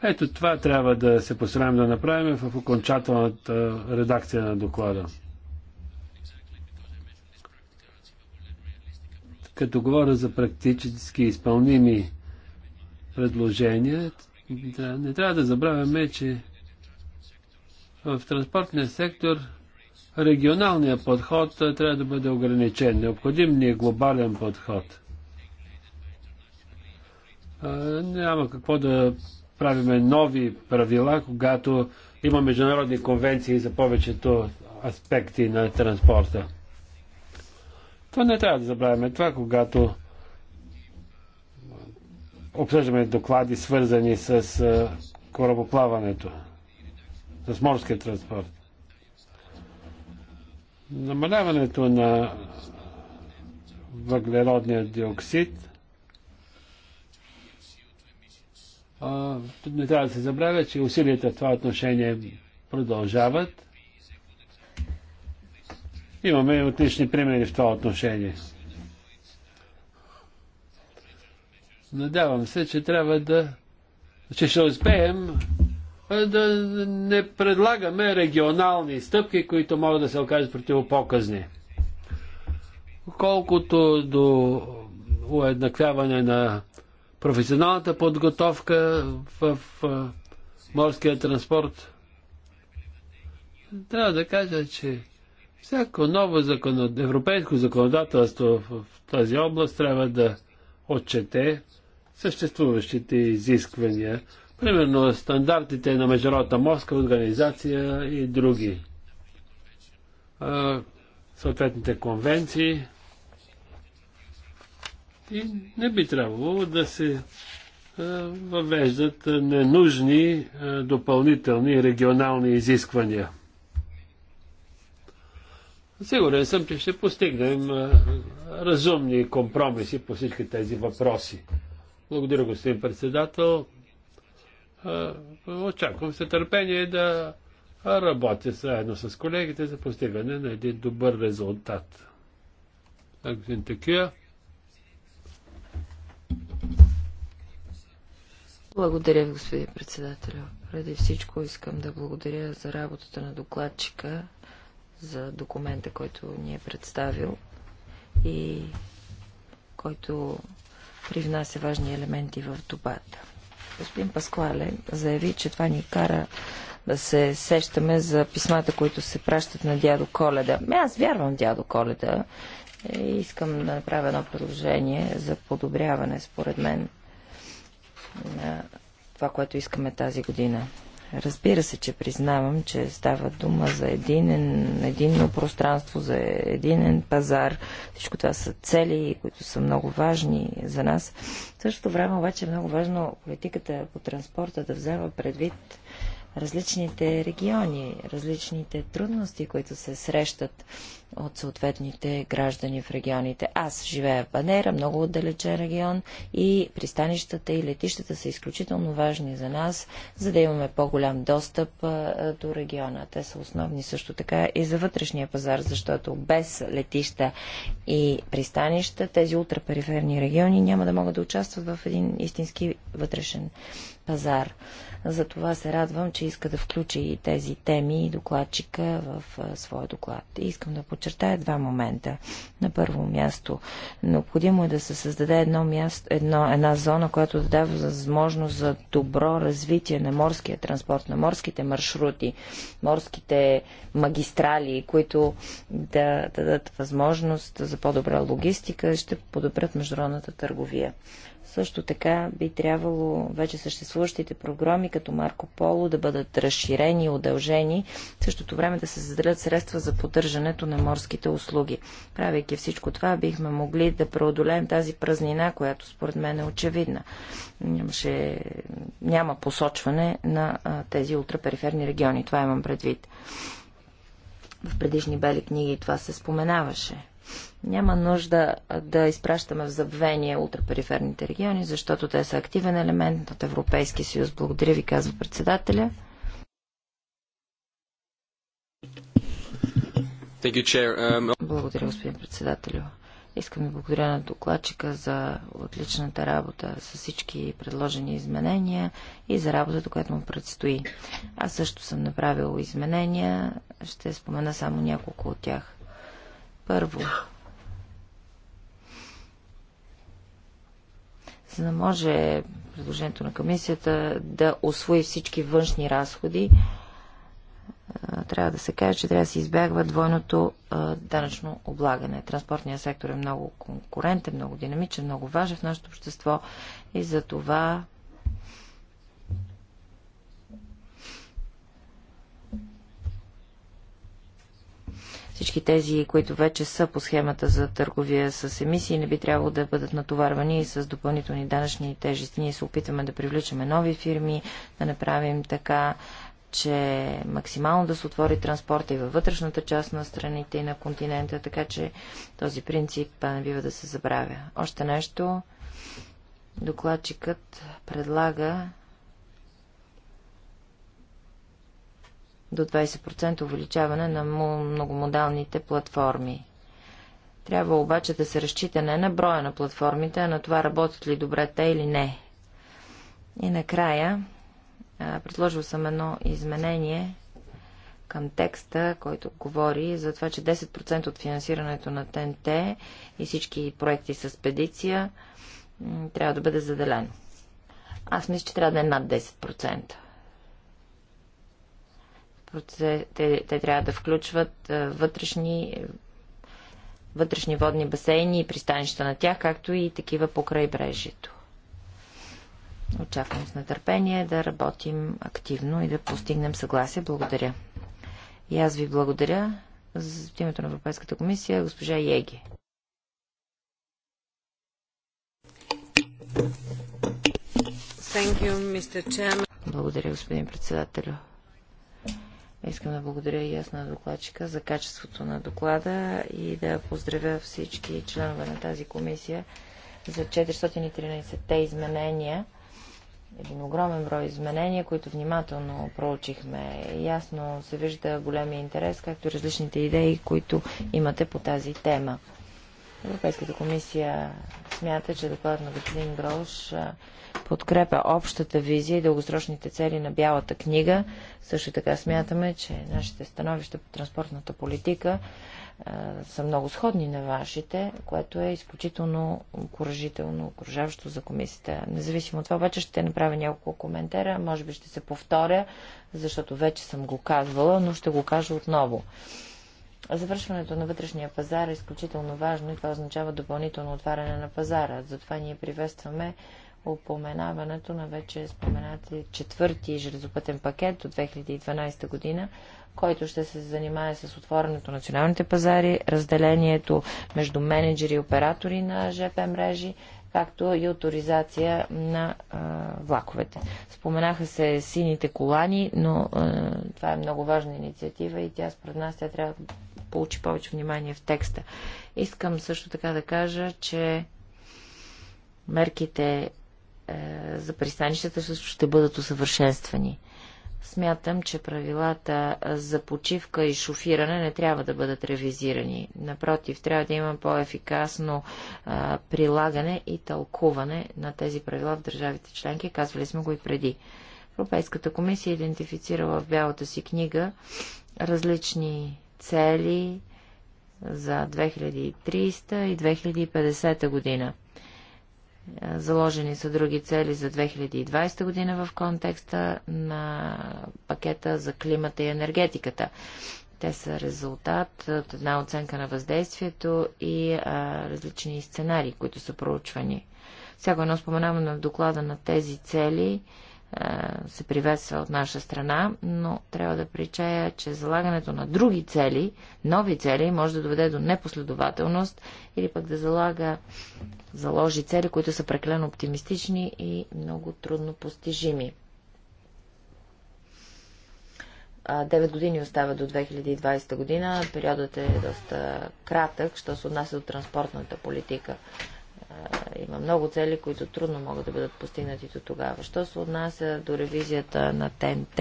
Ето това трябва да се постараем да направим в окончателната редакция на доклада. Като говоря за практически изпълними предложения, да, не трябва да забравяме, че в транспортния сектор регионалният подход трябва да бъде ограничен. Необходим ни е глобален подход. А, няма какво да правиме нови правила, когато има международни конвенции за повечето аспекти на транспорта. Това не трябва да забравяме това, когато обсъждаме доклади, свързани с корабоплаването, с морския транспорт. Намаляването на въглеродния диоксид не трябва да се забравя, че усилията в това отношение продължават. Имаме отлични примери в това отношение. Надявам се, че трябва да. че ще успеем да не предлагаме регионални стъпки, които могат да се окажат противопоказни. Колкото до уеднаквяване на професионалната подготовка в морския транспорт, трябва да кажа, че Всяко ново закон... европейско законодателство в тази област трябва да отчете съществуващите изисквания, примерно стандартите на Международната морска организация и други. А, съответните конвенции. И не би трябвало да се а, въвеждат ненужни а, допълнителни регионални изисквания. Сигурен съм, че ще постигнем разумни компромиси по всички тези въпроси. Благодаря, господин председател. Очаквам се търпение да работя заедно с колегите за постигане на един добър резултат. Господин такива. Благодаря ви, господин председател. Преди всичко искам да благодаря за работата на докладчика за документа, който ни е представил и който привнася важни елементи в дебата. Господин Паскуале заяви, че това ни кара да се сещаме за писмата, които се пращат на дядо Коледа. Ме, аз вярвам дядо Коледа и е, искам да направя едно предложение за подобряване, според мен, на това, което искаме тази година. Разбира се, че признавам, че става дума за единен, единно пространство, за единен пазар. Всичко това са цели, които са много важни за нас. В същото време обаче е много важно политиката по транспорта да взема предвид различните региони, различните трудности, които се срещат от съответните граждани в регионите. Аз живея в Банера, много отдалечен регион и пристанищата и летищата са изключително важни за нас, за да имаме по-голям достъп до региона. Те са основни също така и за вътрешния пазар, защото без летища и пристанища тези ултрапериферни региони няма да могат да участват в един истински вътрешен пазар. Затова се радвам, че иска да включи и тези теми и докладчика в своя доклад. И искам да подчертая два момента. На първо място, необходимо е да се създаде едно място, едно, една зона, която да дава възможност за добро развитие на морския транспорт, на морските маршрути, морските магистрали, които да дадат възможност за по-добра логистика, ще подобрят международната търговия. Също така би трябвало вече съществуващите програми, като Марко Поло, да бъдат разширени и удължени, в същото време да се създадат средства за поддържането на морските услуги. Правейки всичко това, бихме могли да преодолеем тази празнина, която според мен е очевидна. Нямаше, няма посочване на а, тези ултрапериферни региони. Това имам предвид. В предишни бели книги това се споменаваше. Няма нужда да изпращаме в забвение ултрапериферните региони, защото те са активен елемент от Европейския съюз. Благодаря ви, казва председателя. Um, благодаря, господин председателю. Искам да благодаря на докладчика за отличната работа с всички предложени изменения и за работата, която му предстои. Аз също съм направил изменения, ще спомена само няколко от тях. Първо, за да може предложението на комисията да освои всички външни разходи, трябва да се каже, че трябва да се избягва двойното данъчно облагане. Транспортният сектор е много конкурентен, много динамичен, много важен в нашето общество и за това Всички тези, които вече са по схемата за търговия с емисии, не би трябвало да бъдат натоварвани с допълнителни данъчни тежести. Ние се опитваме да привличаме нови фирми, да направим така, че максимално да се отвори транспорта и във вътрешната част на страните и на континента, така че този принцип не бива да се забравя. Още нещо. Докладчикът предлага до 20% увеличаване на многомодалните платформи. Трябва обаче да се разчита не на броя на платформите, а на това работят ли добре те или не. И накрая предложил съм едно изменение към текста, който говори за това, че 10% от финансирането на ТНТ и всички проекти с педиция трябва да бъде заделено. Аз мисля, че трябва да е над 10%. Процес, те, те трябва да включват вътрешни, вътрешни водни басейни и пристанища на тях, както и такива по крайбрежието. Очаквам с нетърпение да работим активно и да постигнем съгласие. Благодаря. И аз ви благодаря за името на Европейската комисия, госпожа Еги. You, Благодаря, господин председателю. Искам да благодаря и аз на докладчика за качеството на доклада и да поздравя всички членове на тази комисия за 413-те изменения. Един огромен брой изменения, които внимателно проучихме. Ясно се вижда големия интерес, както и различните идеи, които имате по тази тема. Европейската комисия смята, че докладът на господин Грош подкрепя общата визия и дългосрочните цели на Бялата книга. Също така смятаме, че нашите становища по транспортната политика а, са много сходни на вашите, което е изключително окоръжително, окоръжаващо за комисията. Независимо от това, обаче ще направя няколко коментара, може би ще се повторя, защото вече съм го казвала, но ще го кажа отново. Завършването на вътрешния пазар е изключително важно и това означава допълнително отваряне на пазара. Затова ние приветстваме упоменаването на вече споменати четвърти железопътен пакет до 2012 година, който ще се занимае с отворенето на националните пазари, разделението между менеджери и оператори на ЖП мрежи, както и авторизация на а, влаковете. Споменаха се сините колани, но а, това е много важна инициатива и тя според нас тя трябва да получи повече внимание в текста. Искам също така да кажа, че мерките е, за пристанищата също ще бъдат усъвършенствани. Смятам, че правилата за почивка и шофиране не трябва да бъдат ревизирани. Напротив, трябва да има по-ефикасно е, прилагане и тълкуване на тези правила в държавите членки. Казвали сме го и преди. Европейската комисия е идентифицирала в бялата си книга различни цели за 2300 и 2050 година. Е, заложени са други цели за 2020 година в контекста на пакета за климата и енергетиката. Те са резултат от една оценка на въздействието и а, е, различни сценарии, които са проучвани. Всяко едно споменаване на доклада на тези цели е, се приветства от наша страна, но трябва да причая, че залагането на други цели, нови цели, може да доведе до непоследователност или пък да залага, заложи цели, които са прекалено оптимистични и много трудно постижими. Девет години остава до 2020 година. Периодът е доста кратък, що се отнася до транспортната политика има много цели, които трудно могат да бъдат постигнати до тогава. Що се отнася до ревизията на ТНТ,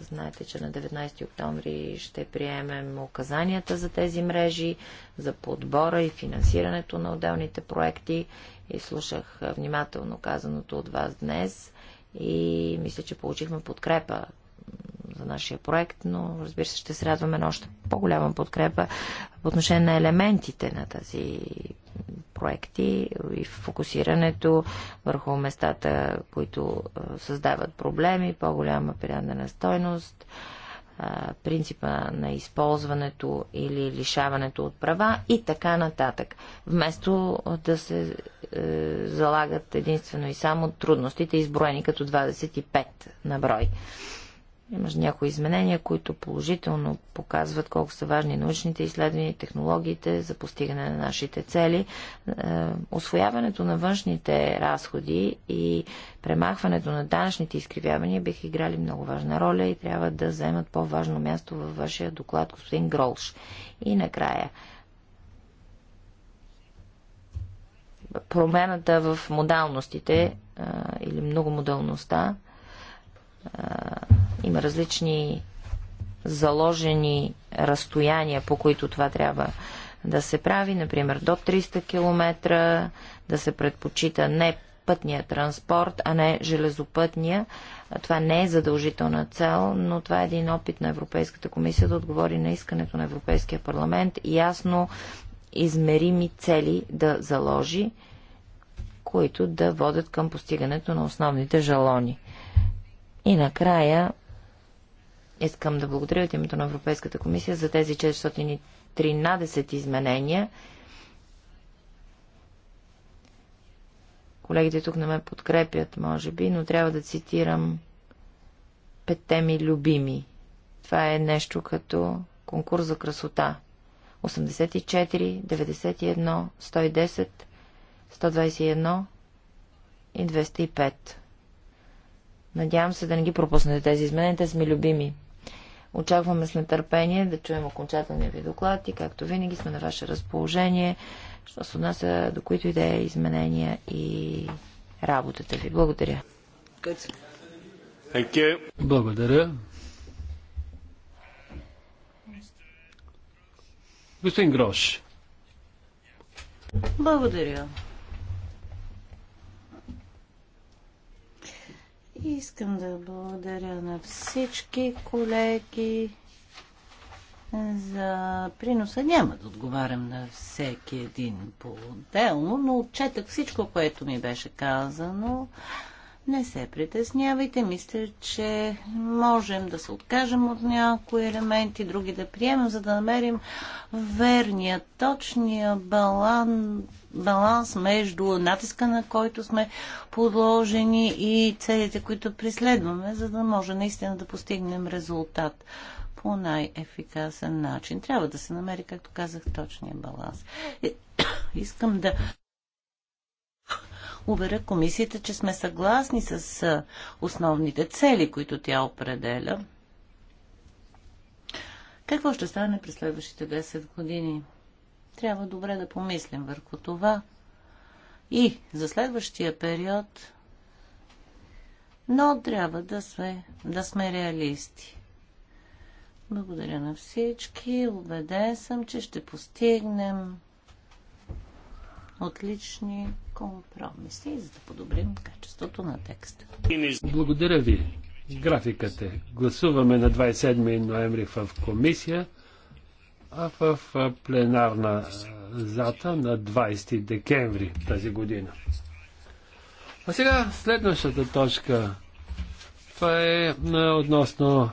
знаете, че на 19 октомври ще приемем указанията за тези мрежи, за подбора и финансирането на отделните проекти. И слушах внимателно казаното от вас днес и мисля, че получихме подкрепа за нашия проект, но разбира се, ще се радваме на още по-голяма подкрепа по отношение на елементите на тази проекти и фокусирането върху местата, които създават проблеми, по-голяма природна стойност, принципа на използването или лишаването от права и така нататък. Вместо да се е, залагат единствено и само трудностите, изброени като 25 на брой. Имаш някои изменения, които положително показват колко са важни научните изследвания и технологиите за постигане на нашите цели. Е, освояването на външните разходи и премахването на данъчните изкривявания бих играли много важна роля и трябва да вземат по-важно място във вашия доклад, господин Гролш. И накрая. Промената в модалностите е, или многомодалността има различни заложени разстояния, по които това трябва да се прави, например до 300 км, да се предпочита не пътния транспорт, а не железопътния. Това не е задължителна цел, но това е един опит на Европейската комисия да отговори на искането на Европейския парламент и ясно измерими цели да заложи, които да водят към постигането на основните жалони. И накрая искам да благодаря от името на Европейската комисия за тези 413 изменения. Колегите тук не ме подкрепят, може би, но трябва да цитирам петте ми любими. Това е нещо като конкурс за красота. 84, 91, 110, 121 и 205. Надявам се да не ги пропуснете тези изменения, те са ми любими. Очакваме с нетърпение да чуем окончателния ви доклад и както винаги сме на ваше разположение, що се отнася до които и да е изменения и работата ви. Благодаря. Благодаря. Господин Грош. Благодаря. И искам да благодаря на всички колеги за приноса. Няма да отговарям на всеки един по-отделно, но отчетах всичко, което ми беше казано. Не се притеснявайте, мисля, че можем да се откажем от някои елементи, други да приемем, за да намерим верния, точния балан, баланс между натиска, на който сме подложени и целите, които преследваме, за да може наистина да постигнем резултат по най-ефикасен начин. Трябва да се намери, както казах, точния баланс. Е, [coughs] искам да уверя комисията, че сме съгласни с основните цели, които тя определя. Какво ще стане през следващите 10 години? Трябва добре да помислим върху това. И за следващия период, но трябва да сме, да сме реалисти. Благодаря на всички. Убеден съм, че ще постигнем отлични компромиси, за да подобрим качеството на текста. Благодаря ви. Графикът е. Гласуваме на 27 ноември в комисия, а в пленарна зата на 20 декември тази година. А сега следващата точка. Това е относно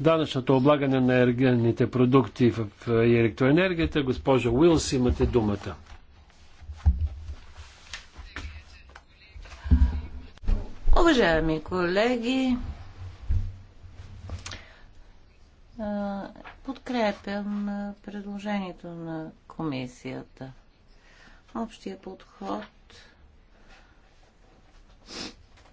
данъчното облагане на енергийните продукти в електроенергията. Госпожо Уилс, имате думата. Уважаеми колеги, подкрепям предложението на комисията. Общия подход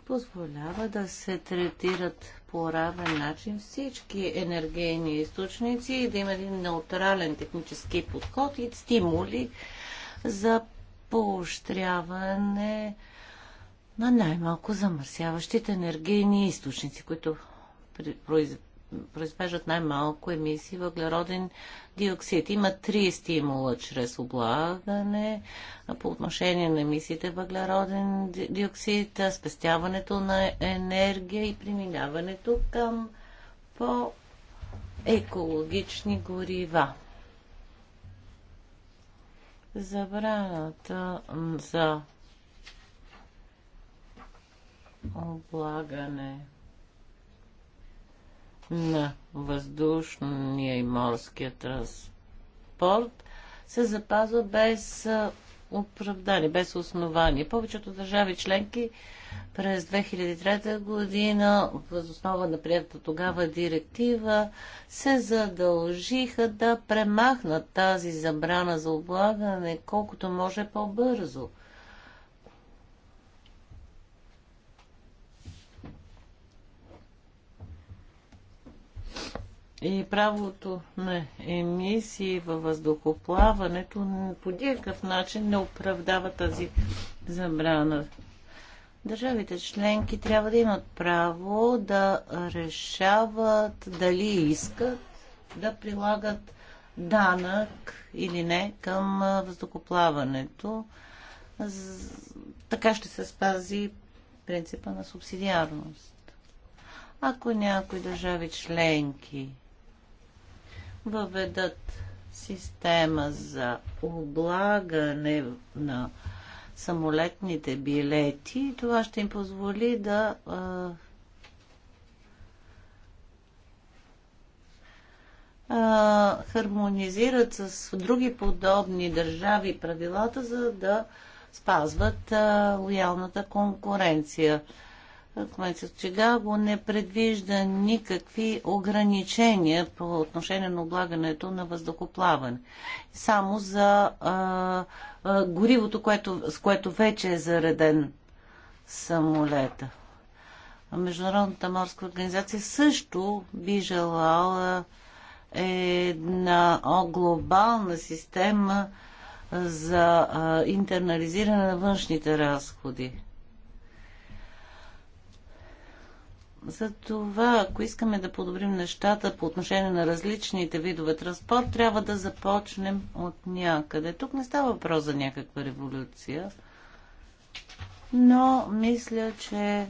позволява да се третират по равен начин всички енергийни източници и да има един неутрален технически подход и стимули за поощряване на най-малко замърсяващите енергийни източници, които произвеждат най-малко емисии въглероден диоксид. Има три стимула чрез облагане по отношение на емисиите въглероден диоксид, спестяването на енергия и преминаването към по-екологични горива. Забраната за облагане на въздушния и морския транспорт се запазва без оправдани, без основание. Повечето държави членки през 2003 година, възоснова на приятата тогава директива, се задължиха да премахнат тази забрана за облагане колкото може по-бързо – И правото на емисии във въздухоплаването по никакъв начин не оправдава тази забрана. Държавите членки трябва да имат право да решават дали искат да прилагат данък или не към въздухоплаването. Така ще се спази принципа на субсидиарност. Ако някои държави членки въведат система за облагане на самолетните билети. Това ще им позволи да а, а, хармонизират с други подобни държави правилата, за да спазват а, лоялната конкуренция. Кметът Чигаго не предвижда никакви ограничения по отношение на облагането на въздухоплаване. Само за а, а, горивото, което, с което вече е зареден самолета. Международната морска организация също би желала една глобална система за интернализиране на външните разходи. За това, ако искаме да подобрим нещата по отношение на различните видове транспорт, трябва да започнем от някъде. Тук не става въпрос за някаква революция, но мисля, че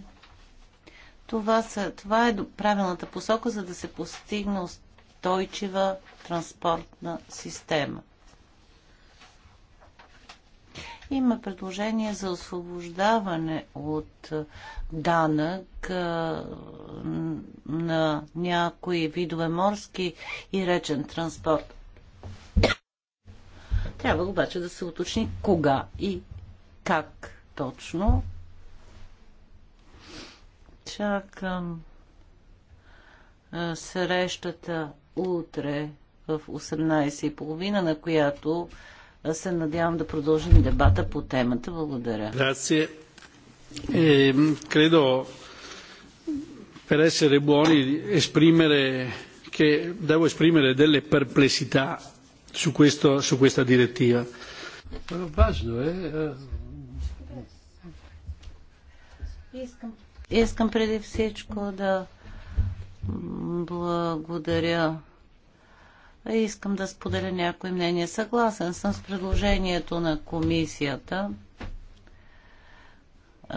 това, са, това е правилната посока, за да се постигне устойчива транспортна система. Има предложение за освобождаване от данък на някои видове морски и речен транспорт. Трябва обаче да се уточни кога и как точно. Чакам срещата утре в 18.30, на която аз се надявам да продължим дебата по темата. Благодаря. Grazie. Eh, credo per essere buoni esprimere che devo esprimere delle perplessità su, questo, su questa direttiva. Важно е. искам преди всичко да благодаря Искам да споделя някои мнения. Съгласен съм с предложението на комисията.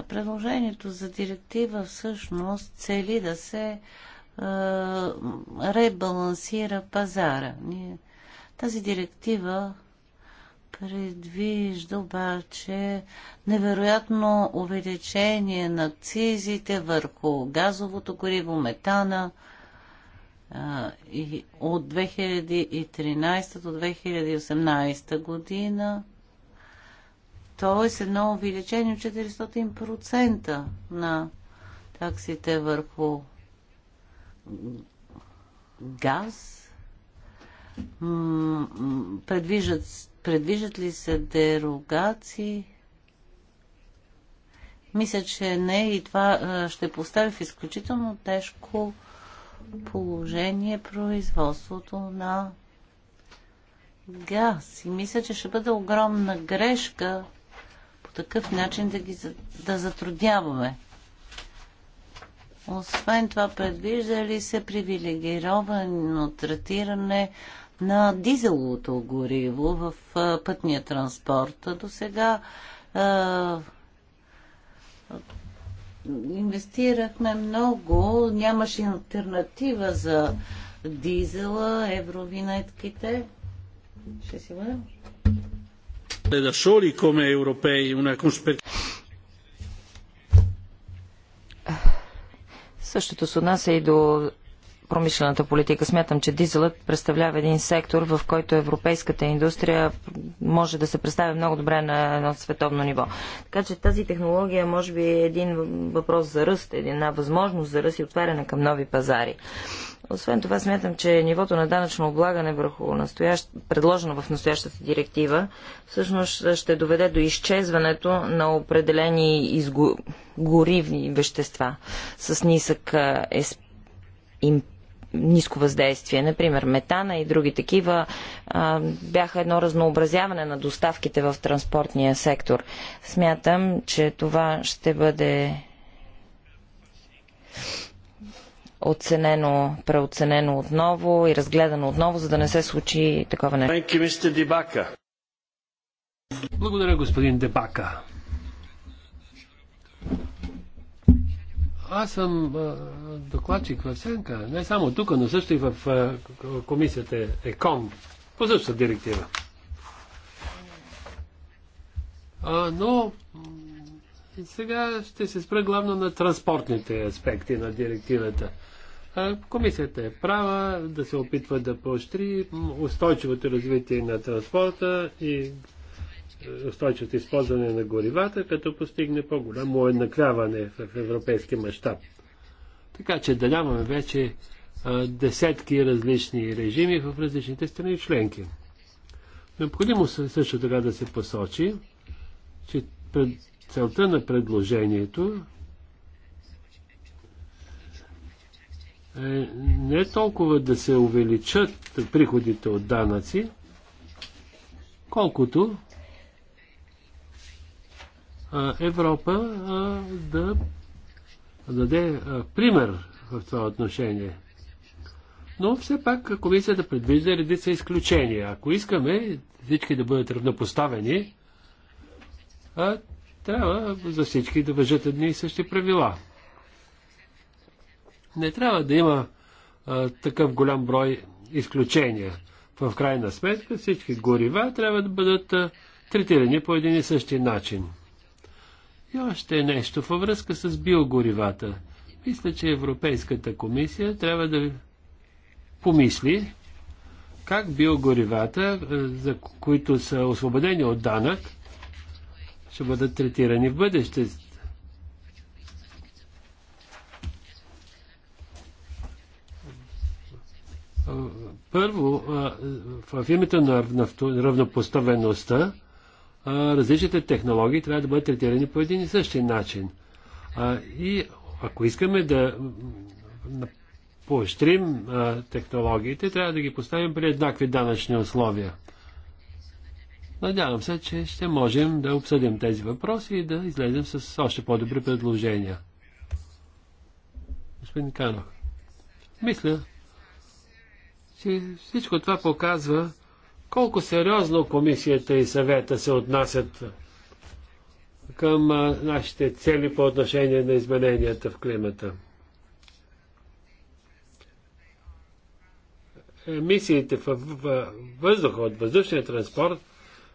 Предложението за директива всъщност цели да се е, ребалансира пазара. Тази директива предвижда обаче невероятно увеличение на акцизите върху газовото гориво, метана – и от 2013 до 2018 година, т.е. едно увеличение от 400% на таксите върху газ. Предвижат, предвижат ли се дерогации? Мисля, че не и това ще постави в изключително тежко положение производството на газ. И мисля, че ще бъде огромна грешка по такъв начин да ги да затрудняваме. Освен това, предвижда ли се привилегировано третиране на дизеловото гориво в пътния транспорт? До сега инвестирахме много, нямаше альтернатива за дизела, евровинетките. Ще си бъдем? Da soli come europei una Същото се отнася и до промишлената политика. Смятам, че дизелът представлява един сектор, в който европейската индустрия може да се представя много добре на едно световно ниво. Така че тази технология може би е един въпрос за ръст, една възможност за ръст и отваряне към нови пазари. Освен това смятам, че нивото на данъчно облагане върху настоящ... предложено в настоящата директива всъщност ще доведе до изчезването на определени изго... горивни вещества с нисък есп ниско въздействие. Например, метана и други такива а, бяха едно разнообразяване на доставките в транспортния сектор. Смятам, че това ще бъде оценено, преоценено отново и разгледано отново, за да не се случи такова нещо. Благодаря, господин Дебака. Аз съм докладчик в Сенка, не само тук, но също и в комисията ЕКОМ, по същата директива. но сега ще се спра главно на транспортните аспекти на директивата. Комисията е права да се опитва да поощри устойчивото развитие на транспорта и устойчивото използване на горивата, като постигне по-голямо еднакляване в европейски мащаб. Така че да нямаме вече десетки различни режими в различните страни членки. Необходимо също така да се посочи, че пред целта на предложението е не толкова да се увеличат приходите от данъци, колкото Европа да даде пример в това отношение. Но все пак комисията предвижда редица изключения. Ако искаме всички да бъдат равнопоставени, а, трябва за всички да въжат едни и същи правила. Не трябва да има а, такъв голям брой изключения. В крайна сметка всички горива трябва да бъдат а, третирани по един и същи начин. И още нещо във връзка с биогоривата. Мисля, че Европейската комисия трябва да помисли как биогоривата, е, за които са освободени от данък, ще бъдат третирани в бъдеще. Първо, е, в името на равнопоставеността, различните технологии трябва да бъдат третирани по един и същи начин. И ако искаме да поощрим технологиите, трябва да ги поставим при еднакви данъчни условия. Надявам се, че ще можем да обсъдим тези въпроси и да излезем с още по-добри предложения. Господин Канов, мисля, че всичко това показва колко сериозно комисията и съвета се отнасят към нашите цели по отношение на измененията в климата? Емисиите в въздуха от въздушния транспорт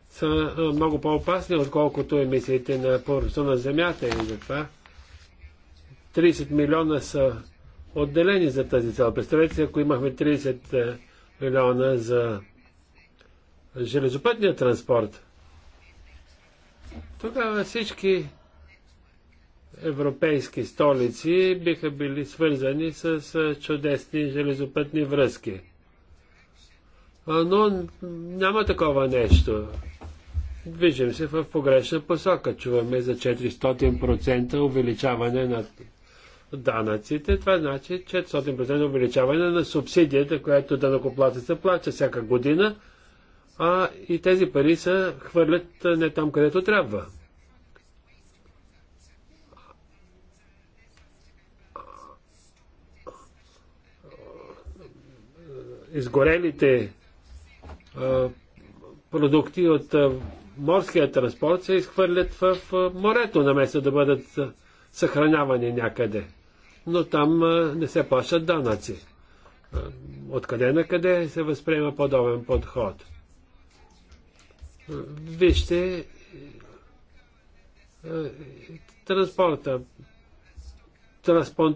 са много по-опасни, отколкото емисиите на повърхността на Земята и затова 30 милиона са отделени за тази цел. Представете си, ако имахме 30 милиона за железопътния транспорт, тогава всички европейски столици биха били свързани с чудесни железопътни връзки. Но няма такова нещо. Движим се в погрешна посока. Чуваме за 400% увеличаване на данъците. Това значи 400% увеличаване на субсидията, която данъкоплатеца плаща всяка година а и тези пари се хвърлят не там, където трябва. Изгорелите продукти от морския транспорт се изхвърлят в морето морето, наместо да бъдат съхранявани някъде. Но там не се плащат данъци. Откъде на къде се възприема подобен подход? Вижте е, е, транспорта.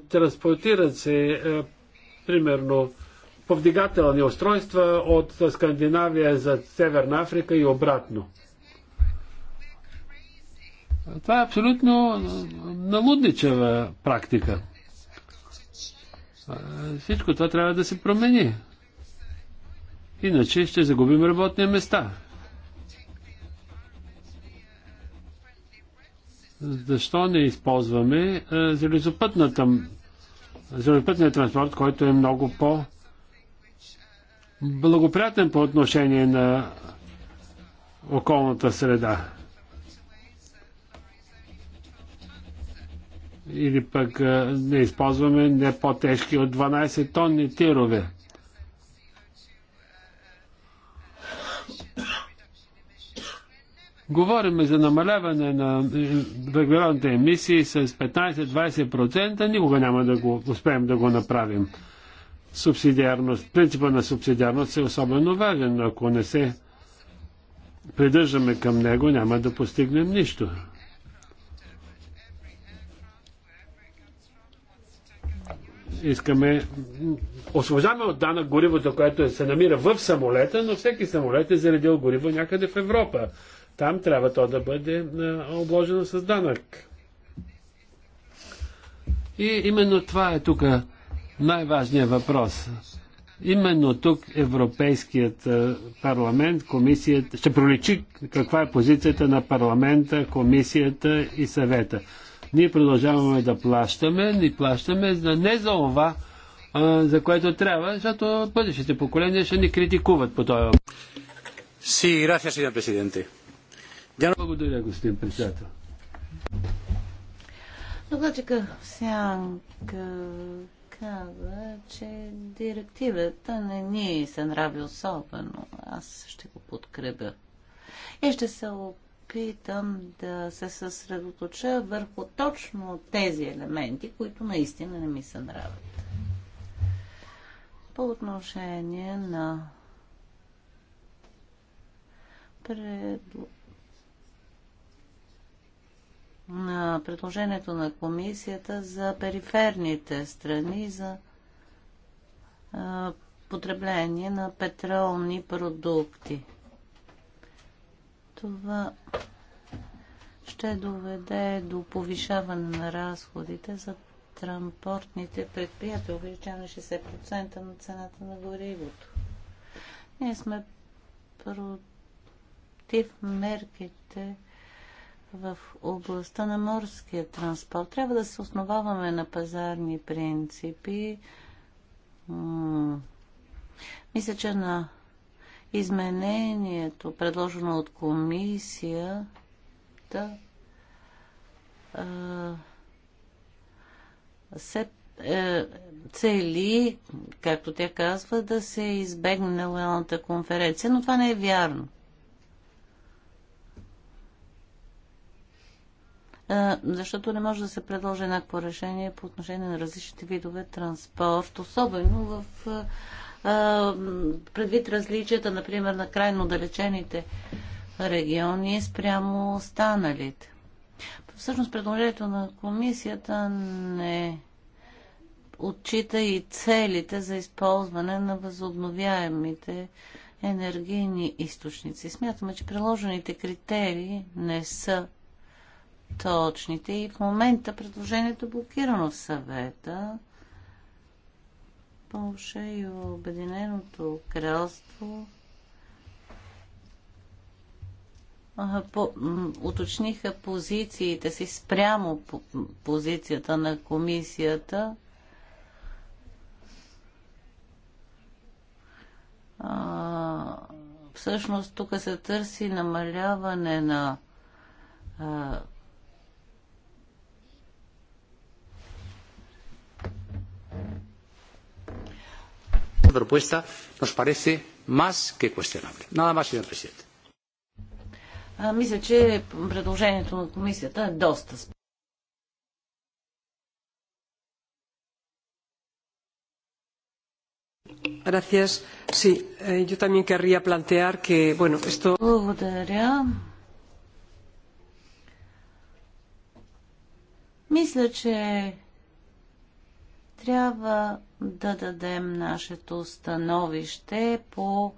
Транспортират се е, примерно повдигателни устройства от Скандинавия за Северна Африка и обратно. Това е абсолютно налудничава практика. Всичко това трябва да се промени. Иначе ще загубим работни места. защо не използваме е, железопътната, железопътния транспорт, който е много по- благоприятен по отношение на околната среда. Или пък е, не използваме не по-тежки от 12 тонни тирове. Говорим за намаляване на въглеродните емисии с 15-20%, никога няма да го успеем да го направим. Субсидиарност, принципа на субсидиарност е особено важен. Ако не се придържаме към него, няма да постигнем нищо. Искаме, освобождаваме от данък горивото, което се намира в самолета, но всеки самолет е заредил гориво някъде в Европа. Там трябва то да бъде е, обложено с данък. И именно това е тук най-важният въпрос. Именно тук Европейският е, парламент, комисията, ще проличи каква е позицията на парламента, комисията и съвета. Ние продължаваме да плащаме, ни плащаме за не за това, е, за което трябва, защото бъдещите поколения ще ни критикуват по този въпрос. Sí, gracias, señor presidente. Благодаря, господин председател. Докладчика Сянка каза, че директивата не ни се нрави особено. Аз ще го подкрепя. И ще се опитам да се съсредоточа върху точно тези елементи, които наистина не ми се нравят. По отношение на предложението, на предложението на комисията за периферните страни за потребление на петролни продукти. Това ще доведе до повишаване на разходите за транспортните предприятия, увеличаване 60% на цената на горивото. Ние сме против мерките в областта на морския транспорт. Трябва да се основаваме на пазарни принципи. Мисля, че на изменението, предложено от комисията, да, се е, цели, както тя казва, да се избегне на конференция, но това не е вярно. защото не може да се предложи еднакво решение по отношение на различните видове транспорт, особено в предвид различията, например, на крайно далечените региони спрямо останалите. Всъщност предложението на комисията не отчита и целите за използване на възобновяемите енергийни източници. Смятаме, че приложените критерии не са точните и в момента предложението е блокирано в съвета. Полша и Обединеното кралство по, уточниха позициите си спрямо по, позицията на комисията. А, всъщност тук се търси намаляване на а, propuesta nos parece más que cuestionable. Nada más, señor presidente. А, мисля, че yo también querría plantear que, bueno, esto. Мисля, че трябва да дадем нашето становище по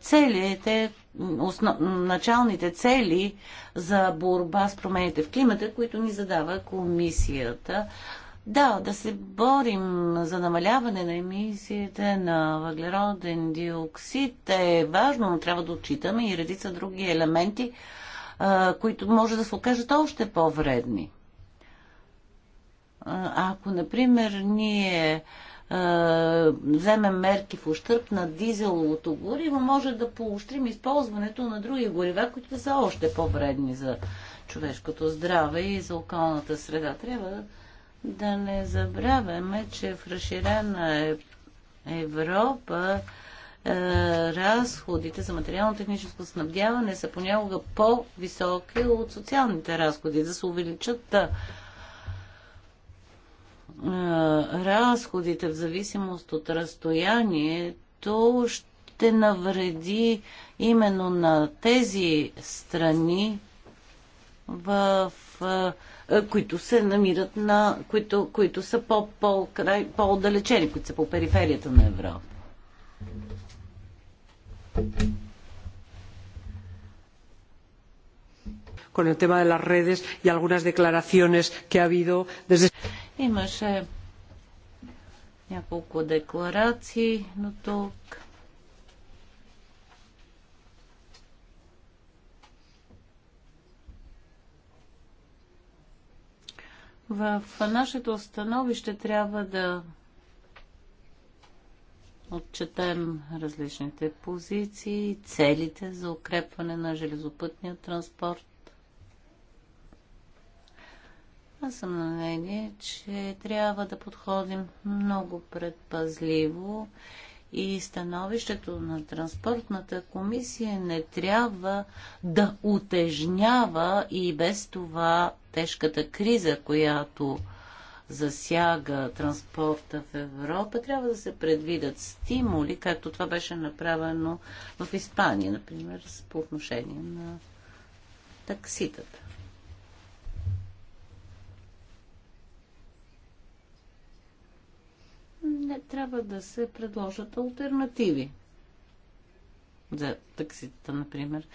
целите, основ, началните цели за борба с промените в климата, които ни задава комисията. Да, да се борим за намаляване на емисиите на въглероден диоксид е важно, но трябва да отчитаме и редица други елементи, които може да се окажат още по-вредни. Ако, например, ние вземем мерки в ущърп на дизеловото гориво, може да поощрим използването на други горива, които са още по-вредни за човешкото здраве и за околната среда. Трябва да не забравяме, че в разширена Европа е, разходите за материално-техническо снабдяване са понякога по-високи от социалните разходи. За да се увеличат да, разходите в зависимост от разстоянието ще навреди именно на тези страни, в, които се намират на, които, които са по, по, край, по които са по периферията на Европа. Con el tema de las redes y algunas declaraciones que ha habido desde. Имаше няколко декларации, но тук В нашето становище трябва да отчетем различните позиции, целите за укрепване на железопътния транспорт. Аз съм на мнение, че трябва да подходим много предпазливо и становището на транспортната комисия не трябва да утежнява и без това тежката криза, която засяга транспорта в Европа, трябва да се предвидят стимули, както това беше направено в Испания, например, по отношение на такситата. не трябва да се предложат альтернативи за таксита, например.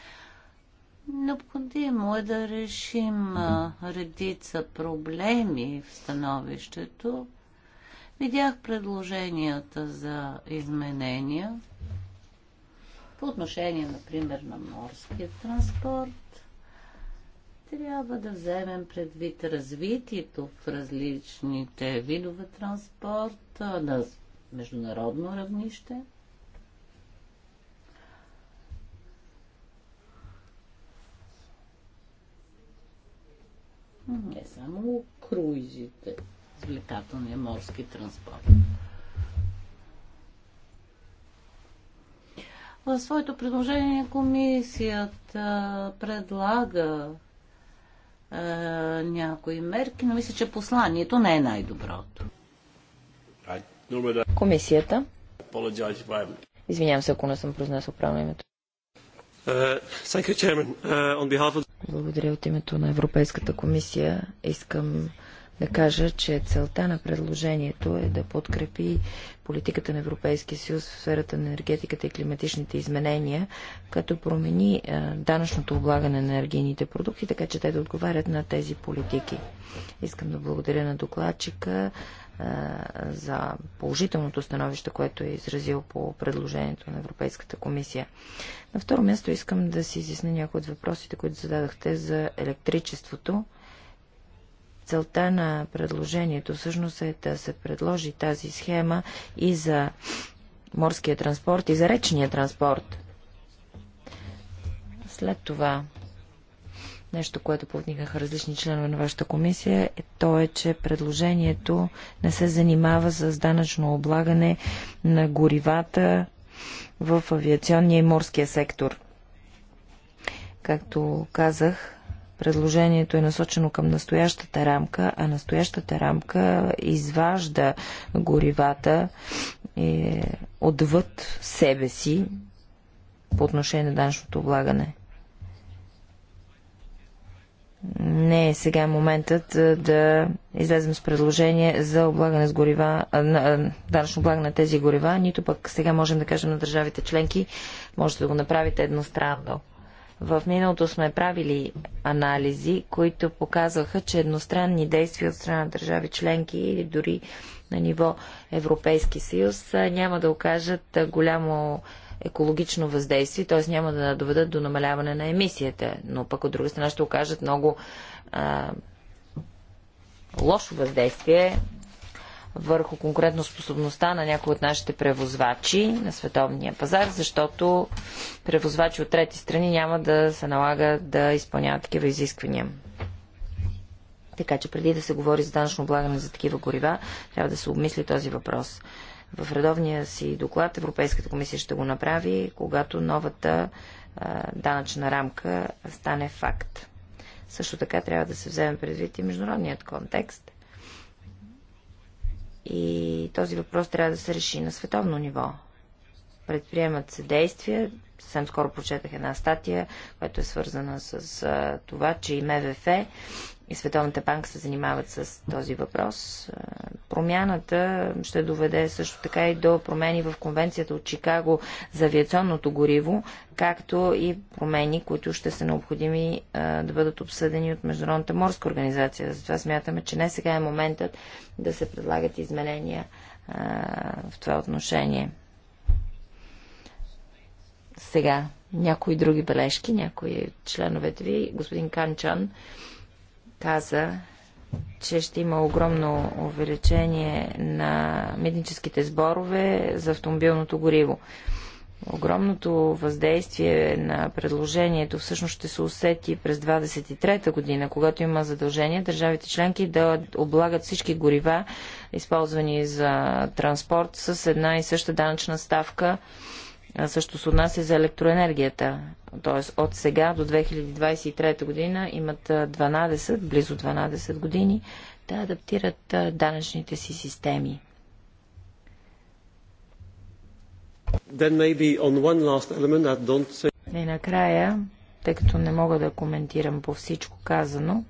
Необходимо е да решим редица проблеми в становището. Видях предложенията за изменения по отношение, например, на морския транспорт трябва да вземем предвид развитието в различните видове транспорт на международно равнище. Не само круизите, извлекателния морски транспорт. В своето предложение комисията предлага е, някои мерки, но мисля, че посланието не е най-доброто. Комисията. Извинявам се, ако не съм произнесъл правилно името. Uh, uh, Благодаря от името на Европейската комисия. Искам да кажа, че целта на предложението е да подкрепи политиката на Европейския съюз в сферата на енергетиката и климатичните изменения, като промени данъчното облагане на енергийните продукти, така че те да отговарят на тези политики. Искам да благодаря на докладчика за положителното становище, което е изразил по предложението на Европейската комисия. На второ място искам да си изясня някои от въпросите, които зададахте за електричеството Целта на предложението всъщност е да се предложи тази схема и за морския транспорт, и за речния транспорт. След това нещо, което повдигнаха различни членове на вашата комисия, е то е, че предложението не се занимава с данъчно облагане на горивата в авиационния и морския сектор. Както казах, Предложението е насочено към настоящата рамка, а настоящата рамка изважда горивата е, отвъд себе си по отношение на данъчното облагане. Не е сега моментът е, да излезем с предложение за облагане с горива, е, е, данъчно облагане на тези горива, нито пък сега можем да кажем на държавите членки, можете да го направите едностранно. В миналото сме правили анализи, които показваха, че едностранни действия от страна на държави членки или дори на ниво Европейски съюз няма да окажат голямо екологично въздействие, т.е. няма да доведат до намаляване на емисията, но пък от друга страна ще окажат много а, лошо въздействие върху конкретно способността на някои от нашите превозвачи на световния пазар, защото превозвачи от трети страни няма да се налага да изпълняват такива изисквания. Така че преди да се говори за данъчно облагане за такива горива, трябва да се обмисли този въпрос. В редовния си доклад Европейската комисия ще го направи, когато новата а, данъчна рамка стане факт. Също така трябва да се вземе предвид и международният контекст и този въпрос трябва да се реши на световно ниво. Предприемат се действия. Съвсем скоро прочетах една статия, която е свързана с това, че и МВФ и Световната банка се занимават с този въпрос. Е, промяната ще доведе също така и до промени в конвенцията от Чикаго за авиационното гориво, както и промени, които ще са необходими е, да бъдат обсъдени от Международната морска организация. Затова смятаме, че не сега е моментът да се предлагат изменения е, в това отношение. Сега, някои други бележки, някои членовете ви, господин Канчан, каза, че ще има огромно увеличение на митническите сборове за автомобилното гориво. Огромното въздействие на предложението всъщност ще се усети през 23-та година, когато има задължение държавите членки да облагат всички горива, използвани за транспорт, с една и съща данъчна ставка. Също се отнася за електроенергията т.е. от сега до 2023 година имат 12, близо 12 години да адаптират данъчните си системи. И накрая, тъй като не мога да коментирам по всичко казано,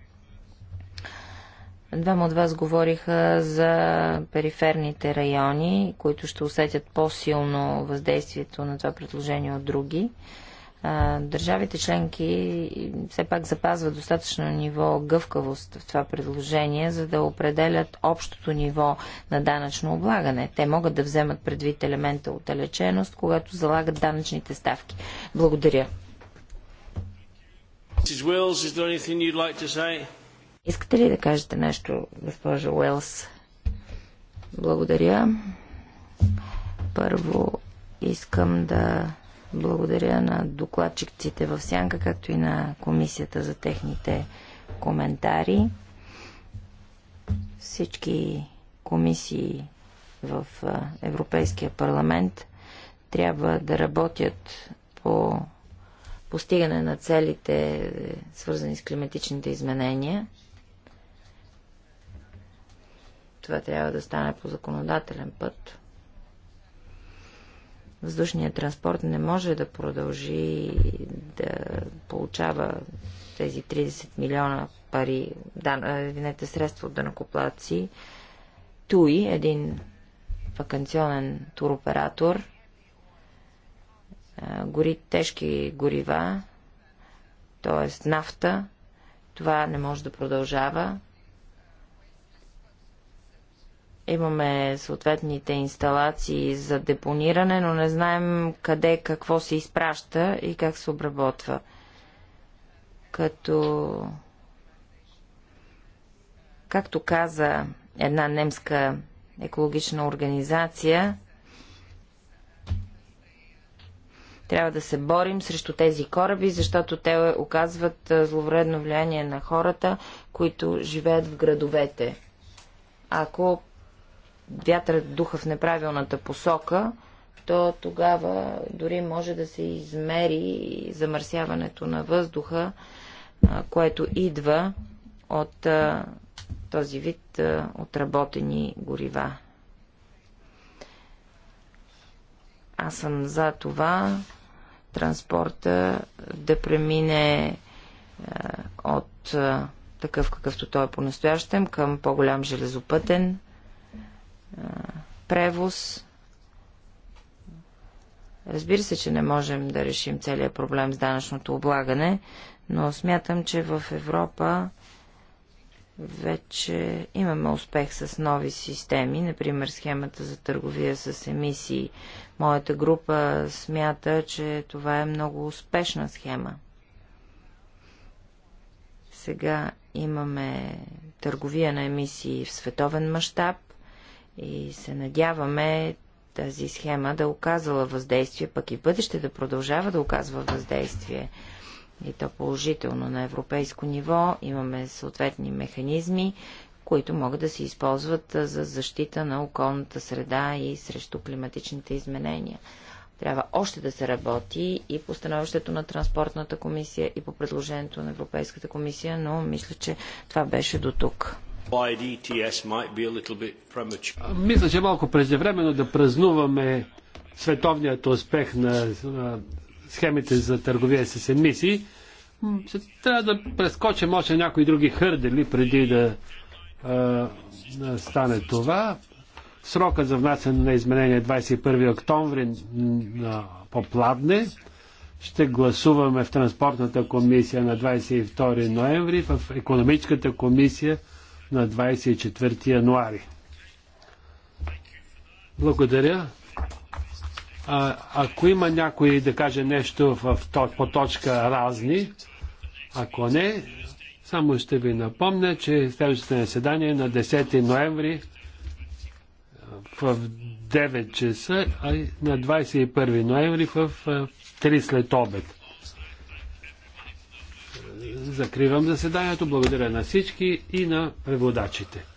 Двама от вас говориха за периферните райони, които ще усетят по-силно въздействието на това предложение от други държавите членки все пак запазват достатъчно ниво гъвкавост в това предложение, за да определят общото ниво на данъчно облагане. Те могат да вземат предвид елемента отдалеченост, когато залагат данъчните ставки. Благодаря. Искате ли да кажете нещо, госпожа Уелс? Благодаря. Първо искам да благодаря на докладчиците в Сянка, както и на комисията за техните коментари. Всички комисии в Европейския парламент трябва да работят по постигане на целите, свързани с климатичните изменения. Това трябва да стане по законодателен път въздушният транспорт не може да продължи да получава тези 30 милиона пари, да, винете средства от данакоплаци. Туи, един вакансионен туроператор, гори тежки горива, т.е. нафта. Това не може да продължава. Имаме съответните инсталации за депониране, но не знаем къде какво се изпраща и как се обработва. Като както каза една немска екологична организация, трябва да се борим срещу тези кораби, защото те оказват зловредно влияние на хората, които живеят в градовете. Ако Вятър духа в неправилната посока, то тогава дори може да се измери замърсяването на въздуха, което идва от този вид отработени горива. Аз съм за това транспорта да премине от такъв какъвто той е по-настоящем към по-голям железопътен превоз. Разбира се, че не можем да решим целият проблем с данъчното облагане, но смятам, че в Европа вече имаме успех с нови системи, например схемата за търговия с емисии. Моята група смята, че това е много успешна схема. Сега имаме търговия на емисии в световен мащаб и се надяваме тази схема да оказала въздействие, пък и бъдеще да продължава да оказва въздействие. И то положително на европейско ниво. Имаме съответни механизми, които могат да се използват за защита на околната среда и срещу климатичните изменения. Трябва още да се работи и по становището на Транспортната комисия, и по предложението на Европейската комисия, но мисля, че това беше до тук. Мисля, че малко преждевременно да празнуваме световният успех на схемите за търговия с емисии. трябва да прескочим още някои други хърдели преди да а, стане това. Срока за внасяне на изменение 21 е октомври на попладне. Ще гласуваме в Транспортната комисия на 22 ноември, в Економическата комисия на 24 януари. Благодаря. А, ако има някой да каже нещо в, по точка разни, ако не, само ще ви напомня, че следващото заседание е на 10 ноември в 9 часа, а на 21 ноември в 3 след обед. Закривам заседанието. Благодаря на всички и на преводачите.